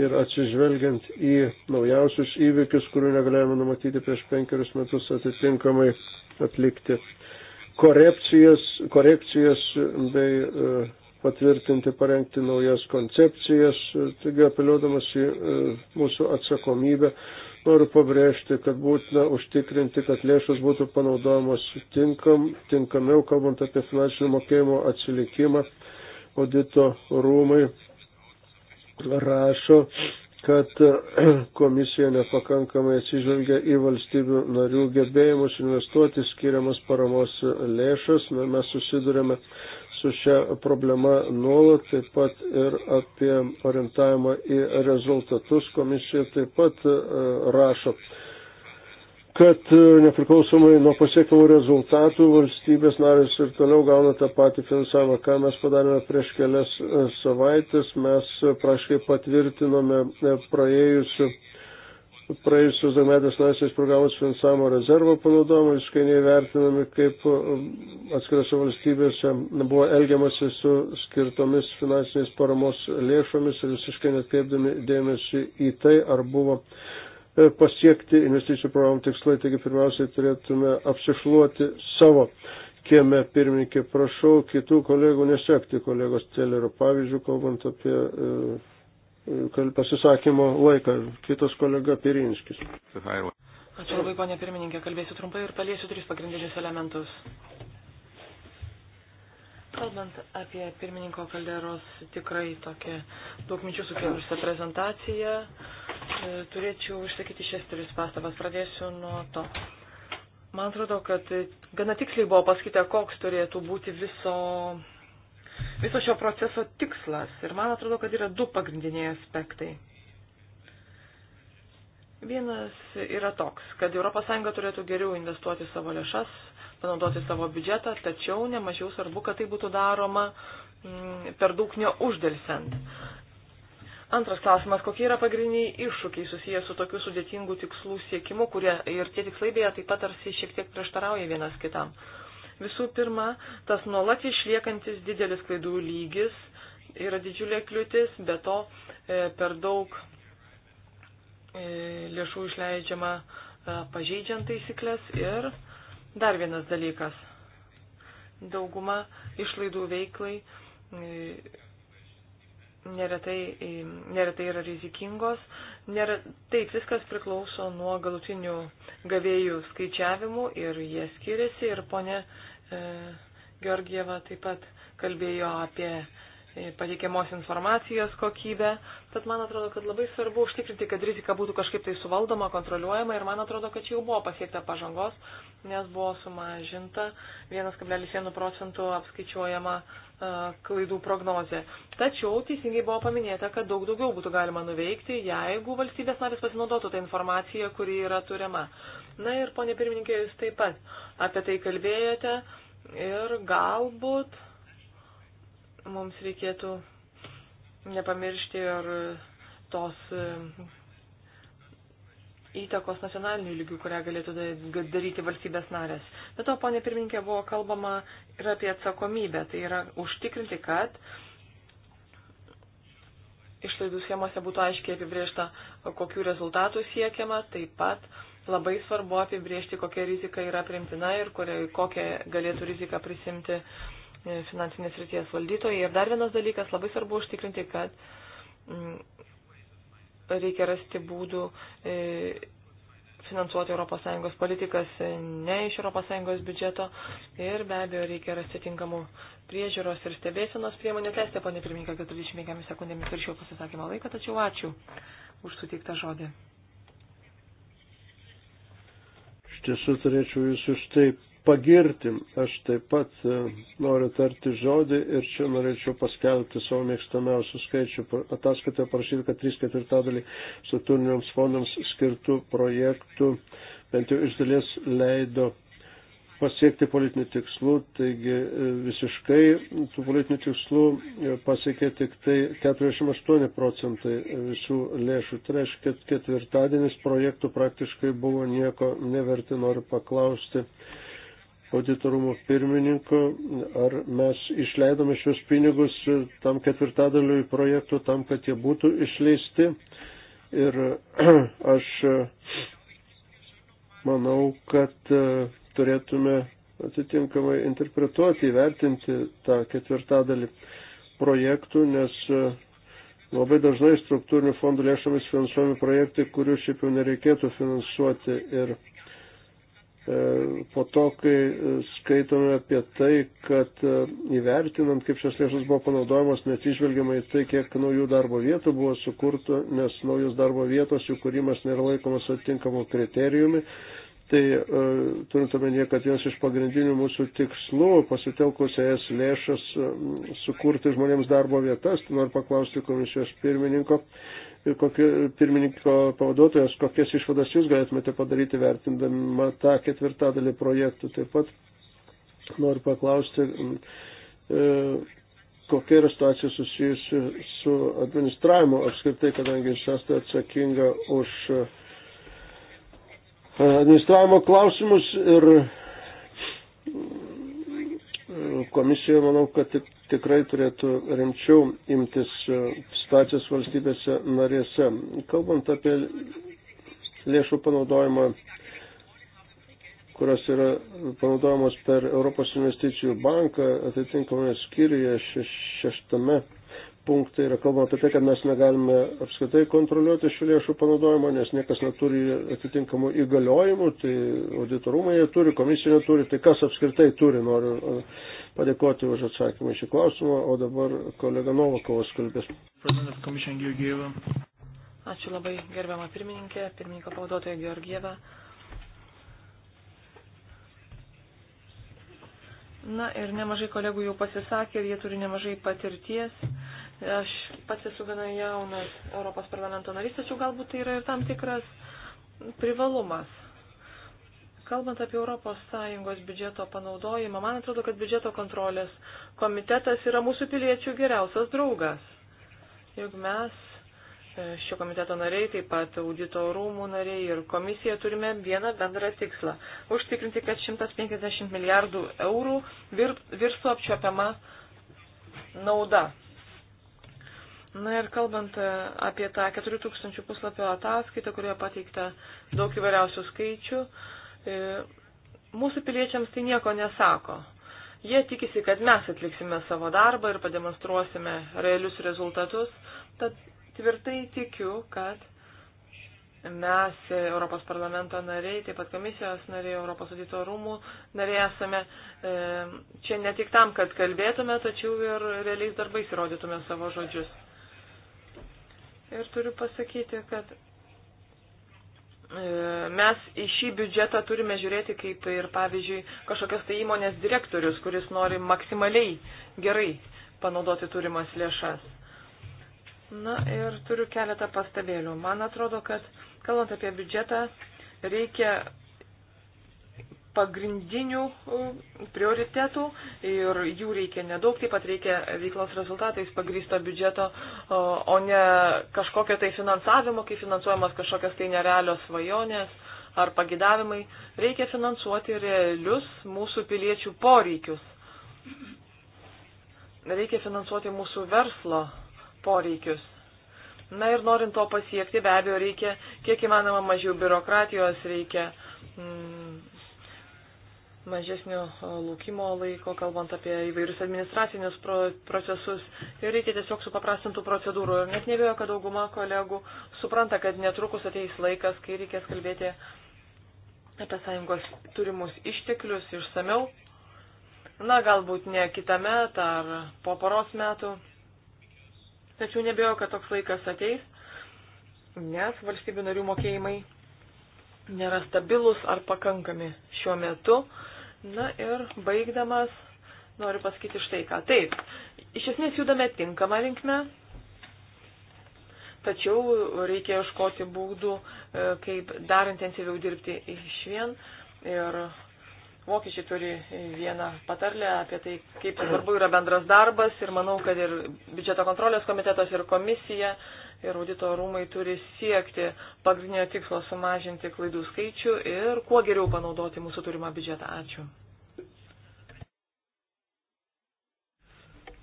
ir atsižvelgiant į naujausius įvykius, kurių negalėjome numatyti prieš penkerius metus atitinkamai atlikti korekcijas, korekcijas bei e, patvirtinti, parengti naujas koncepcijas. Taigi, apeliuodamas į e, mūsų atsakomybę, noriu pabrėžti, kad būtina užtikrinti, kad lėšos būtų panaudojamos tinkam, tinkamiau, kalbant apie finansinių mokėjimo atsilikimą audito rūmai rašo, kad komisija nepakankamai atsižvelgia į valstybių narių gebėjimus investuoti skiriamas paramos lėšas. Na, mes susidurėme su šia problema nuolat, taip pat ir apie orientavimą į rezultatus komisija taip pat e, rašo kad e, nepriklausomai nuo pasiekimų rezultatų valstybės narės ir toliau gauna tą patį finansavimą. Ką mes padarėme prieš kelias e, savaitės, mes e, praškai patvirtinome praėjusiu praėjusios dangmetės laisvės programos finansavimo rezervo panaudojimo visiškai neįvertinami, kaip atskirose valstybėse buvo elgiamasi su skirtomis finansinės paramos lėšomis ir visiškai netkreipdami dėmesį į tai, ar buvo E, pasiekti investicijų programų tikslai, taigi pirmiausiai turėtume apsišluoti savo kieme pirmininkė. Prašau kitų kolegų nesekti kolegos Telerio pavyzdžių, kalbant apie e, e, pasisakymo laiką. Kitas kolega Pirinskis. Ačiū labai, ponė pirmininkė. Kalbėsiu trumpai ir paliesiu tris pagrindinius elementus. Kalbant apie pirmininko kalderos tikrai tokią daug minčių sukėlusią prezentaciją, e, turėčiau išsakyti šias tris pastabas. Pradėsiu nuo to. Man atrodo, kad gana tiksliai buvo pasakyta, koks turėtų būti viso, viso šio proceso tikslas. Ir man atrodo, kad yra du pagrindiniai aspektai. Vienas yra toks, kad ES turėtų geriau investuoti savo lėšas panaudoti savo biudžetą, tačiau nemažiau svarbu, kad tai būtų daroma mm, per daug neuždelsiant. Antras klausimas, kokie yra pagrindiniai iššūkiai susijęs su tokiu sudėtingu tikslų siekimu, kurie ir tie tikslai beje taip pat tarsi šiek tiek prieštarauja vienas kitam. Visų pirma, tas nuolat išliekantis didelis klaidų lygis yra didžiulė kliūtis, be to e, per daug e, lėšų išleidžiama e, pažeidžiant taisyklės ir e, Dar vienas dalykas. Dauguma išlaidų veiklai e, neretai, e, neretai yra rizikingos. Nėra, taip, viskas priklauso nuo galutinių gavėjų skaičiavimų ir jie skiriasi. Ir ponė e, Georgieva taip pat kalbėjo apie E, pateikiamos informacijos kokybę. Tad man atrodo, kad labai svarbu užtikrinti, kad rizika būtų kažkaip tai suvaldoma, kontroliuojama ir man atrodo, kad čia jau buvo pasiekta pažangos, nes buvo sumažinta 1,1 procentų apskaičiuojama e, klaidų prognozė. Tačiau teisingai buvo paminėta, kad daug daugiau būtų galima nuveikti, jeigu valstybės narės pasinaudotų tą informaciją, kuri yra turima. Na ir ponė pirmininkė, jūs taip pat apie tai kalbėjote ir galbūt mums reikėtų nepamiršti ir tos e, įtakos nacionalinių lygių, kurią galėtų daryti valstybės narės. Bet to, ponė pirminkė, buvo kalbama ir apie atsakomybę. Tai yra užtikrinti, kad išlaidų schemose būtų aiškiai apibriešta, kokiu rezultatu siekiama. Taip pat labai svarbu apibriežti, kokia rizika yra primtina ir kokią galėtų riziką prisimti uh, E, finansinės ryties valdytojai. Ir dar vienas dalykas, labai svarbu užtikrinti, kad mm, reikia rasti būdų e, finansuoti ES politikas e, ne iš ES biudžeto ir be abejo reikia rasti tinkamų priežiūros ir stebėsenos priemonių. Tęsite, ponė pirmininkė, 45 sekundėmis viršiau pasisakymą laiką, tačiau ačiū už suteiktą žodį. Iš tiesų turėčiau jūs už taip pagirti. Aš taip pat e, noriu tarti žodį ir čia norėčiau paskelbti savo mėgstamiausių skaičių. Ataskaitoje parašyta, kad 3 ketvirtadalį struktūriniams fondams skirtų projektų bent jau iš dalies leido pasiekti politinių tikslų, taigi e, visiškai tų politinių tikslų e, pasiekė tik tai 48 procentai visų lėšų. Tai reiškia, kad ketvirtadienis projektų praktiškai buvo nieko neverti, noriu paklausti auditorumo pirmininko, ar mes išleidome šios pinigus tam ketvirtadaliui projektų tam, kad jie būtų išleisti. Ir aš manau, kad turėtume atitinkamai interpretuoti, įvertinti tą ketvirtadalį projektų, nes labai dažnai struktūrinių fondų lėšomis finansuojami projektai, kurių šiaip jau nereikėtų finansuoti. Ir E, po to, kai skaitome apie tai, kad e, įvertinant, kaip šios lėšos buvo panaudojamos, neatsižvelgiamai tai, kiek naujų darbo vietų buvo sukurta, nes naujos darbo vietos jų kūrimas nėra laikomas atitinkamu kriterijumi. Tai e, turint omenyje, kad vienas iš pagrindinių mūsų tikslų pasitelkus ES lėšas sukurti žmonėms darbo vietas, tai noriu paklausti komisijos pirmininko, ir kokio pirmininko pavaduotojas, kokias išvadas jūs galėtumėte padaryti vertindama tą ketvirtadalį projektų. Taip pat noriu paklausti, e, kokia yra situacija susijusi su administravimu apskritai, kadangi jūs esate atsakinga už e, administravimo klausimus ir e, komisija, manau, kad tik tikrai turėtų rimčiau imtis e, situacijos valstybėse narėse. Kalbant apie lėšų panaudojimą, kurios yra panaudojamos per Europos investicijų banką, atitinkamai skyriuje šeš, šeštame punktai yra kalbama apie tai, kad mes negalime apskaitai kontroliuoti šių lėšų panaudojimo, nes niekas neturi atitinkamų įgaliojimų, tai auditorumai jie turi, komisija neturi, tai kas apskritai turi, noriu padėkoti už atsakymą šį klausimą, o dabar kolega Novakovas kalbės. Ačiū labai gerbiamą pirmininkę, pirmininko pavaduotoją Georgievą. Na ir nemažai kolegų jau pasisakė ir jie turi nemažai patirties. Aš pats esu gana jaunas Europos parlamento narys, tačiau galbūt tai yra ir tam tikras privalumas. Kalbant apie ES biudžeto panaudojimą, man atrodo, kad biudžeto kontrolės komitetas yra mūsų piliečių geriausias draugas. Juk mes, e, šio komiteto nariai, taip pat audito rūmų nariai ir komisija turime vieną bendrą tikslą - užtikrinti, kad 150 milijardų eurų virstų apčiopiama nauda. Na ir kalbant e, apie tą 4000 puslapio ataskaitą, kurioje pateikta daug įvairiausių skaičių, E, mūsų piliečiams tai nieko nesako. Jie tikisi, kad mes atliksime savo darbą ir pademonstruosime realius rezultatus, tad tvirtai tikiu, kad mes, Europos parlamento nariai, taip pat komisijos nariai, Europos audito rūmų nariai esame e, čia ne tik tam, kad kalbėtume, tačiau ir realiais darbais įrodytume savo žodžius. Ir turiu pasakyti, kad E, mes į šį biudžetą turime žiūrėti kaip ir, pavyzdžiui, kažkokios tai įmonės direktorius, kuris nori maksimaliai gerai panaudoti turimas lėšas. Na ir turiu keletą pastabėlių. Man atrodo, kad kalbant apie biudžetą, reikia pagrindinių e, prioritetų ir jų reikia nedaug, taip pat reikia veiklos rezultatais pagrysto biudžeto, o ne kažkokio tai finansavimo, kai finansuojamas kažkokios tai nerealios svajonės ar pagidavimai. Reikia finansuoti realius mūsų piliečių poreikius. Reikia finansuoti mūsų verslo poreikius. Na ir norint to pasiekti, be abejo, reikia kiek įmanoma mažiau biurokratijos, reikia mm, mažesnio laukimo laiko, kalbant apie įvairius administracinius pro procesus. Ir reikia tiesiog supaprastintų procedūrų. Ir net nebėjo, kad dauguma kolegų supranta, kad netrukus ateis laikas, kai reikės kalbėti apie sąjungos turimus išteklius išsameu. Na, galbūt ne kitame ar po poros metų. Tačiau nebėjo, kad toks laikas ateis, nes valstybių narių mokėjimai nėra stabilus ar pakankami šiuo metu Na ir baigdamas noriu pasakyti štai ką. Taip, iš esmės judame tinkamą linkmę, tačiau reikia iškoti būdų, e, kaip dar intensyviau dirbti iš vien. Ir vokiečiai turi vieną patarlę apie tai, kaip svarbu yra bendras darbas ir manau, kad ir biudžeto kontrolės komitetas ir komisija uh, ir audito rūmai turi siekti pagrindinio tikslo sumažinti klaidų skaičių ir kuo geriau panaudoti mūsų turimą biudžetą. Ačiū.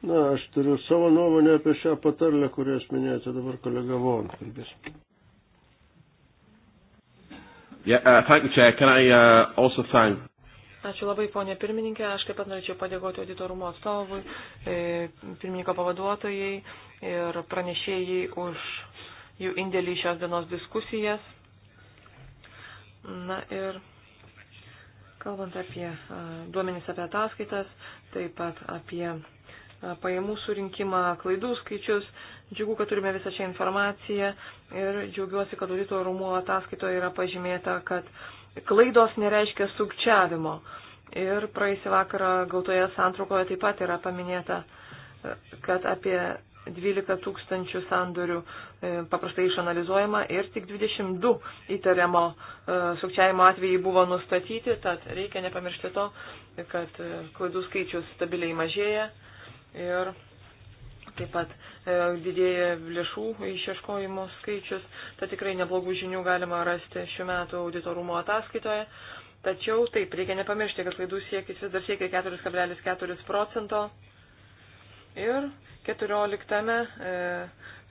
Na, aš turiu savo nuomonę apie šią patarlę, kurią aš minėjote dabar kolega Von kalbės. Yeah, uh, thank you, Chair. Can I uh, also thank Ačiū labai, ponė pirmininkė. Aš taip pat norėčiau padėkoti auditorumo atstovui, e, pirmininko pavaduotojai ir pranešėjai už jų indėlį į šios dienos diskusijas. Na ir kalbant apie duomenys apie ataskaitas, taip pat apie pajamų surinkimą, klaidų skaičius. Džiugu, kad turime visą šią informaciją ir džiaugiuosi, kad audito rūmų ataskaitoje yra pažymėta, kad uh, klaidos nereiškia sukčiavimo. Ir praeisį vakarą gautoje santraukoje taip pat yra paminėta, kad apie 12 tūkstančių sandorių e, paprastai išanalizuojama ir tik 22 įtariamo e, sukčiavimo atvejai buvo nustatyti, tad reikia nepamiršti to, kad e, klaidų skaičius stabiliai mažėja ir taip pat e, didėja lėšų išieškojimo skaičius, tad tikrai neblogų žinių galima rasti šiuo metu auditorumo ataskaitoje. Tačiau taip, reikia nepamiršti, kad klaidų siekis vis dar siekia 4,4 procento. Ir 14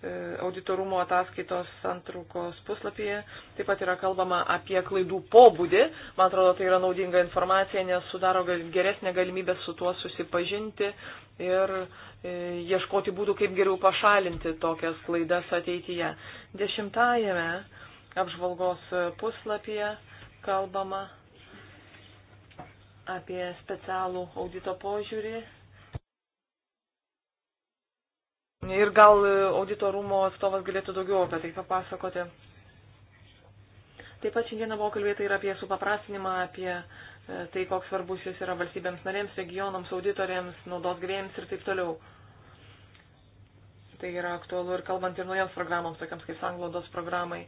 E, auditorumo ataskaitos antrukos puslapyje. Taip pat yra kalbama apie klaidų pobūdį. Man atrodo, tai yra naudinga informacija, nes sudaro geresnę galimybę su tuo susipažinti ir e, ieškoti būdų, kaip geriau pašalinti tokias klaidas ateityje. Dešimtajame apžvalgos puslapyje kalbama apie specialų audito požiūrį Ir gal auditorumo atstovas galėtų daugiau apie tai papasakoti. Taip pat šiandieną buvo kalbėta ir apie supaprastinimą, apie e, tai, koks svarbus jis yra valstybėms narėms, regionams, auditoriams, naudos gavėjams ir taip toliau. Tai yra aktualu ir kalbant ir naujoms programoms, tokiams kaip sanglaudos programai.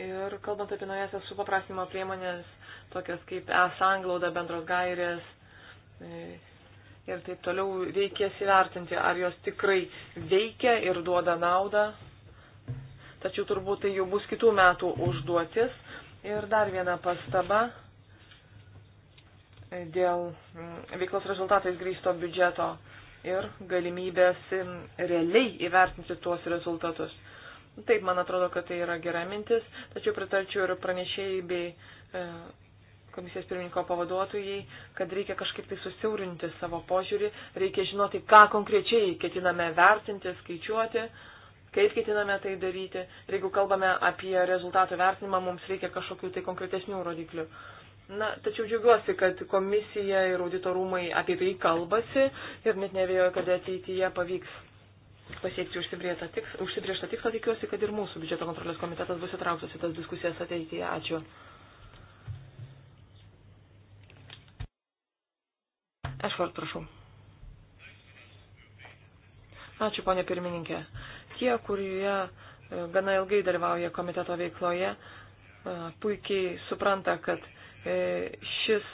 Ir kalbant apie naujasias supaprastinimo priemonės, tokias kaip e-sanglauda, bendros gairės, e, ir taip toliau reikės įvertinti, ar jos tikrai veikia ir duoda naudą. Tačiau turbūt tai jau bus kitų metų užduotis. Ir dar viena pastaba dėl mm, veiklos rezultatais grįsto biudžeto ir galimybės mm, realiai įvertinti tuos rezultatus. Taip, man atrodo, kad tai yra gera mintis, tačiau pritarčiau ir pranešėjai bei e, komisijos pirmininko pavaduotojai, kad reikia kažkaip tai susiaurinti savo požiūrį, reikia žinoti, ką konkrečiai ketiname vertinti, skaičiuoti, kaip ketiname tai daryti. Ir jeigu kalbame apie rezultatų vertinimą, mums reikia kažkokių tai konkretesnių rodiklių. Na, tačiau džiaugiuosi, kad komisija ir auditorumai apie tai kalbasi ir net nevėjoju, kad ateityje pavyks pasiekti užsibriežtą tikslą, tiks, tiksla, tikiuosi, kad ir mūsų biudžeto kontrolės komitetas bus įtrauktas į tas diskusijas ateityje. Ačiū. Ešvart, prašau. Ačiū, ponė pirmininkė. Tie, kurie e, gana ilgai dalyvauja komiteto veikloje, e, puikiai supranta, kad e, šis,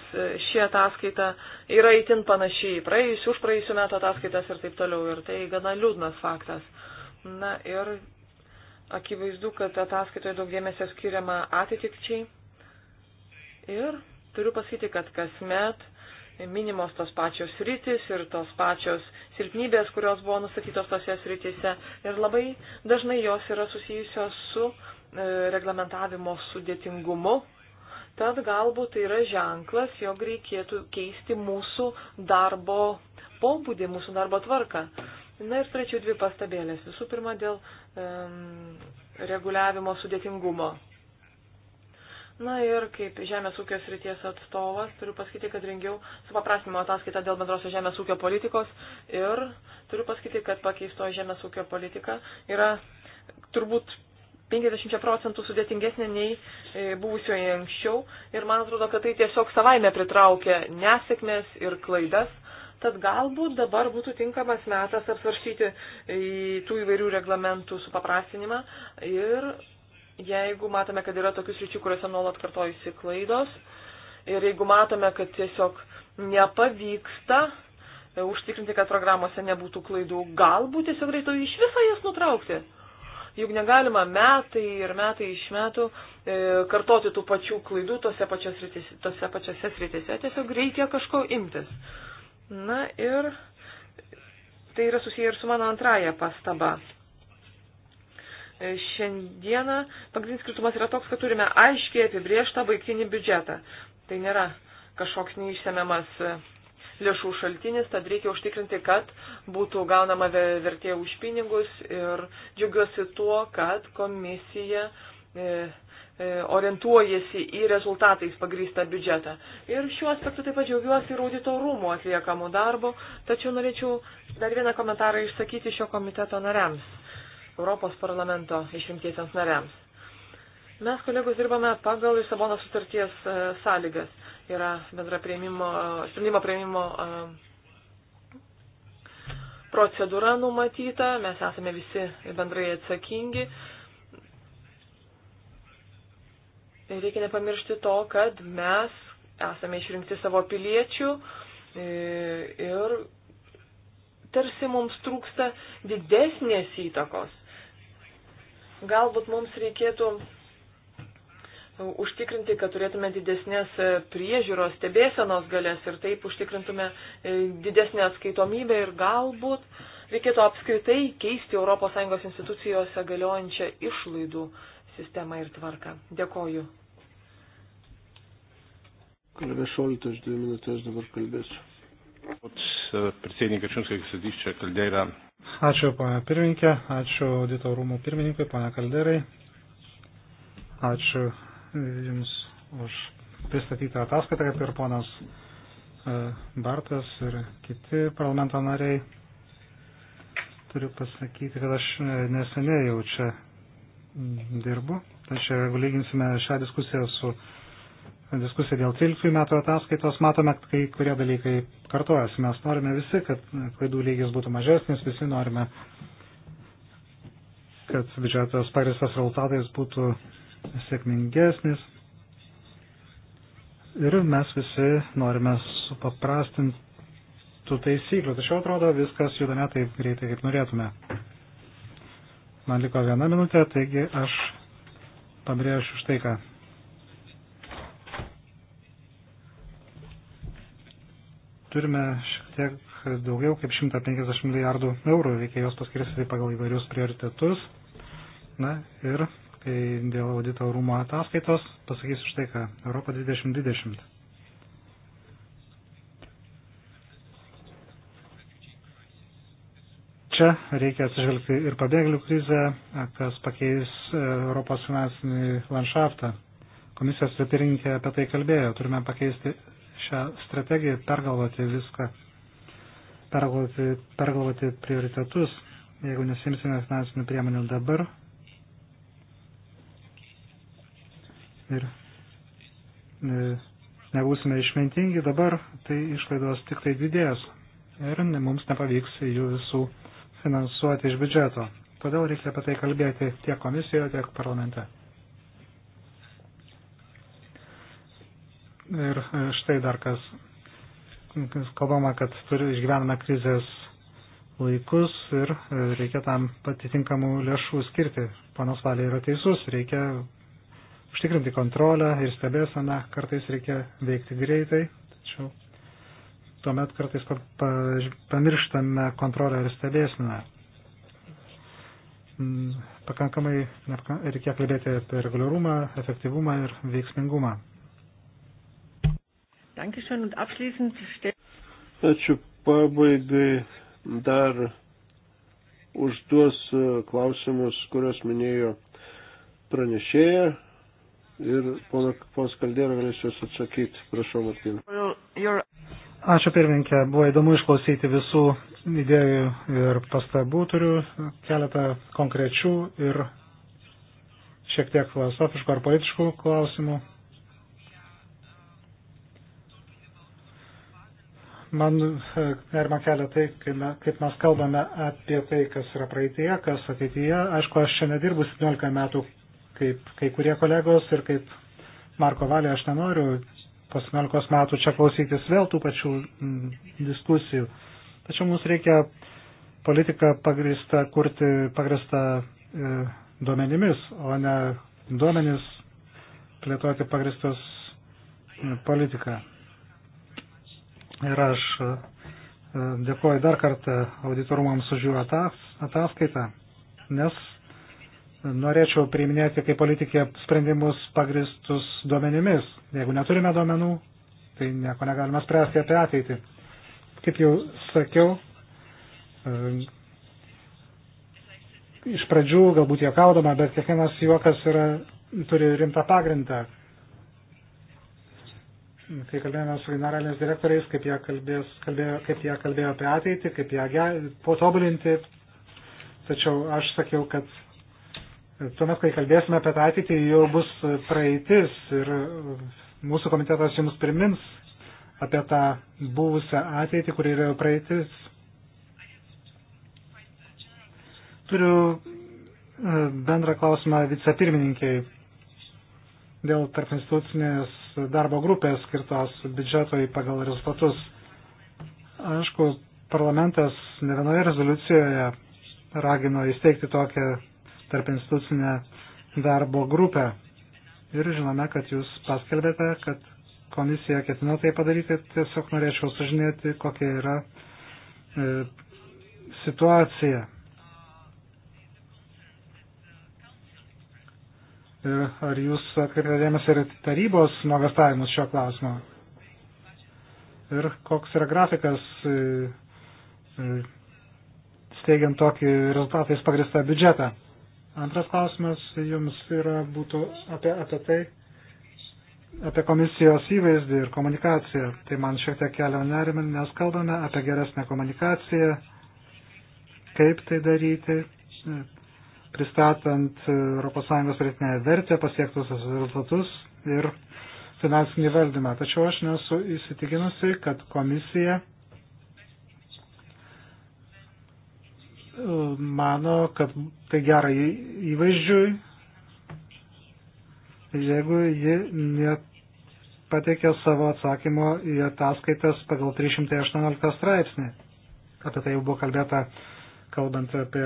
ši ataskaita yra įtin panašiai praėjusių, už praėjusių metų ataskaitas ir taip toliau. Ir tai gana liūdnas faktas. Na ir akivaizdu, kad ataskaitoje daug dėmesio skiriama atitikčiai. Ir turiu pasakyti, kad kasmet minimos tos pačios rytis ir tos pačios silpnybės, kurios buvo nustatytos tose sritise. Ir labai dažnai jos yra susijusios su e, reglamentavimo sudėtingumu. Tad galbūt tai yra ženklas, jog reikėtų keisti mūsų darbo pobūdį, mūsų darbo tvarką. Na ir turėčiau dvi pastabėlės. Visų pirma, dėl um, reguliavimo sudėtingumo. Na ir kaip žemės ūkio srities atstovas turiu pasakyti, kad rengiau supaprastinimo ataskaitą dėl bendrosios žemės ūkio politikos ir turiu pasakyti, kad pakeisto žemės ūkio politika yra turbūt 50 procentų sudėtingesnė nei e, buvusioje anksčiau ir man atrodo, kad tai tiesiog savaime pritraukia nesėkmės ir klaidas. Tad galbūt dabar būtų tinkamas metas apsvarstyti e, tų įvairių reglamentų supaprastinimą ir jeigu matome, kad yra tokius ryčių, kuriuose nuolat kartojasi klaidos ir jeigu matome, kad tiesiog nepavyksta e, užtikrinti, kad programuose nebūtų klaidų, galbūt tiesiog reikėtų iš viso jas nutraukti. Juk negalima metai ir metai iš metų e, kartoti tų pačių klaidų tose, pačios rytise, tose pačiose sritise. Tiesiog reikia kažko imtis. Na ir tai yra susiję ir su mano antraja pastaba šiandieną pagrindinis skirtumas yra toks, kad turime aiškiai apibriežtą baigtinį biudžetą. Tai nėra kažkoks neišsemiamas e, lėšų šaltinis, tad reikia užtikrinti, kad būtų gaunama vertė už pinigus ir džiugiuosi tuo, kad komisija e, e, orientuojasi į rezultatais pagrįstą biudžetą. Ir šiuo aspektu taip pat džiaugiuosi ir audito rūmų atliekamų darbo, tačiau norėčiau dar vieną komentarą išsakyti šio komiteto nariams. Europos parlamento išrinktiesiams nariams. Mes, kolegos, dirbame pagal Lisabono sutarties e, sąlygas. Yra bendra prieimimo, sprendimo prieimimo e, procedūra numatyta, mes esame visi bendrai atsakingi. Ir reikia nepamiršti to, kad mes esame išrinkti savo piliečių e, ir tarsi mums trūksta didesnės įtakos. Galbūt mums reikėtų užtikrinti, kad turėtume didesnės e, priežiūros, stebėsenos galės ir taip užtikrintume e, didesnę atskaitomybę ir galbūt reikėtų apskritai keisti ES institucijose galiojančią išlaidų sistemą ir tvarką. Dėkoju. Kolega Šolitas, dvi minutės dabar kalbėsiu. Od e, predsednika Čunskega sodišča Kaldera Ačiū, pana pirmininkė, ačiū auditorumų pirmininkui, pana Kalderai. Ačiū Jums už pristatytą ataskaitą, kaip ir ponas e, Bartas ir kiti parlamento nariai. Turiu pasakyti, kad aš e, neseniai jau čia dirbu, tačiau jeigu lyginsime šią diskusiją su diskusiją dėl 13 metų ataskaitos, matome, kad kai kurie dalykai kartuojasi. Mes norime visi, kad klaidų lygis būtų mažesnis, visi norime, kad biudžetas pagristas rezultatais būtų sėkmingesnis. Ir mes visi norime supaprastintų taisyklių. Tačiau atrodo, viskas judame taip greitai, kaip norėtume. Man liko viena minutė, taigi aš pabrėšiu štai ką. turime šiek tiek daugiau kaip 150 milijardų eurų, reikia juos paskirstyti pagal įvairius prioritetus. Na ir kai dėl audito rūmo ataskaitos pasakysiu štai ką, Europa 2020. Čia reikia atsižvelgti ir pabėgėlių krizę, kas pakeis e, Europos finansinį landšaftą. Komisijos vietirinkė apie tai kalbėjo, turime pakeisti šią strategiją, pergalvoti viską, pergalvoti, pergalvoti prioritetus, jeigu nesimsime finansinių priemonių dabar. Ir e, nebūsime išmintingi dabar, tai išlaidos tik tai didės ir mums nepavyks jų visų finansuoti iš biudžeto. Todėl reikia apie tai kalbėti tiek komisijoje, tiek parlamente. Ir e, štai dar kas, kalbama, kad turi, išgyvename krizės laikus ir e, reikia tam patitinkamų lėšų skirti. Panas Valė yra teisus, reikia užtikrinti kontrolę ir stebėseną, kartais reikia veikti greitai, tačiau tuomet kartais pamirštame kontrolę ir stebėseną mm, pakankamai reikia kalbėti apie reguliarumą, efektyvumą ir veiksmingumą. Ačiū pabaigai dar už tuos e, klausimus, kuriuos minėjo pranešėja ir ponas Kaldėra galės juos atsakyti. Prašau, Martina. Ačiū pirmininkė, buvo įdomu išklausyti visų idėjų ir pastabų. Turiu keletą konkrečių ir šiek tiek filosofiškų ar politiškų klausimų. Man e, nerima kelia tai, kaip mes kalbame apie tai, kas yra praeitie, kas ateityje. Aišku, aš čia nedirbu 17 metų kaip kai kurie kolegos ir kaip Marko Valė, aš nenoriu po 17 metų čia klausytis vėl tų pačių m, mm, diskusijų. Tačiau mums reikia politiką pagrįstą kurti, pagrįstą e, duomenimis, o ne duomenis plėtoti pagristos e, politiką. Ir aš e, e, dėkoju dar kartą auditorumams už jų ataskaitą, nes norėčiau priiminėti kaip politikė sprendimus pagristus duomenimis. Jeigu neturime duomenų, tai nieko negalime spręsti apie ateitį. Kaip jau sakiau, e, iš pradžių galbūt juokaudama, bet kiekvienas juokas yra, turi rimtą pagrindą kai kalbėjome su generaliniais direktoriais, kaip jie, kalbės, kalbėjo, kaip jie kalbėjo apie ateitį, kaip ją patobulinti. Tačiau aš sakiau, kad tuomet, kai kalbėsime apie ateitį, jau bus praeitis ir mūsų komitetas jums primins apie tą buvusią ateitį, kur yra praeitis. Turiu e, bendrą klausimą vicepirmininkiai dėl tarp institucinės darbo grupės skirtos biudžetoj pagal rezultatus. Aišku, parlamentas ne vienoje rezoliucijoje ragino įsteigti tokią tarp institucinę darbo grupę. Ir žinome, kad jūs paskelbėte, kad komisija ketina tai padaryti. Tiesiog norėčiau sužinėti, kokia yra e, situacija. Ir ar jūs atkreipėte dėmesį ir tarybos nuogastavimus šio klausimo? Ir koks yra grafikas e, e, steigiant tokį rezultatais pagristą biudžetą? Antras klausimas jums yra būtų apie, apie tai, apie komisijos įvaizdį ir komunikaciją. Tai man šiek tiek kelia nerimą, nes kalbame apie geresnę komunikaciją, kaip tai daryti, pristatant ES pridėtinę vertę, pasiektus rezultatus ir finansinį valdymą. Tačiau aš nesu įsitikinusi, kad komisija e, mano, kad tai gerai įvaizdžiui, jeigu ji nepateikė savo atsakymo į ataskaitas pagal 318 straipsnį. Apie tai jau buvo kalbėta, kalbant apie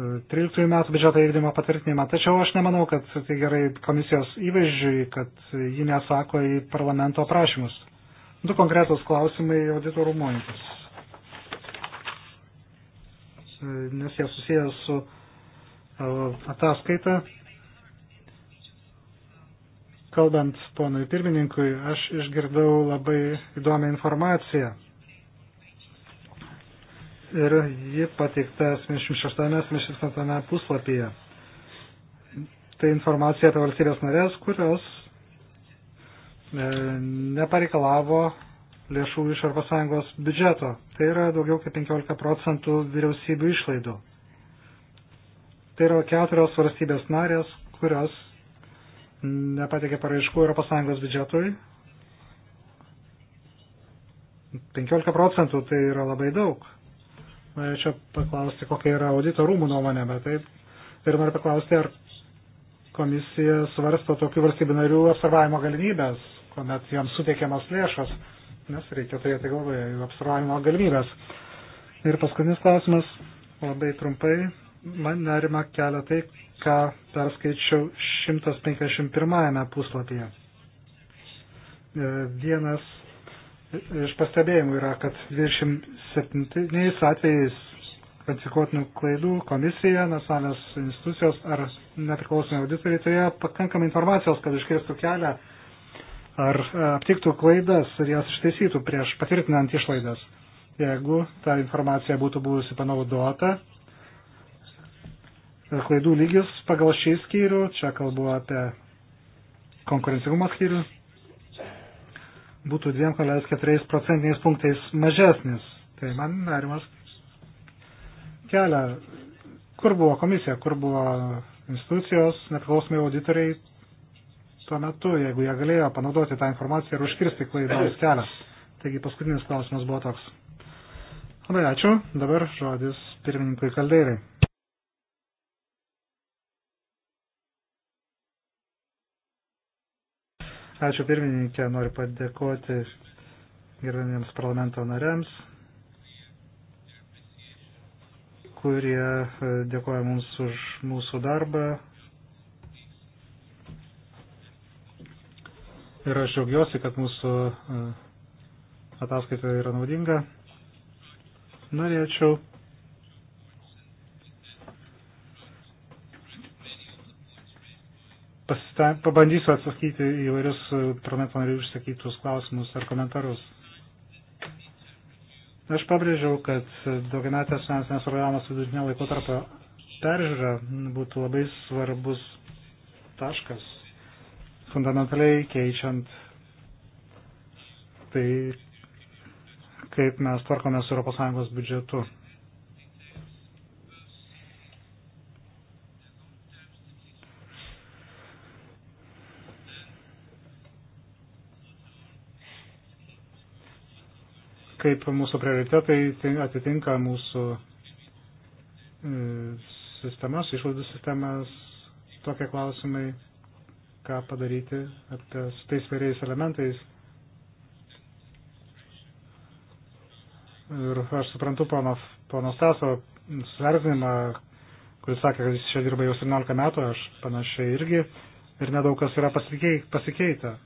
13 metų biudžeto įvykdymo patvirtinimą. Tačiau aš nemanau, kad tai gerai komisijos įvaizdžiui, kad ji nesako į parlamento prašymus. Du konkretus klausimai audito rumuojantis. Nes jie susijęs su e, ataskaita. Kalbant ponui pirmininkui, aš išgirdau labai įdomią informaciją ir ji pateikta 76-77 puslapyje. Tai informacija apie valstybės narės, kurios e, nepareikalavo lėšų iš ES biudžeto. Tai yra daugiau kaip 15 procentų vyriausybių išlaidų. Tai yra keturios valstybės narės, kurios nepateikė paraiškų ES biudžetui. 15 procentų tai yra labai daug norėčiau paklausti, kokia yra audito rūmų nuomonė, bet taip. Ir noriu paklausti, ar komisija svarsto tokių valstybių narių apsarvavimo galimybės, kuomet jiems suteikiamas lėšas, nes reikia turėti galvoje jų apsarvavimo galimybės. Ir paskutinis klausimas, labai trumpai, man nerima kelia tai, ką perskaičiau 151 puslapyje. E, vienas iš pastebėjimų yra, kad 27 atvejais kvalifikuotinių klaidų komisija, nacionalinės institucijos ar nepriklausomi auditoriai turėjo pakankamai informacijos, kad iškirstų kelią ar e, aptiktų klaidas ir jas ištaisytų prieš patvirtinant išlaidas. Jeigu ta informacija būtų buvusi panaudota, klaidų lygis pagal šį skyrių, čia kalbu apie konkurencingumo skyrių, būtų 2,4 procentiniais punktais mažesnis. Tai man nerimas kelia, kur buvo komisija, kur buvo institucijos, nepriklausomi auditoriai tuo metu, jeigu jie galėjo panaudoti tą informaciją ir užkirsti klaidos kelią. Taigi paskutinis klausimas buvo toks. Labai ačiū. Dabar žodis pirmininkui Kaldeiriai. Ačiū pirmininkė, noriu padėkoti gerbėmiems parlamento nariams, kurie e, dėkoja mums už mūsų darbą. Ir aš džiaugiuosi, kad mūsų e, ataskaita yra naudinga. Norėčiau pasisteng, pabandysiu atsakyti į vairius parlamento e, narių išsakytus klausimus ar komentarus. Aš pabrėžiau, kad daugiametės finansinės programos vidutinio laikotarpio peržiūra būtų labai svarbus taškas, fundamentaliai keičiant tai, kaip mes tvarkome su ES biudžetu. kaip mūsų prioritetai tai atitinka mūsų e, sistemas, išvaldų sistemas, tokie klausimai, ką padaryti apie, su tais vairiais elementais. Ir aš suprantu pono, pono Staso svertinimą, kuris sakė, kad jis čia dirba jau 17 metų, aš panašiai irgi, ir nedaug kas yra pasikeitę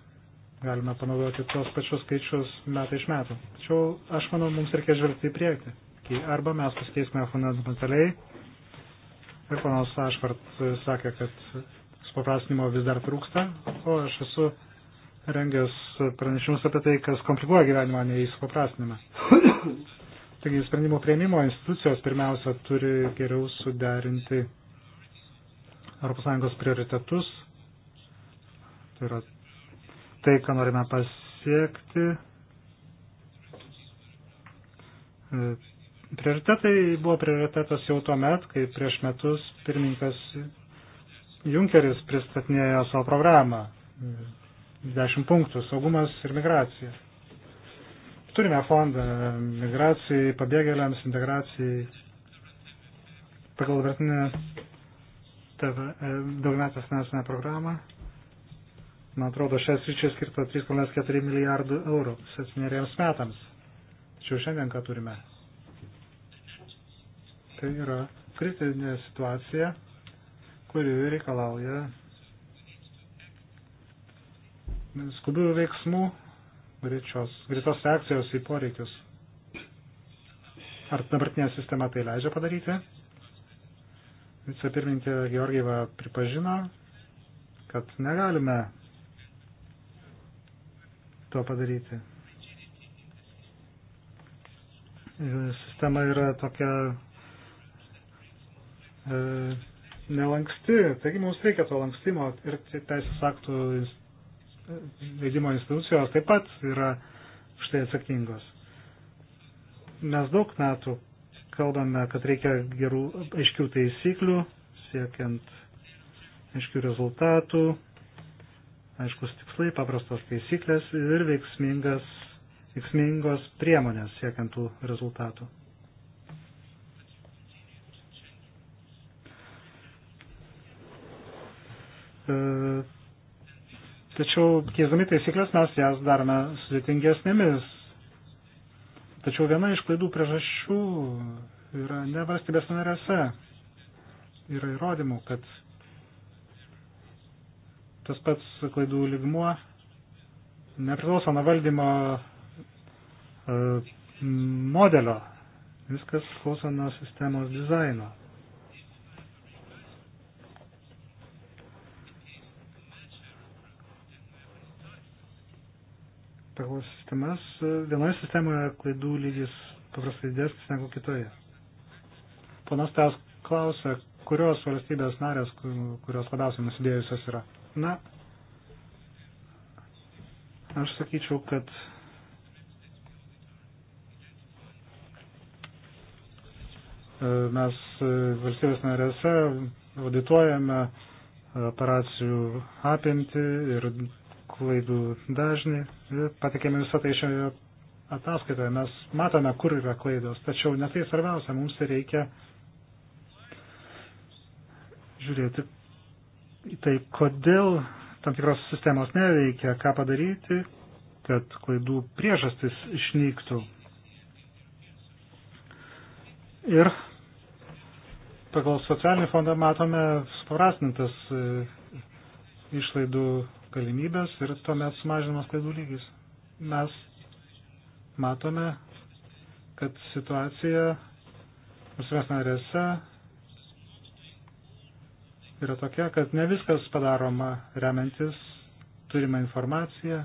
galime panaudoti tos pačius skaičius metai iš metų. Tačiau aš manau, mums reikia žvelgti į priekį. Arba mes pasikeisime fundamentaliai. Ir panas Ašvart sakė, kad supaprastinimo vis dar trūksta, o aš esu rengęs pranešimus apie tai, kas komplikuoja gyvenimą, nei supaprastinimą. Taigi sprendimų prieimimo institucijos pirmiausia turi geriau suderinti ES prioritetus, tai yra tai, ką norime pasiekti. E, prioritetai buvo prioritetas jau tuo met, kai prieš metus pirmininkas Junkeris pristatinėjo savo programą. 10 e, punktų - saugumas ir migracija. Turime fondą migracijai, pabėgėliams, integracijai. Pagal dabartinę e, daugiametę finansinę programą Man atrodo, šias ryčiai skirta 3,4 milijardų eurų septyneriems metams. Tačiau šiandien ką turime? Tai yra kritinė situacija, kuri reikalauja skubių veiksmų, greitos reakcijos į poreikius. Ar dabartinė sistema tai leidžia padaryti? Vicepirmininkė Georgieva pripažino, kad negalime to padaryti. Sistema yra tokia e, nelanksti, taigi mums reikia to lankstimo ir teisės aktų leidimo institucijos taip pat yra štai atsakingos. Mes daug metų kalbame, kad reikia gerų, aiškių taisyklių, siekiant aiškių rezultatų, aiškus tikslai, paprastos taisyklės ir veiksmingas, veiksmingos priemonės siekiant tų rezultatų. E, tačiau keisdami taisyklės mes jas darome sudėtingesnėmis. Tačiau viena iš klaidų priežasčių yra ne valstybės narėse. Yra įrodymų, kad Tas pats klaidų lygmuo nepriklauso nuo valdymo e, modelio. Viskas klauso nuo sistemos dizaino. pagal sistemas, e, vienoje sistemoje klaidų lygis paprastai didesnis negu kitoje. Ponas Tavas klausia, kurios valstybės narės, kurios labiausiai nusidėjusios yra. Na, aš sakyčiau, kad mes valstybės narėse audituojame operacijų apimti ir klaidų dažnį. Patikėme visą tai šioje ataskaitoje. Mes matome, kur yra klaidos, tačiau netai svarbiausia, mums reikia žiūrėti, į tai, kodėl tam tikros sistemos neveikia, ką padaryti, kad klaidų priežastis išnyktų. Ir pagal socialinį fondą matome suprastintas e, išlaidų galimybės ir tuomet sumažinamas klaidų lygis. Mes matome, kad situacija visvės narėse yra tokia, kad ne viskas padaroma remiantis turimą informaciją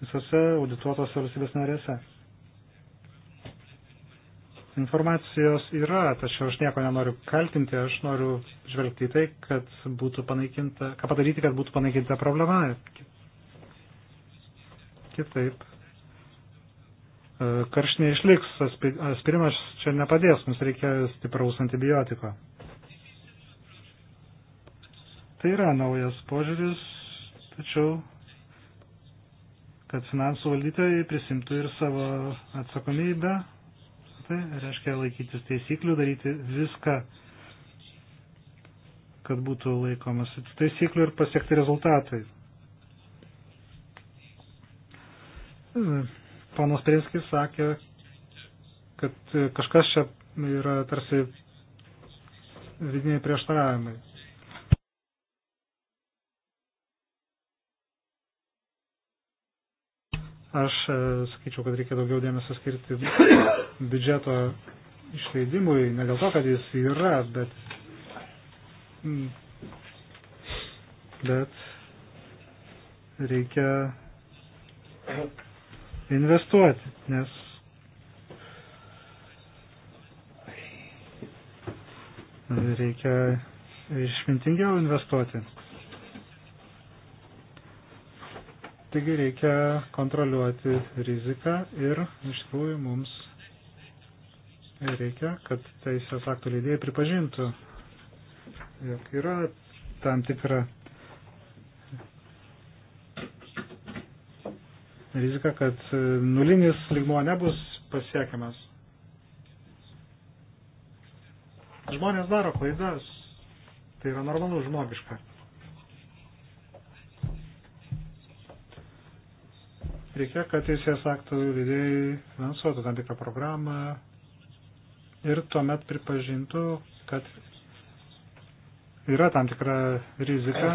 visose audituotos valstybės narėse. Informacijos yra, tačiau aš nieko nenoriu kaltinti, aš noriu žvelgti į tai, kad būtų panaikinta, ką padaryti, kad būtų panaikinta problema. Kitaip. E, karštinė išliks, aspirimas čia nepadės, mums reikia stipraus antibiotiko. Tai yra naujas požiūris, tačiau kad finansų valdytojai prisimtų ir savo atsakomybę, tai reiškia laikytis taisyklių, daryti viską, kad būtų laikomasi taisyklių ir pasiekti rezultatai. Panas Prinskis sakė, kad kažkas čia yra tarsi vidiniai prieštaravimai. Aš e, sakyčiau, kad reikia daugiau dėmesio skirti biudžeto išleidimui, ne dėl to, kad jis yra, bet, mm, bet reikia investuoti, nes reikia išmintingiau investuoti. Taigi reikia kontroliuoti riziką ir iš tikrųjų mums reikia, kad teisės aktų leidėjai pripažintų, jog yra tam tikra rizika, kad nulinis lygmuo nebus pasiekiamas. Žmonės daro klaidas, tai yra normalu žmogiška. Reikia, kad teisės aktų leidėjai finansuotų tam tikrą programą ir tuomet pripažintų, kad yra tam tikra rizika,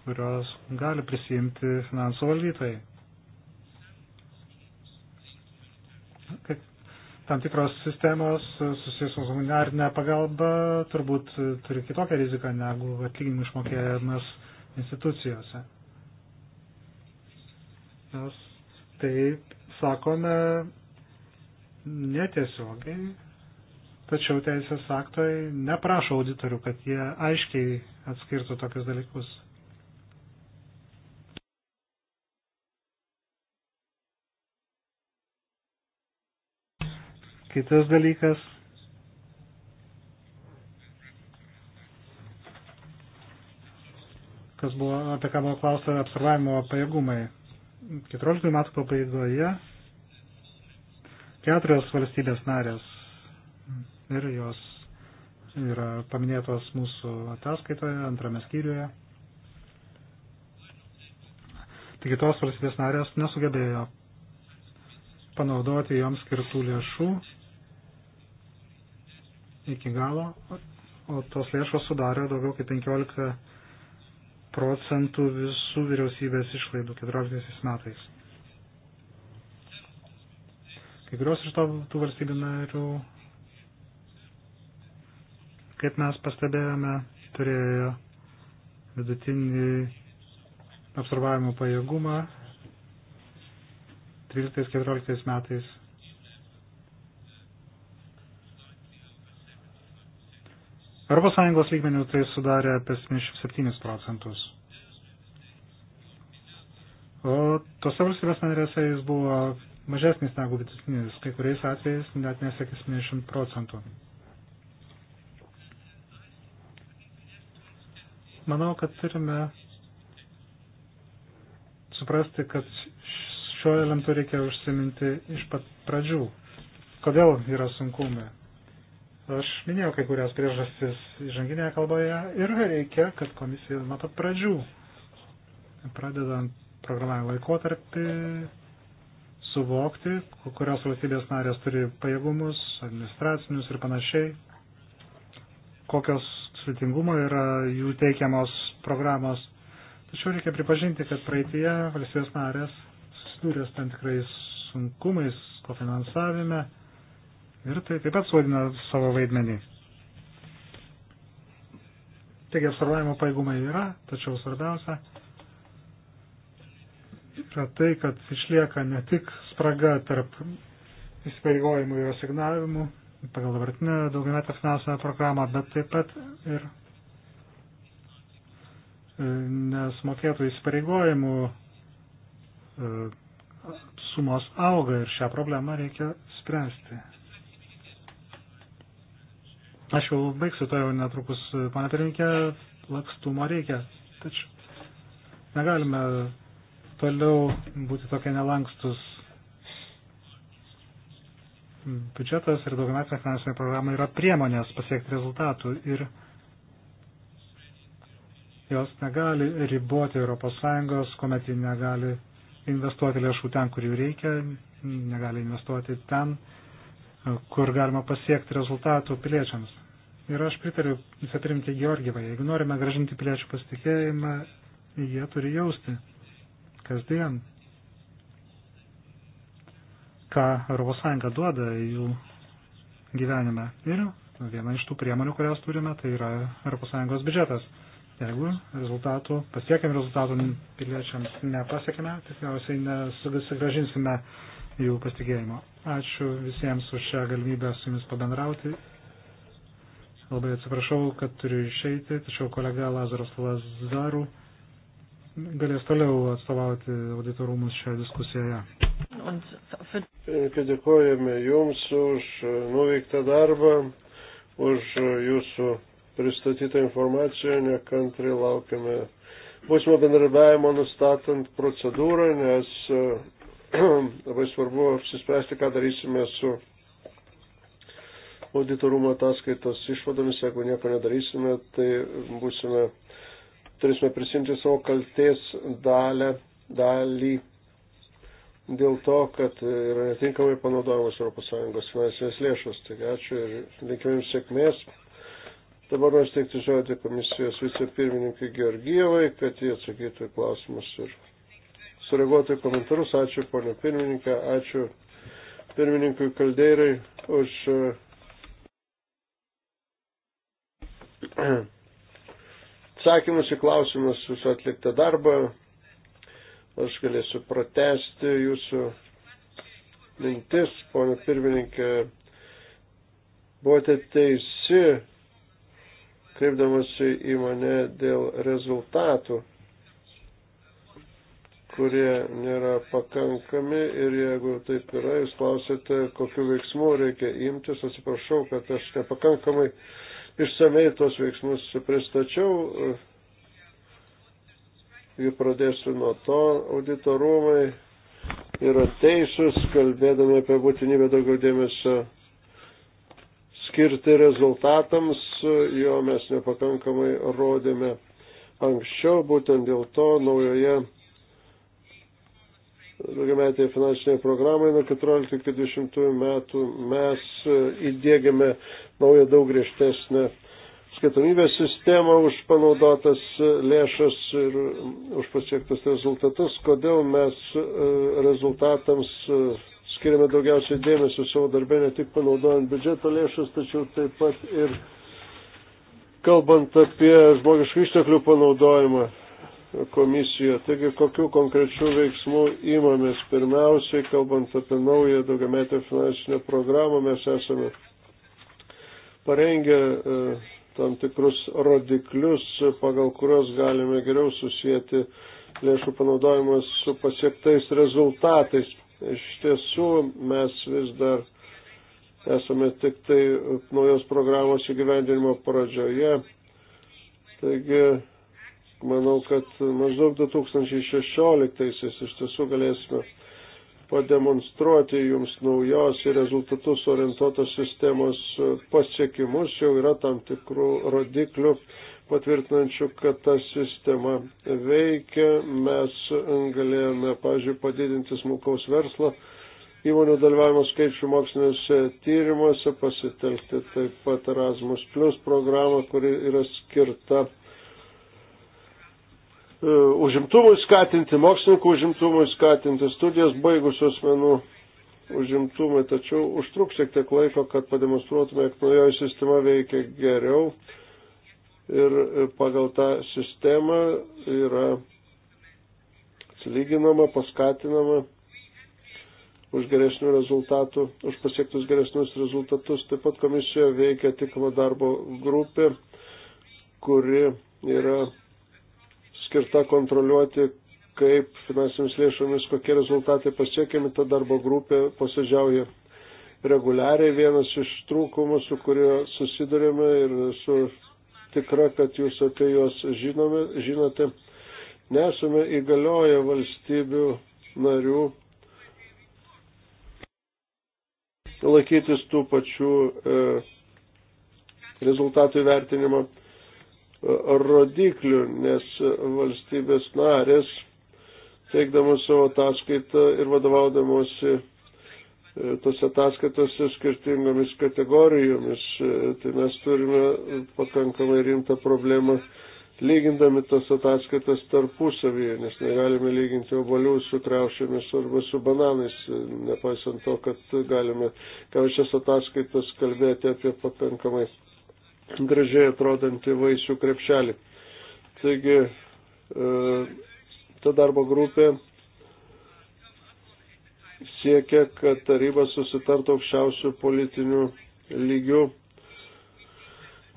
kurios gali prisijimti finansų valdytojai. Tam tikros sistemos susijusios humanitarinė pagalba turbūt turi kitokią riziką negu atlyginimų išmokėjimas institucijose. Mes taip sakome netiesiogiai, tačiau teisės aktai neprašo auditorių, kad jie aiškiai atskirtų tokius dalykus. Kitas dalykas. Kas buvo, apie ką buvo klausta, apsarvavimo pajėgumai. 14 metų pabaigoje keturios valstybės narės ir jos yra paminėtos mūsų ataskaitoje, antrame skyriuje. Taigi tos valstybės narės nesugebėjo panaudoti joms skirtų lėšų iki galo, o tos lėšos sudarė daugiau kaip 15 procentų visų vyriausybės išlaidų 14 metais. Kai kurios iš tų valstybių narių, kaip mes pastebėjome, turėjo vidutinį absorbavimo pajėgumą 13-14 metais ES lygmenių tai sudarė apie 77 procentus. O tose valstybės narėse jis buvo mažesnis negu vidutinis, kai kuriais atvejais net nesiekė 70 procentų. Manau, kad turime suprasti, kad šiuo elementu reikia užsiminti iš pat pradžių. Kodėl yra sunkumai? Aš minėjau kai kurias priežastis įžanginėje kalboje ir reikia, kad komisija nuo pat pradžių, pradedant programavimo laikotarpį, suvokti, kurios valstybės narės turi pajėgumus, administracinius ir panašiai, kokios sudėtingumo yra jų teikiamos programos. Tačiau reikia pripažinti, kad praeitie valstybės narės susidūrė tam tikrais sunkumais kofinansavime finansavime ir tai taip pat suodina savo vaidmenį. Taigi apsarvavimo paėgumai yra, tačiau svarbiausia yra tai, kad išlieka ne tik spraga tarp įsipareigojimų ir asignavimų pagal dabartinę daugiametę finansinę programą, bet taip pat ir e, nesmokėtų įsipareigojimų e, sumos auga ir šią problemą reikia spręsti. Aš jau baigsiu, to jau netrukus, e, pana pirminkė, lakstumo reikia. Tačiau negalime toliau būti tokie nelankstus. Biudžetas ir daugiametinė finansinė programa yra priemonės pasiekti rezultatų ir jos negali riboti ES, kuomet ji negali investuoti lėšų ten, kur jų reikia, negali investuoti ten, kur galima pasiekti rezultatų piliečiams. Ir aš pritariu viceprimti Georgievai, jeigu norime gražinti piliečių pasitikėjimą, jie turi jausti kasdien, ką ES duoda jų gyvenime. Ir viena iš tų priemonių, kurias turime, tai yra ES biudžetas. Jeigu rezultatų, pasiekėm rezultatų piliečiams nepasiekime, tikriausiai nesugražinsime jų pasitikėjimo. Ačiū visiems už šią galimybę su jumis pabendrauti. Labai atsiprašau, kad turiu išeiti, tačiau kolega Lazaras Lazarų galės toliau atstovauti auditorumus šioje diskusijoje. Dėkojame Jums už nuveiktą darbą, už Jūsų pristatytą informaciją, nekantri laukiame būsimo bendradarbiavimo nustatant procedūrą, nes labai svarbu apsispręsti, ką darysime su auditorumo ataskaitos išvadomis. Jeigu nieko nedarysime, tai būsime, turėsime prisimti savo kalties dalę, dalį dėl to, kad yra netinkamai panaudojamos ES finansinės lėšos. Taigi ačiū ir linkime jums sėkmės. Dabar noriu steigti žodį komisijos vicepirmininkai Georgijevai, kad jie atsakytų į klausimus ir sureaguoti komentarus. Ačiū, ponė pirmininkė, ačiū pirmininkui Kaldeirai už eh, atsakymus į klausimus, jūsų atliktą darbą. Aš galėsiu pratesti jūsų mintis, ponė pirmininkė. Buvote teisi, kreipdamasi į mane dėl rezultatų kurie nėra pakankami ir jeigu taip yra, jūs klausėte, kokiu veiksmu reikia imtis, atsiprašau, kad aš nepakankamai išsamei tos veiksmus pristačiau. Ir pradėsiu nuo to, auditorumai yra teisūs, kalbėdami apie būtinybę daugiau dėmesio skirti rezultatams, jo mes nepakankamai rodėme anksčiau, būtent dėl to naujoje daugiametėje finansinėje programoje nuo 14-20 metų mes e, įdėgėme naują daug griežtesnę skaitomybės sistemą už panaudotas e, lėšas ir už pasiektas rezultatus, kodėl mes e, rezultatams skiriame daugiausiai dėmesio savo darbę, ne tik panaudojant biudžeto lėšas, tačiau taip pat ir kalbant apie žmogiškų išteklių panaudojimą komisija. Taigi, kokiu konkrečiu veiksmu įmamės? Pirmiausiai, kalbant apie naują daugiametę finansinę programą, mes esame parengę e, tam tikrus rodiklius, pagal kurios galime geriau susijęti lėšų panaudojimas su pasiektais rezultatais. Iš tiesų, mes vis dar esame tik tai naujos programos įgyvendinimo pradžioje. Taigi Manau, kad maždaug 2016 iš tiesų galėsime pademonstruoti jums naujos į rezultatus orientuotos sistemos pasiekimus. Jau yra tam tikrų rodiklių patvirtinančių, kad ta sistema veikia. Mes galėjome, pavyzdžiui, padidinti smulkaus verslo įmonių dalyvavimo skaičių moksliniuose tyrimuose, pasitelkti taip pat Erasmus Plus programą, kuri yra skirta E, užimtumui skatinti, mokslininkų užimtumui skatinti, studijas baigusių asmenų užimtumui, tačiau užtruks šiek tiek laiko, kad pademonstruotume, jog naujoji sistema veikia geriau ir pagal tą sistemą yra atsilyginama, paskatinama už geresnių rezultatų, už pasiektus geresnius rezultatus. Taip pat komisijoje veikia tikama darbo grupė, kuri yra skirta kontroliuoti, kaip finansinėmis lėšomis, kokie rezultatai pasiekiami, ta darbo grupė posėdžiauja reguliariai. Vienas iš trūkumų, su kuriuo susidurėme ir su tikra, kad jūs apie juos žinome, žinote, nesame įgalioję valstybių narių laikytis tų pačių e, rezultatų įvertinimo rodiklių, nes valstybės narės, teikdamas savo ataskaitą ir vadovaudamosi e, tos ataskaitose skirtingomis kategorijomis, e, tai mes turime pakankamai rimtą problemą lygindami tas ataskaitas tarpusavyje, nes negalime lyginti obolių su kreušėmis arba su bananais, e, nepaisant to, kad galime, ką šias ataskaitas kalbėti apie pakankamai gražiai atrodantį vaisių krepšelį. Taigi, e, ta darbo grupė siekia, kad taryba susitartų aukščiausių politinių lygių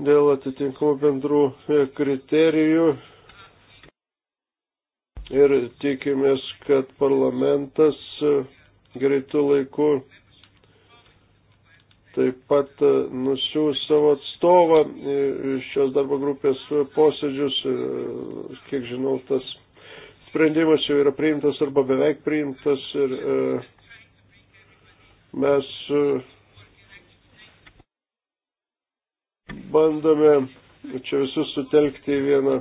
dėl atitinkamų bendrų e, kriterijų ir tikimės, kad parlamentas e, greitų laikų taip pat e, nusiūs savo atstovą e, šios darbo grupės posėdžius. E, kiek žinau, tas sprendimas jau yra priimtas arba beveik priimtas ir mes bandome čia visus sutelkti į vieną.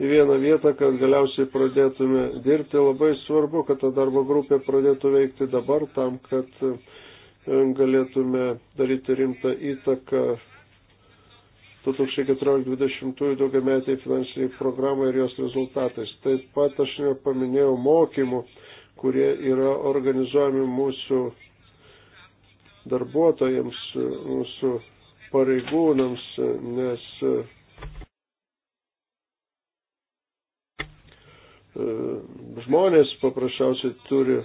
Į vieną vietą, kad galiausiai pradėtume dirbti, labai svarbu, kad ta darbo grupė pradėtų veikti dabar, tam, kad uh, galėtume daryti rimtą įtaką 2014-2020 daugiametiai finansiniai programai ir jos rezultatais. Taip pat aš nepaminėjau mokymų, kurie yra organizuojami mūsų darbuotojams, mūsų pareigūnams, nes e, žmonės paprasčiausiai turi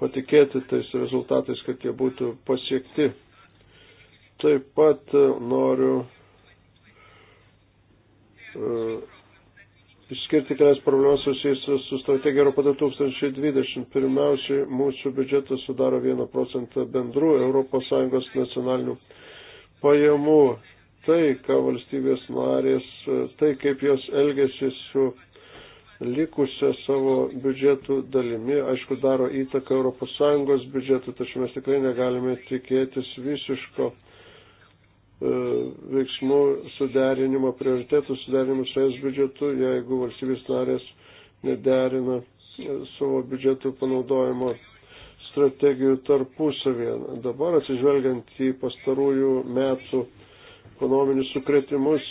patikėti tais rezultatais, kad jie būtų pasiekti. Taip pat e, noriu uh, išskirti kelias problemas susijusias su strategija Europa 2020. Pirmiausiai, mūsų biudžetas sudaro 1 procentą bendrų ES nacionalinių pajamų. Tai, ką valstybės narės, e, tai kaip jos elgesi su likusią savo biudžetų dalimi, aišku, daro įtaką ES biudžetų, tačiau mes tikrai negalime tikėtis visiško e, veiksmų suderinimo, prioritėtų suderinimo su ES biudžetu, jeigu valstybės narės nederina e, savo biudžetų panaudojimo strategijų tarpusavėje. Dabar atsižvelgiant į pastarųjų metų ekonominius sukretimus,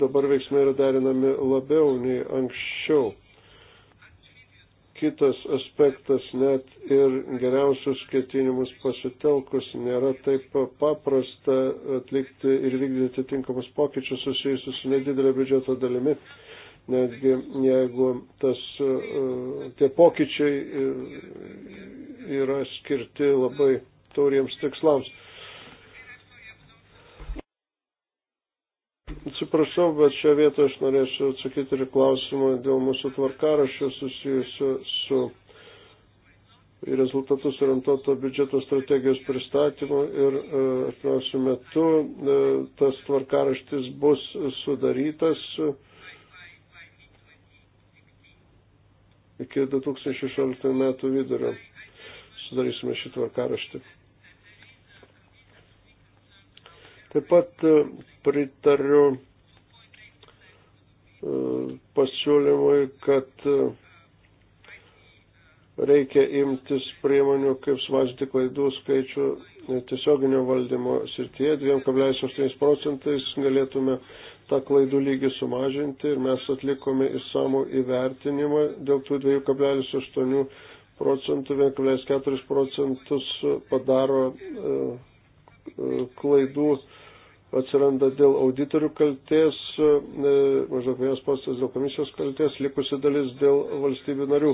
dabar veiksmai yra derinami labiau nei anksčiau. Kitas aspektas net ir geriausius ketinimus pasitelkus nėra taip paprasta atlikti ir vykdyti tinkamus pokyčius susijusius su nedidelė biudžeto dalimi, netgi jeigu tas, e, tie pokyčiai e, yra skirti labai tauriems tikslams. Atsiprašau, bet šioje vietoje aš norėčiau atsakyti ir klausimą dėl mūsų tvarkaraščio susijusiu su į rezultatus orientuoto biudžeto strategijos pristatymo ir e, artimiausiu metu e, tas tvarkaraštis bus sudarytas iki 2016 metų vidurio. Sudarysime šį tvarkaraštį. Taip pat e, pritariu pasiūlymui, kad e, reikia imtis priemonių, kaip sumažinti klaidų skaičių tiesioginio valdymo srityje. 2,8 procentais galėtume tą klaidų lygį sumažinti ir mes atlikome įsamų įvertinimą dėl tų 2,8 procentų, 1,4 procentus padaro e, e, klaidų atsiranda dėl auditorių kalties, e, maždaug vienas postas dėl komisijos kalties, likusi dalis dėl valstybių narių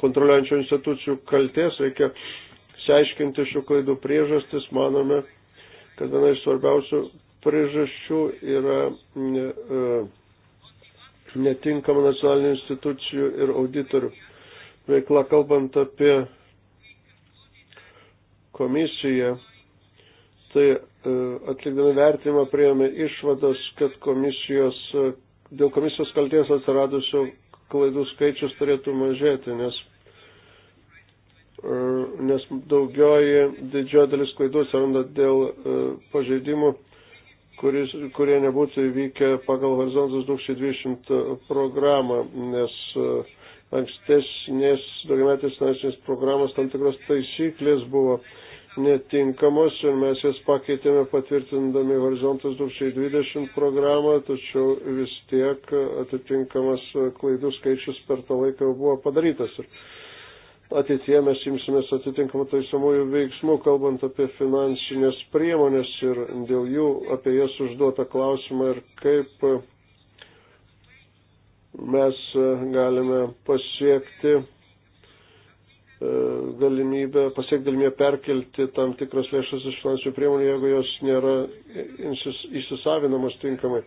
kontroliuojančių institucijų kalties. Reikia seiškinti šių klaidų priežastis. Manome, kad viena iš svarbiausių priežasčių yra e, netinkama nacionalinių institucijų ir auditorių veikla, kalbant apie komisiją Tai e, atlikdami vertimą prieėmė išvados, kad komisijos, e, dėl komisijos kalties atsiradusių klaidų skaičius turėtų mažėti, nes, e, nes daugioji didžioji dalis klaidų atsiranda dėl pažeidimų, kuris, kurie nebūtų įvykę pagal Horizontas 2020 programą, nes ankstesnės daugiametės finansinės programos tam tikros taisyklės buvo netinkamos ir mes jas pakeitėme patvirtindami Horizontas 2020 programą, tačiau vis tiek atitinkamas klaidų skaičius per tą laiką buvo padarytas. Ir ateitie mes imsimės atitinkamų taisomųjų veiksmų, kalbant apie finansinės priemonės ir dėl jų apie jas užduotą klausimą ir kaip mes galime pasiekti E, galimybę, pasiekti galimybę perkelti tam tikras lėšas iš finansinių priemonių, jeigu jos nėra įsisavinamos tinkamai.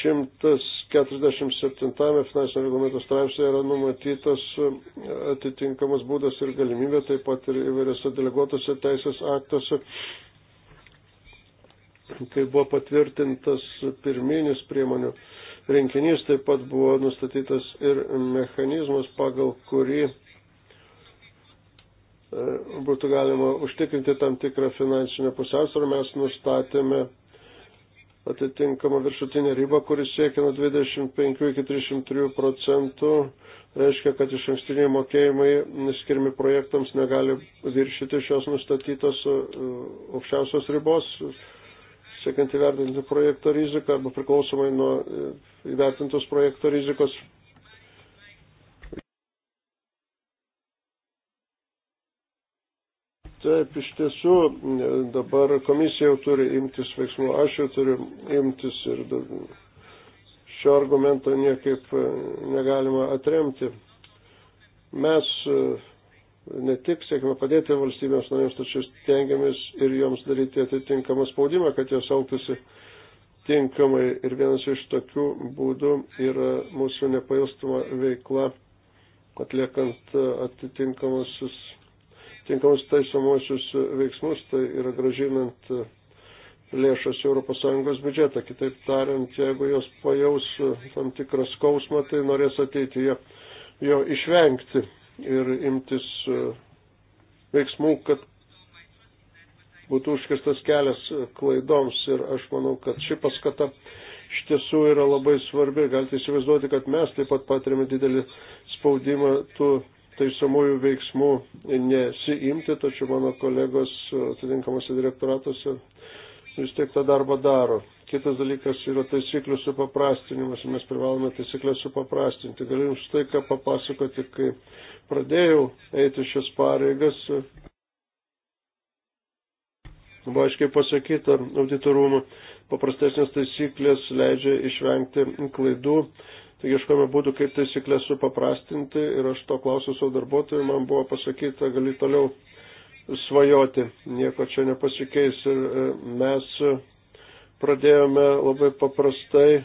147 finansinio reglamento straipsnėje yra numatytas atitinkamas būdas ir galimybė, taip pat ir įvairiose deleguotose teisės aktuose, kai buvo patvirtintas pirminis priemonių rinkinys, taip pat buvo nustatytas ir mechanizmas, pagal kurį e, būtų galima užtikrinti tam tikrą finansinę pusiausvyrą. Mes nustatėme atitinkamą viršutinę ribą, kuris siekia nuo 25 iki 303 procentų. Reiškia, kad iš ankstiniai mokėjimai skirmi projektams negali viršyti šios nustatytos e, aukščiausios ribos. Uh, siekiant įvertinti projekto riziką arba priklausomai nuo e, įvertintos projekto rizikos. Taip, iš tiesų e, dabar komisija jau turi imtis veiksmų, aš jau turiu imtis ir šio argumento niekaip e, negalima atremti. Mes ne tik siekime padėti valstybėms narėms, tačiau stengiamės ir joms daryti atitinkamą spaudimą, kad jos auktųsi tinkamai. Ir vienas iš tokių būdų yra mūsų nepailstama veikla, atliekant atitinkamus taisomosius veiksmus, tai yra gražinant lėšas ES biudžetą. Kitaip tariant, jeigu jos pajaus tam tikrą skausmą, tai norės ateityje jo išvengti ir imtis e, veiksmų, kad būtų užkirstas kelias e, klaidoms. Ir aš manau, kad ši paskata iš tiesų yra labai svarbi. Galite įsivaizduoti, kad mes taip pat patiriame didelį spaudimą tų taisomųjų veiksmų nesiimti, tačiau mano kolegos e, atitinkamuose direktoratuose vis tiek tą darbą daro. Kitas dalykas yra taisyklių supaprastinimas. Mes privalome taisyklės supaprastinti. Galiu jums tai, ką papasakoti, kai pradėjau eiti šias pareigas. Buvo aiškiai pasakyta auditorumo, paprastesnės taisyklės leidžia išvengti klaidų. Taigi iškome būdų, kaip taisyklės supaprastinti ir aš to klausiu savo darbuotojų, man buvo pasakyta, gali toliau svajoti, nieko čia nepasikeis ir e, mes pradėjome labai paprastai, e,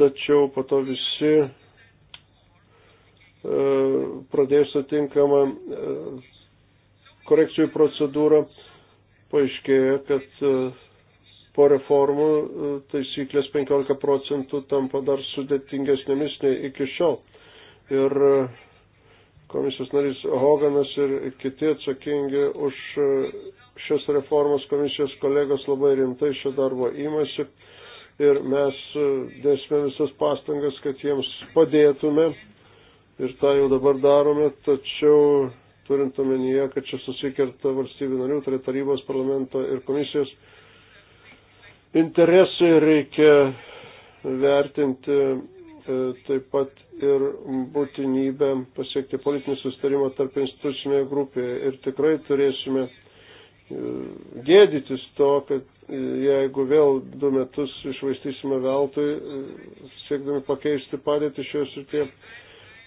tačiau po to visi e, pradėjus atinkamą e, korekcijų procedūrą, paaiškėjo, kad po reformų taisyklės 15 procentų tampa dar sudėtingesnėmis nei iki šiol. Ir komisijos narys Hoganas ir kiti atsakingi už šios reformos komisijos kolegos labai rimtai šio darbo įmasi ir mes e, dėsime visas pastangas, kad jiems padėtume ir tą jau dabar darome, tačiau turint omenyje, kad čia susikerta valstybių narių, tai tarybos, parlamento ir komisijos interesai reikia vertinti e, taip pat ir būtinybę pasiekti politinį sustarimą tarp institucinėje grupėje ir tikrai turėsime E, gėdytis to, kad e, jeigu vėl du metus išvaistysime veltui, e, siekdami pakeisti padėtį šios ir tie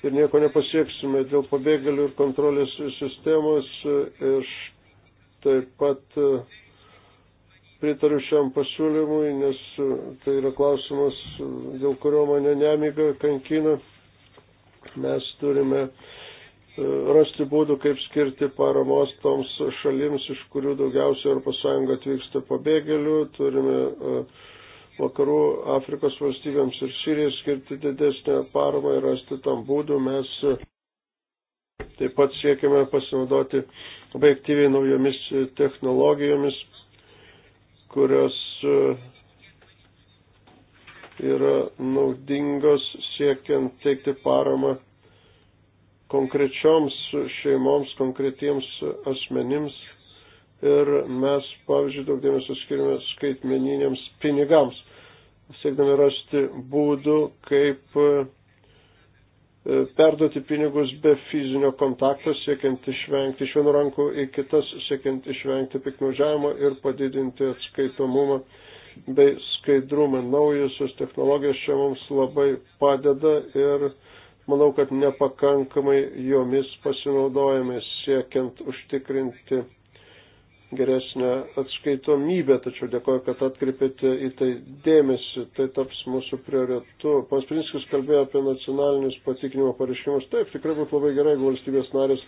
ir nieko nepasieksime dėl pabėgėlių ir kontrolės sistemos. Aš taip pat pritariu šiam pasiūlymui, nes tai yra klausimas, dėl kurio mane nemiga kankina. Mes turime uh, rasti būdų, kaip skirti paramos toms šalims, iš kurių daugiausiai ES atvyksta pabėgėlių. Turime e, vakarų Afrikos valstybėms ir Sirijai skirti didesnę paramą ir rasti tam būdų. Mes e, taip pat siekime pasinaudoti labai aktyviai naujomis e, technologijomis, kurios yra naudingos siekiant teikti paramą konkrečioms šeimoms, konkretiems asmenims ir mes, pavyzdžiui, daug dėmesio skirime skaitmeniniams pinigams, siekdami rasti būdų, kaip e, perduoti pinigus be fizinio kontakto, siekiant išvengti iš vienų rankų į kitas, siekiant išvengti piknaudžiavimo ir padidinti atskaitomumą bei skaidrumą. Naujosios technologijos čia mums labai padeda ir Manau, kad nepakankamai jomis pasinaudojame siekiant užtikrinti geresnę atskaitomybę, tačiau dėkoju, kad atkreipėte į tai dėmesį, tai taps mūsų prioritetu. Pans Prinskis kalbėjo apie nacionalinius patikinimo pareiškimus, taip, tikrai būtų labai gerai, jeigu valstybės narės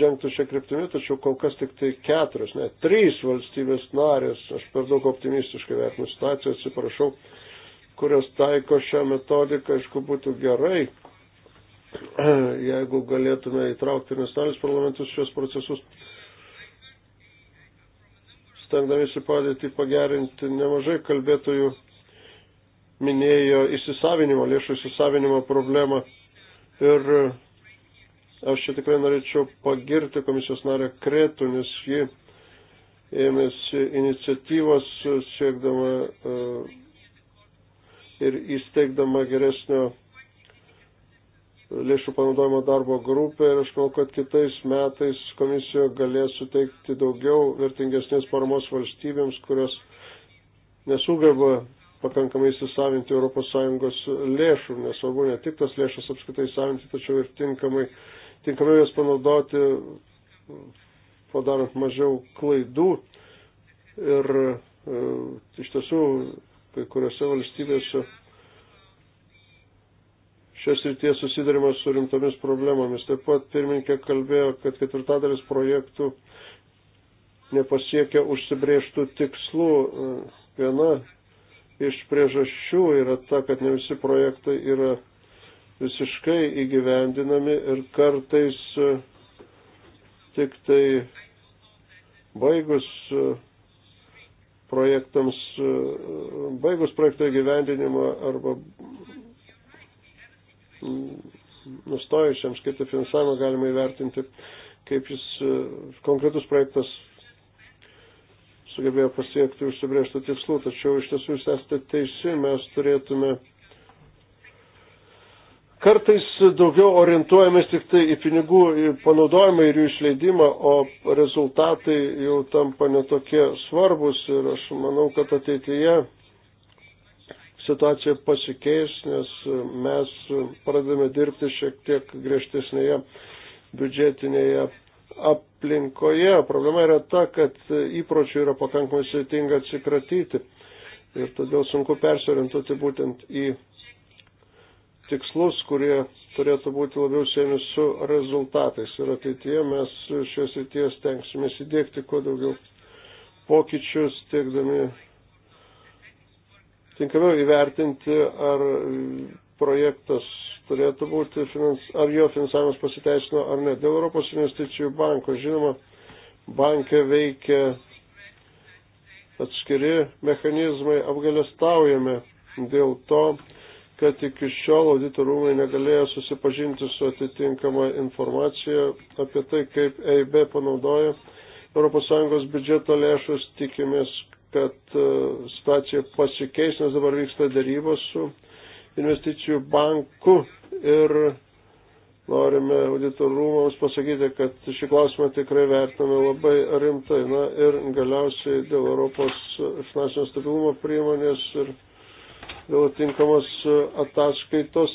žengtų šią kryptimį, tačiau kol kas tik tai keturios, ne, trys valstybės narės, aš per daug optimistiškai vertinu situaciją, atsiprašau, kurios taiko šią metodiką, aišku, būtų gerai, jeigu galėtume įtraukti nacionalinius parlamentus šios procesus, stengdamėsi padėtį pagerinti, nemažai kalbėtojų minėjo įsisavinimo, lėšų įsisavinimo problemą. Ir aš čia tikrai norėčiau pagirti komisijos narę Kretų, nes ji ėmėsi iniciatyvos siekdama e, ir įsteigdama geresnio lėšų panaudojimo darbo grupę ir aš manau, kad kitais metais komisija galės suteikti daugiau vertingesnės paramos valstybėms, kurios nesugeba pakankamai įsisavinti ES lėšų, nesvarbu ne tik tas lėšas apskritai įsisavinti, tačiau ir tinkamai, tinkamai jas panaudoti, padarant mažiau klaidų. Ir e, iš tiesų, kai kuriuose valstybėse šios ryties susidarimas su rimtomis problemomis. Taip pat pirmininkė kalbėjo, kad ketvirtadalis projektų nepasiekia užsibrieštų tikslų. Viena iš priežasčių yra ta, kad ne visi projektai yra visiškai įgyvendinami ir kartais e, tik tai baigus e, projektams, e, baigus projekto įgyvendinimą arba nustojusiems skirti finansavimą galima įvertinti, kaip jis e, konkretus projektas sugebėjo pasiekti užsibrėžtų tikslų, tačiau iš tiesų jūs esate teisi, mes turėtume kartais daugiau orientuojamės tik tai į pinigų į panaudojimą ir jų išleidimą, o rezultatai jau tampa netokie svarbus ir aš manau, kad ateityje situacija pasikeis, nes mes pradedame dirbti šiek tiek griežtesnėje biudžetinėje aplinkoje. Problema yra ta, kad įpročių yra pakankamai sėtinga atsikratyti ir todėl sunku persiorintuoti būtent į tikslus, kurie turėtų būti labiau siejami su rezultatais. Ir ateityje mes šios įties tenksimės įdėkti kuo daugiau pokyčius, tiekdami tinkamiau įvertinti, ar projektas turėtų būti, finans, ar jo finansavimas pasiteisino ar ne. Dėl Europos investicijų banko, žinoma, bankė veikia atskiri mechanizmai, apgalestaujame dėl to, kad iki šiol auditorumai negalėjo susipažinti su atitinkama informacija apie tai, kaip EIB panaudoja ES biudžeto lėšus, tikimės, kad e, situacija pasikeis, nes dabar vyksta darybos su investicijų banku ir norime auditorumams pasakyti, kad šį klausimą tikrai vertame labai rimtai. Na ir galiausiai dėl Europos finansinio stabilumo priemonės ir dėl tinkamos ataskaitos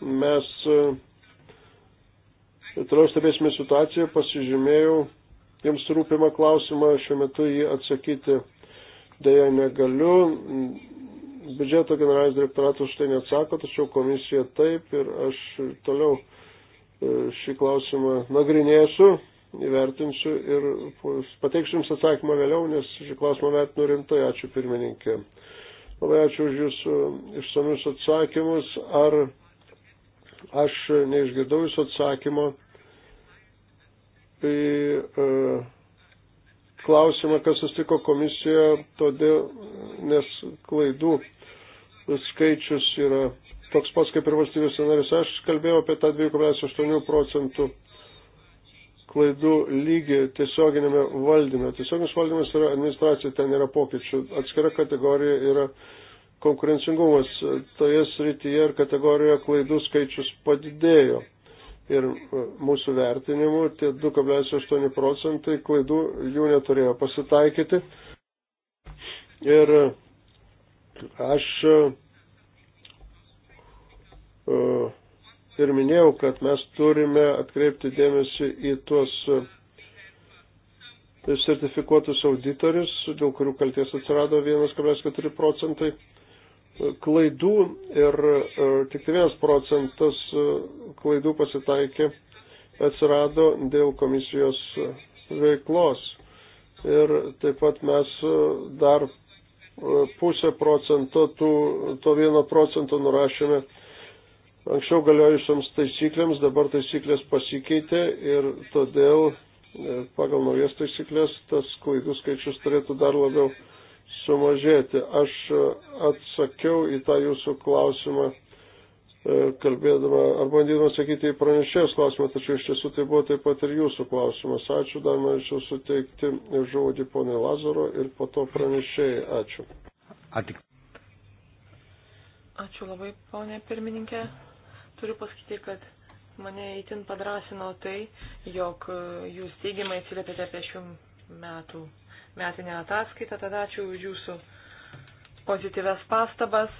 mes e, toliau stebėsime situaciją, pasižymėjau jums rūpimą klausimą, šiuo metu jį atsakyti dėja negaliu. Biudžeto generalinis direktoratas už tai neatsako, tačiau komisija taip ir aš toliau e, šį klausimą nagrinėsiu, įvertinsiu ir pateiksiu Jums atsakymą vėliau, nes šį klausimą vertinu rimtai. Ačiū pirmininkė. Labai ačiū už Jūsų išsamius atsakymus. Ar aš neišgirdau Jūsų atsakymo? Tai, uh, klausimą, kas sustiko komisijoje, todėl, nes klaidų skaičius yra toks pats kaip ir valstybės narys. Aš kalbėjau apie tą 2,8 procentų klaidų lygį tiesioginėme valdyme. Tiesioginis valdymas yra administracija, ten yra pokyčių. Atskira kategorija yra konkurencingumas. Toje srityje ir kategorijoje klaidų skaičius padidėjo ir e, mūsų vertinimu tie 2,8 procentai klaidų jų neturėjo pasitaikyti. Ir e, aš e, ir minėjau, kad mes turime atkreipti dėmesį į tuos sertifikuotus auditorius, dėl kurių kalties atsirado 1,4 procentai klaidų ir e, tik tai vienas procentas e, klaidų pasitaikė atsirado dėl komisijos veiklos. Ir taip pat mes e, dar pusę procento tų, to vieno procento nurašėme anksčiau galiojusiams taisyklėms, dabar taisyklės pasikeitė ir todėl pagal naujas taisyklės tas klaidų skaičius turėtų dar labiau sumažėti. Aš e, atsakiau į tą jūsų klausimą, e, kalbėdama, ar bandydama sakyti į pranešėjos klausimą, tačiau iš tiesų tai buvo taip pat ir jūsų klausimas. Ačiū, dar norėčiau suteikti žodį ponai Lazaro ir po to pranešėjai. Ačiū. Atik. Ačiū labai, ponė pirmininkė. Turiu pasakyti, kad mane įtin padrasino tai, jog e, jūs teigiamai atsiliepėte apie šių metų metinę ataskaitą, tada ačiū už jūsų pozityves pastabas.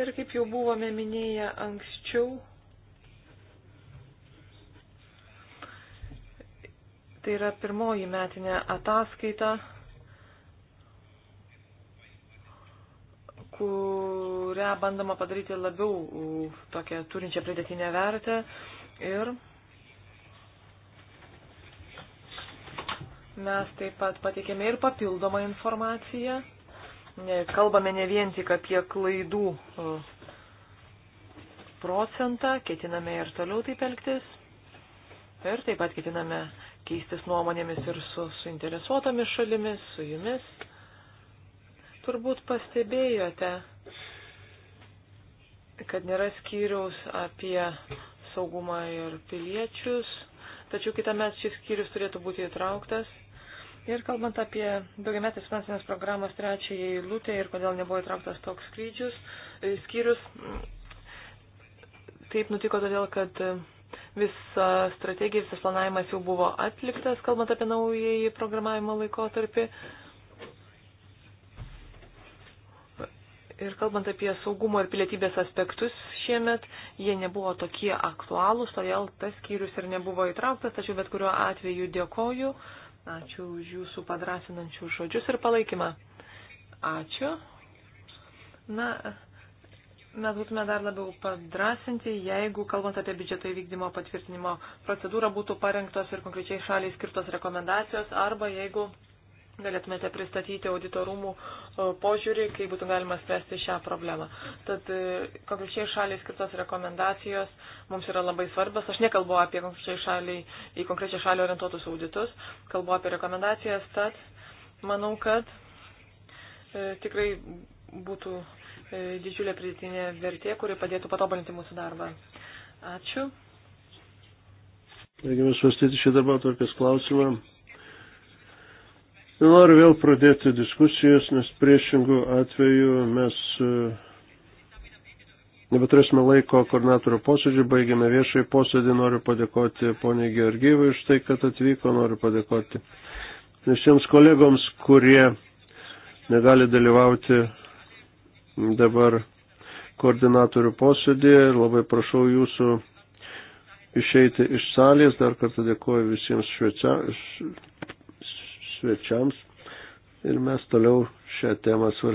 Ir kaip jau buvome minėję anksčiau, tai yra pirmoji metinė ataskaita, kurią bandoma padaryti labiau tokią turinčią pridėtinę vertę ir Mes taip pat pateikėme ir papildomą informaciją. Kalbame ne vien tik apie klaidų procentą, ketiname ir toliau taip elgtis. Ir taip pat ketiname keistis nuomonėmis ir su suinteresuotomis šalimis, su jumis. Turbūt pastebėjote, kad nėra skyriaus apie saugumą ir piliečius, tačiau kitame šis skyrius turėtų būti įtrauktas. Ir kalbant apie daugiametės finansinės programos trečiąją eilutę ir kodėl nebuvo įtrauktas toks skrydžius, e, skyrius, taip nutiko todėl, kad visa strategija, visas planavimas jau buvo atliktas, kalbant apie naująjį programavimo laikotarpį. Ir kalbant apie saugumo ir pilietybės aspektus šiemet, jie nebuvo tokie aktualūs, todėl tas skyrius ir nebuvo įtrauktas, tačiau bet kuriuo atveju dėkoju. Uh, Ačiū už jūsų padrasinančių žodžius ir palaikymą. Ačiū. Na, mes būtume dar labiau padrasinti, jeigu, kalbant apie biudžeto įvykdymo patvirtinimo procedūrą, būtų parengtos ir konkrečiai šaliai skirtos rekomendacijos arba jeigu galėtumėte pristatyti auditorumų e, požiūrį, kaip būtų galima spręsti šią problemą. Tad e, konkrečiai šaliai skirtos rekomendacijos mums yra labai svarbios. Aš nekalbu apie konkrečiai šaliai, į konkrečią šalį orientuotus auditus, kalbu apie rekomendacijas, tad manau, kad e, tikrai būtų e, didžiulė pridėtinė vertė, kuri padėtų patobulinti mūsų darbą. Ačiū. Baigiame svarstyti šį darbą tokias klausimą. Nenoriu vėl pradėti diskusijas, nes priešingų atveju mes e, nebeturėsime laiko koordinatorių posėdžių, baigėme viešai posėdį, noriu padėkoti poniai Georgyvai už tai, kad atvyko, noriu padėkoti visiems kolegoms, kurie negali dalyvauti dabar koordinatorių posėdėje ir labai prašau jūsų išeiti iš salės. Dar kartą dėkoju visiems šveica, svečiams ir mes toliau šią temą svarstysime.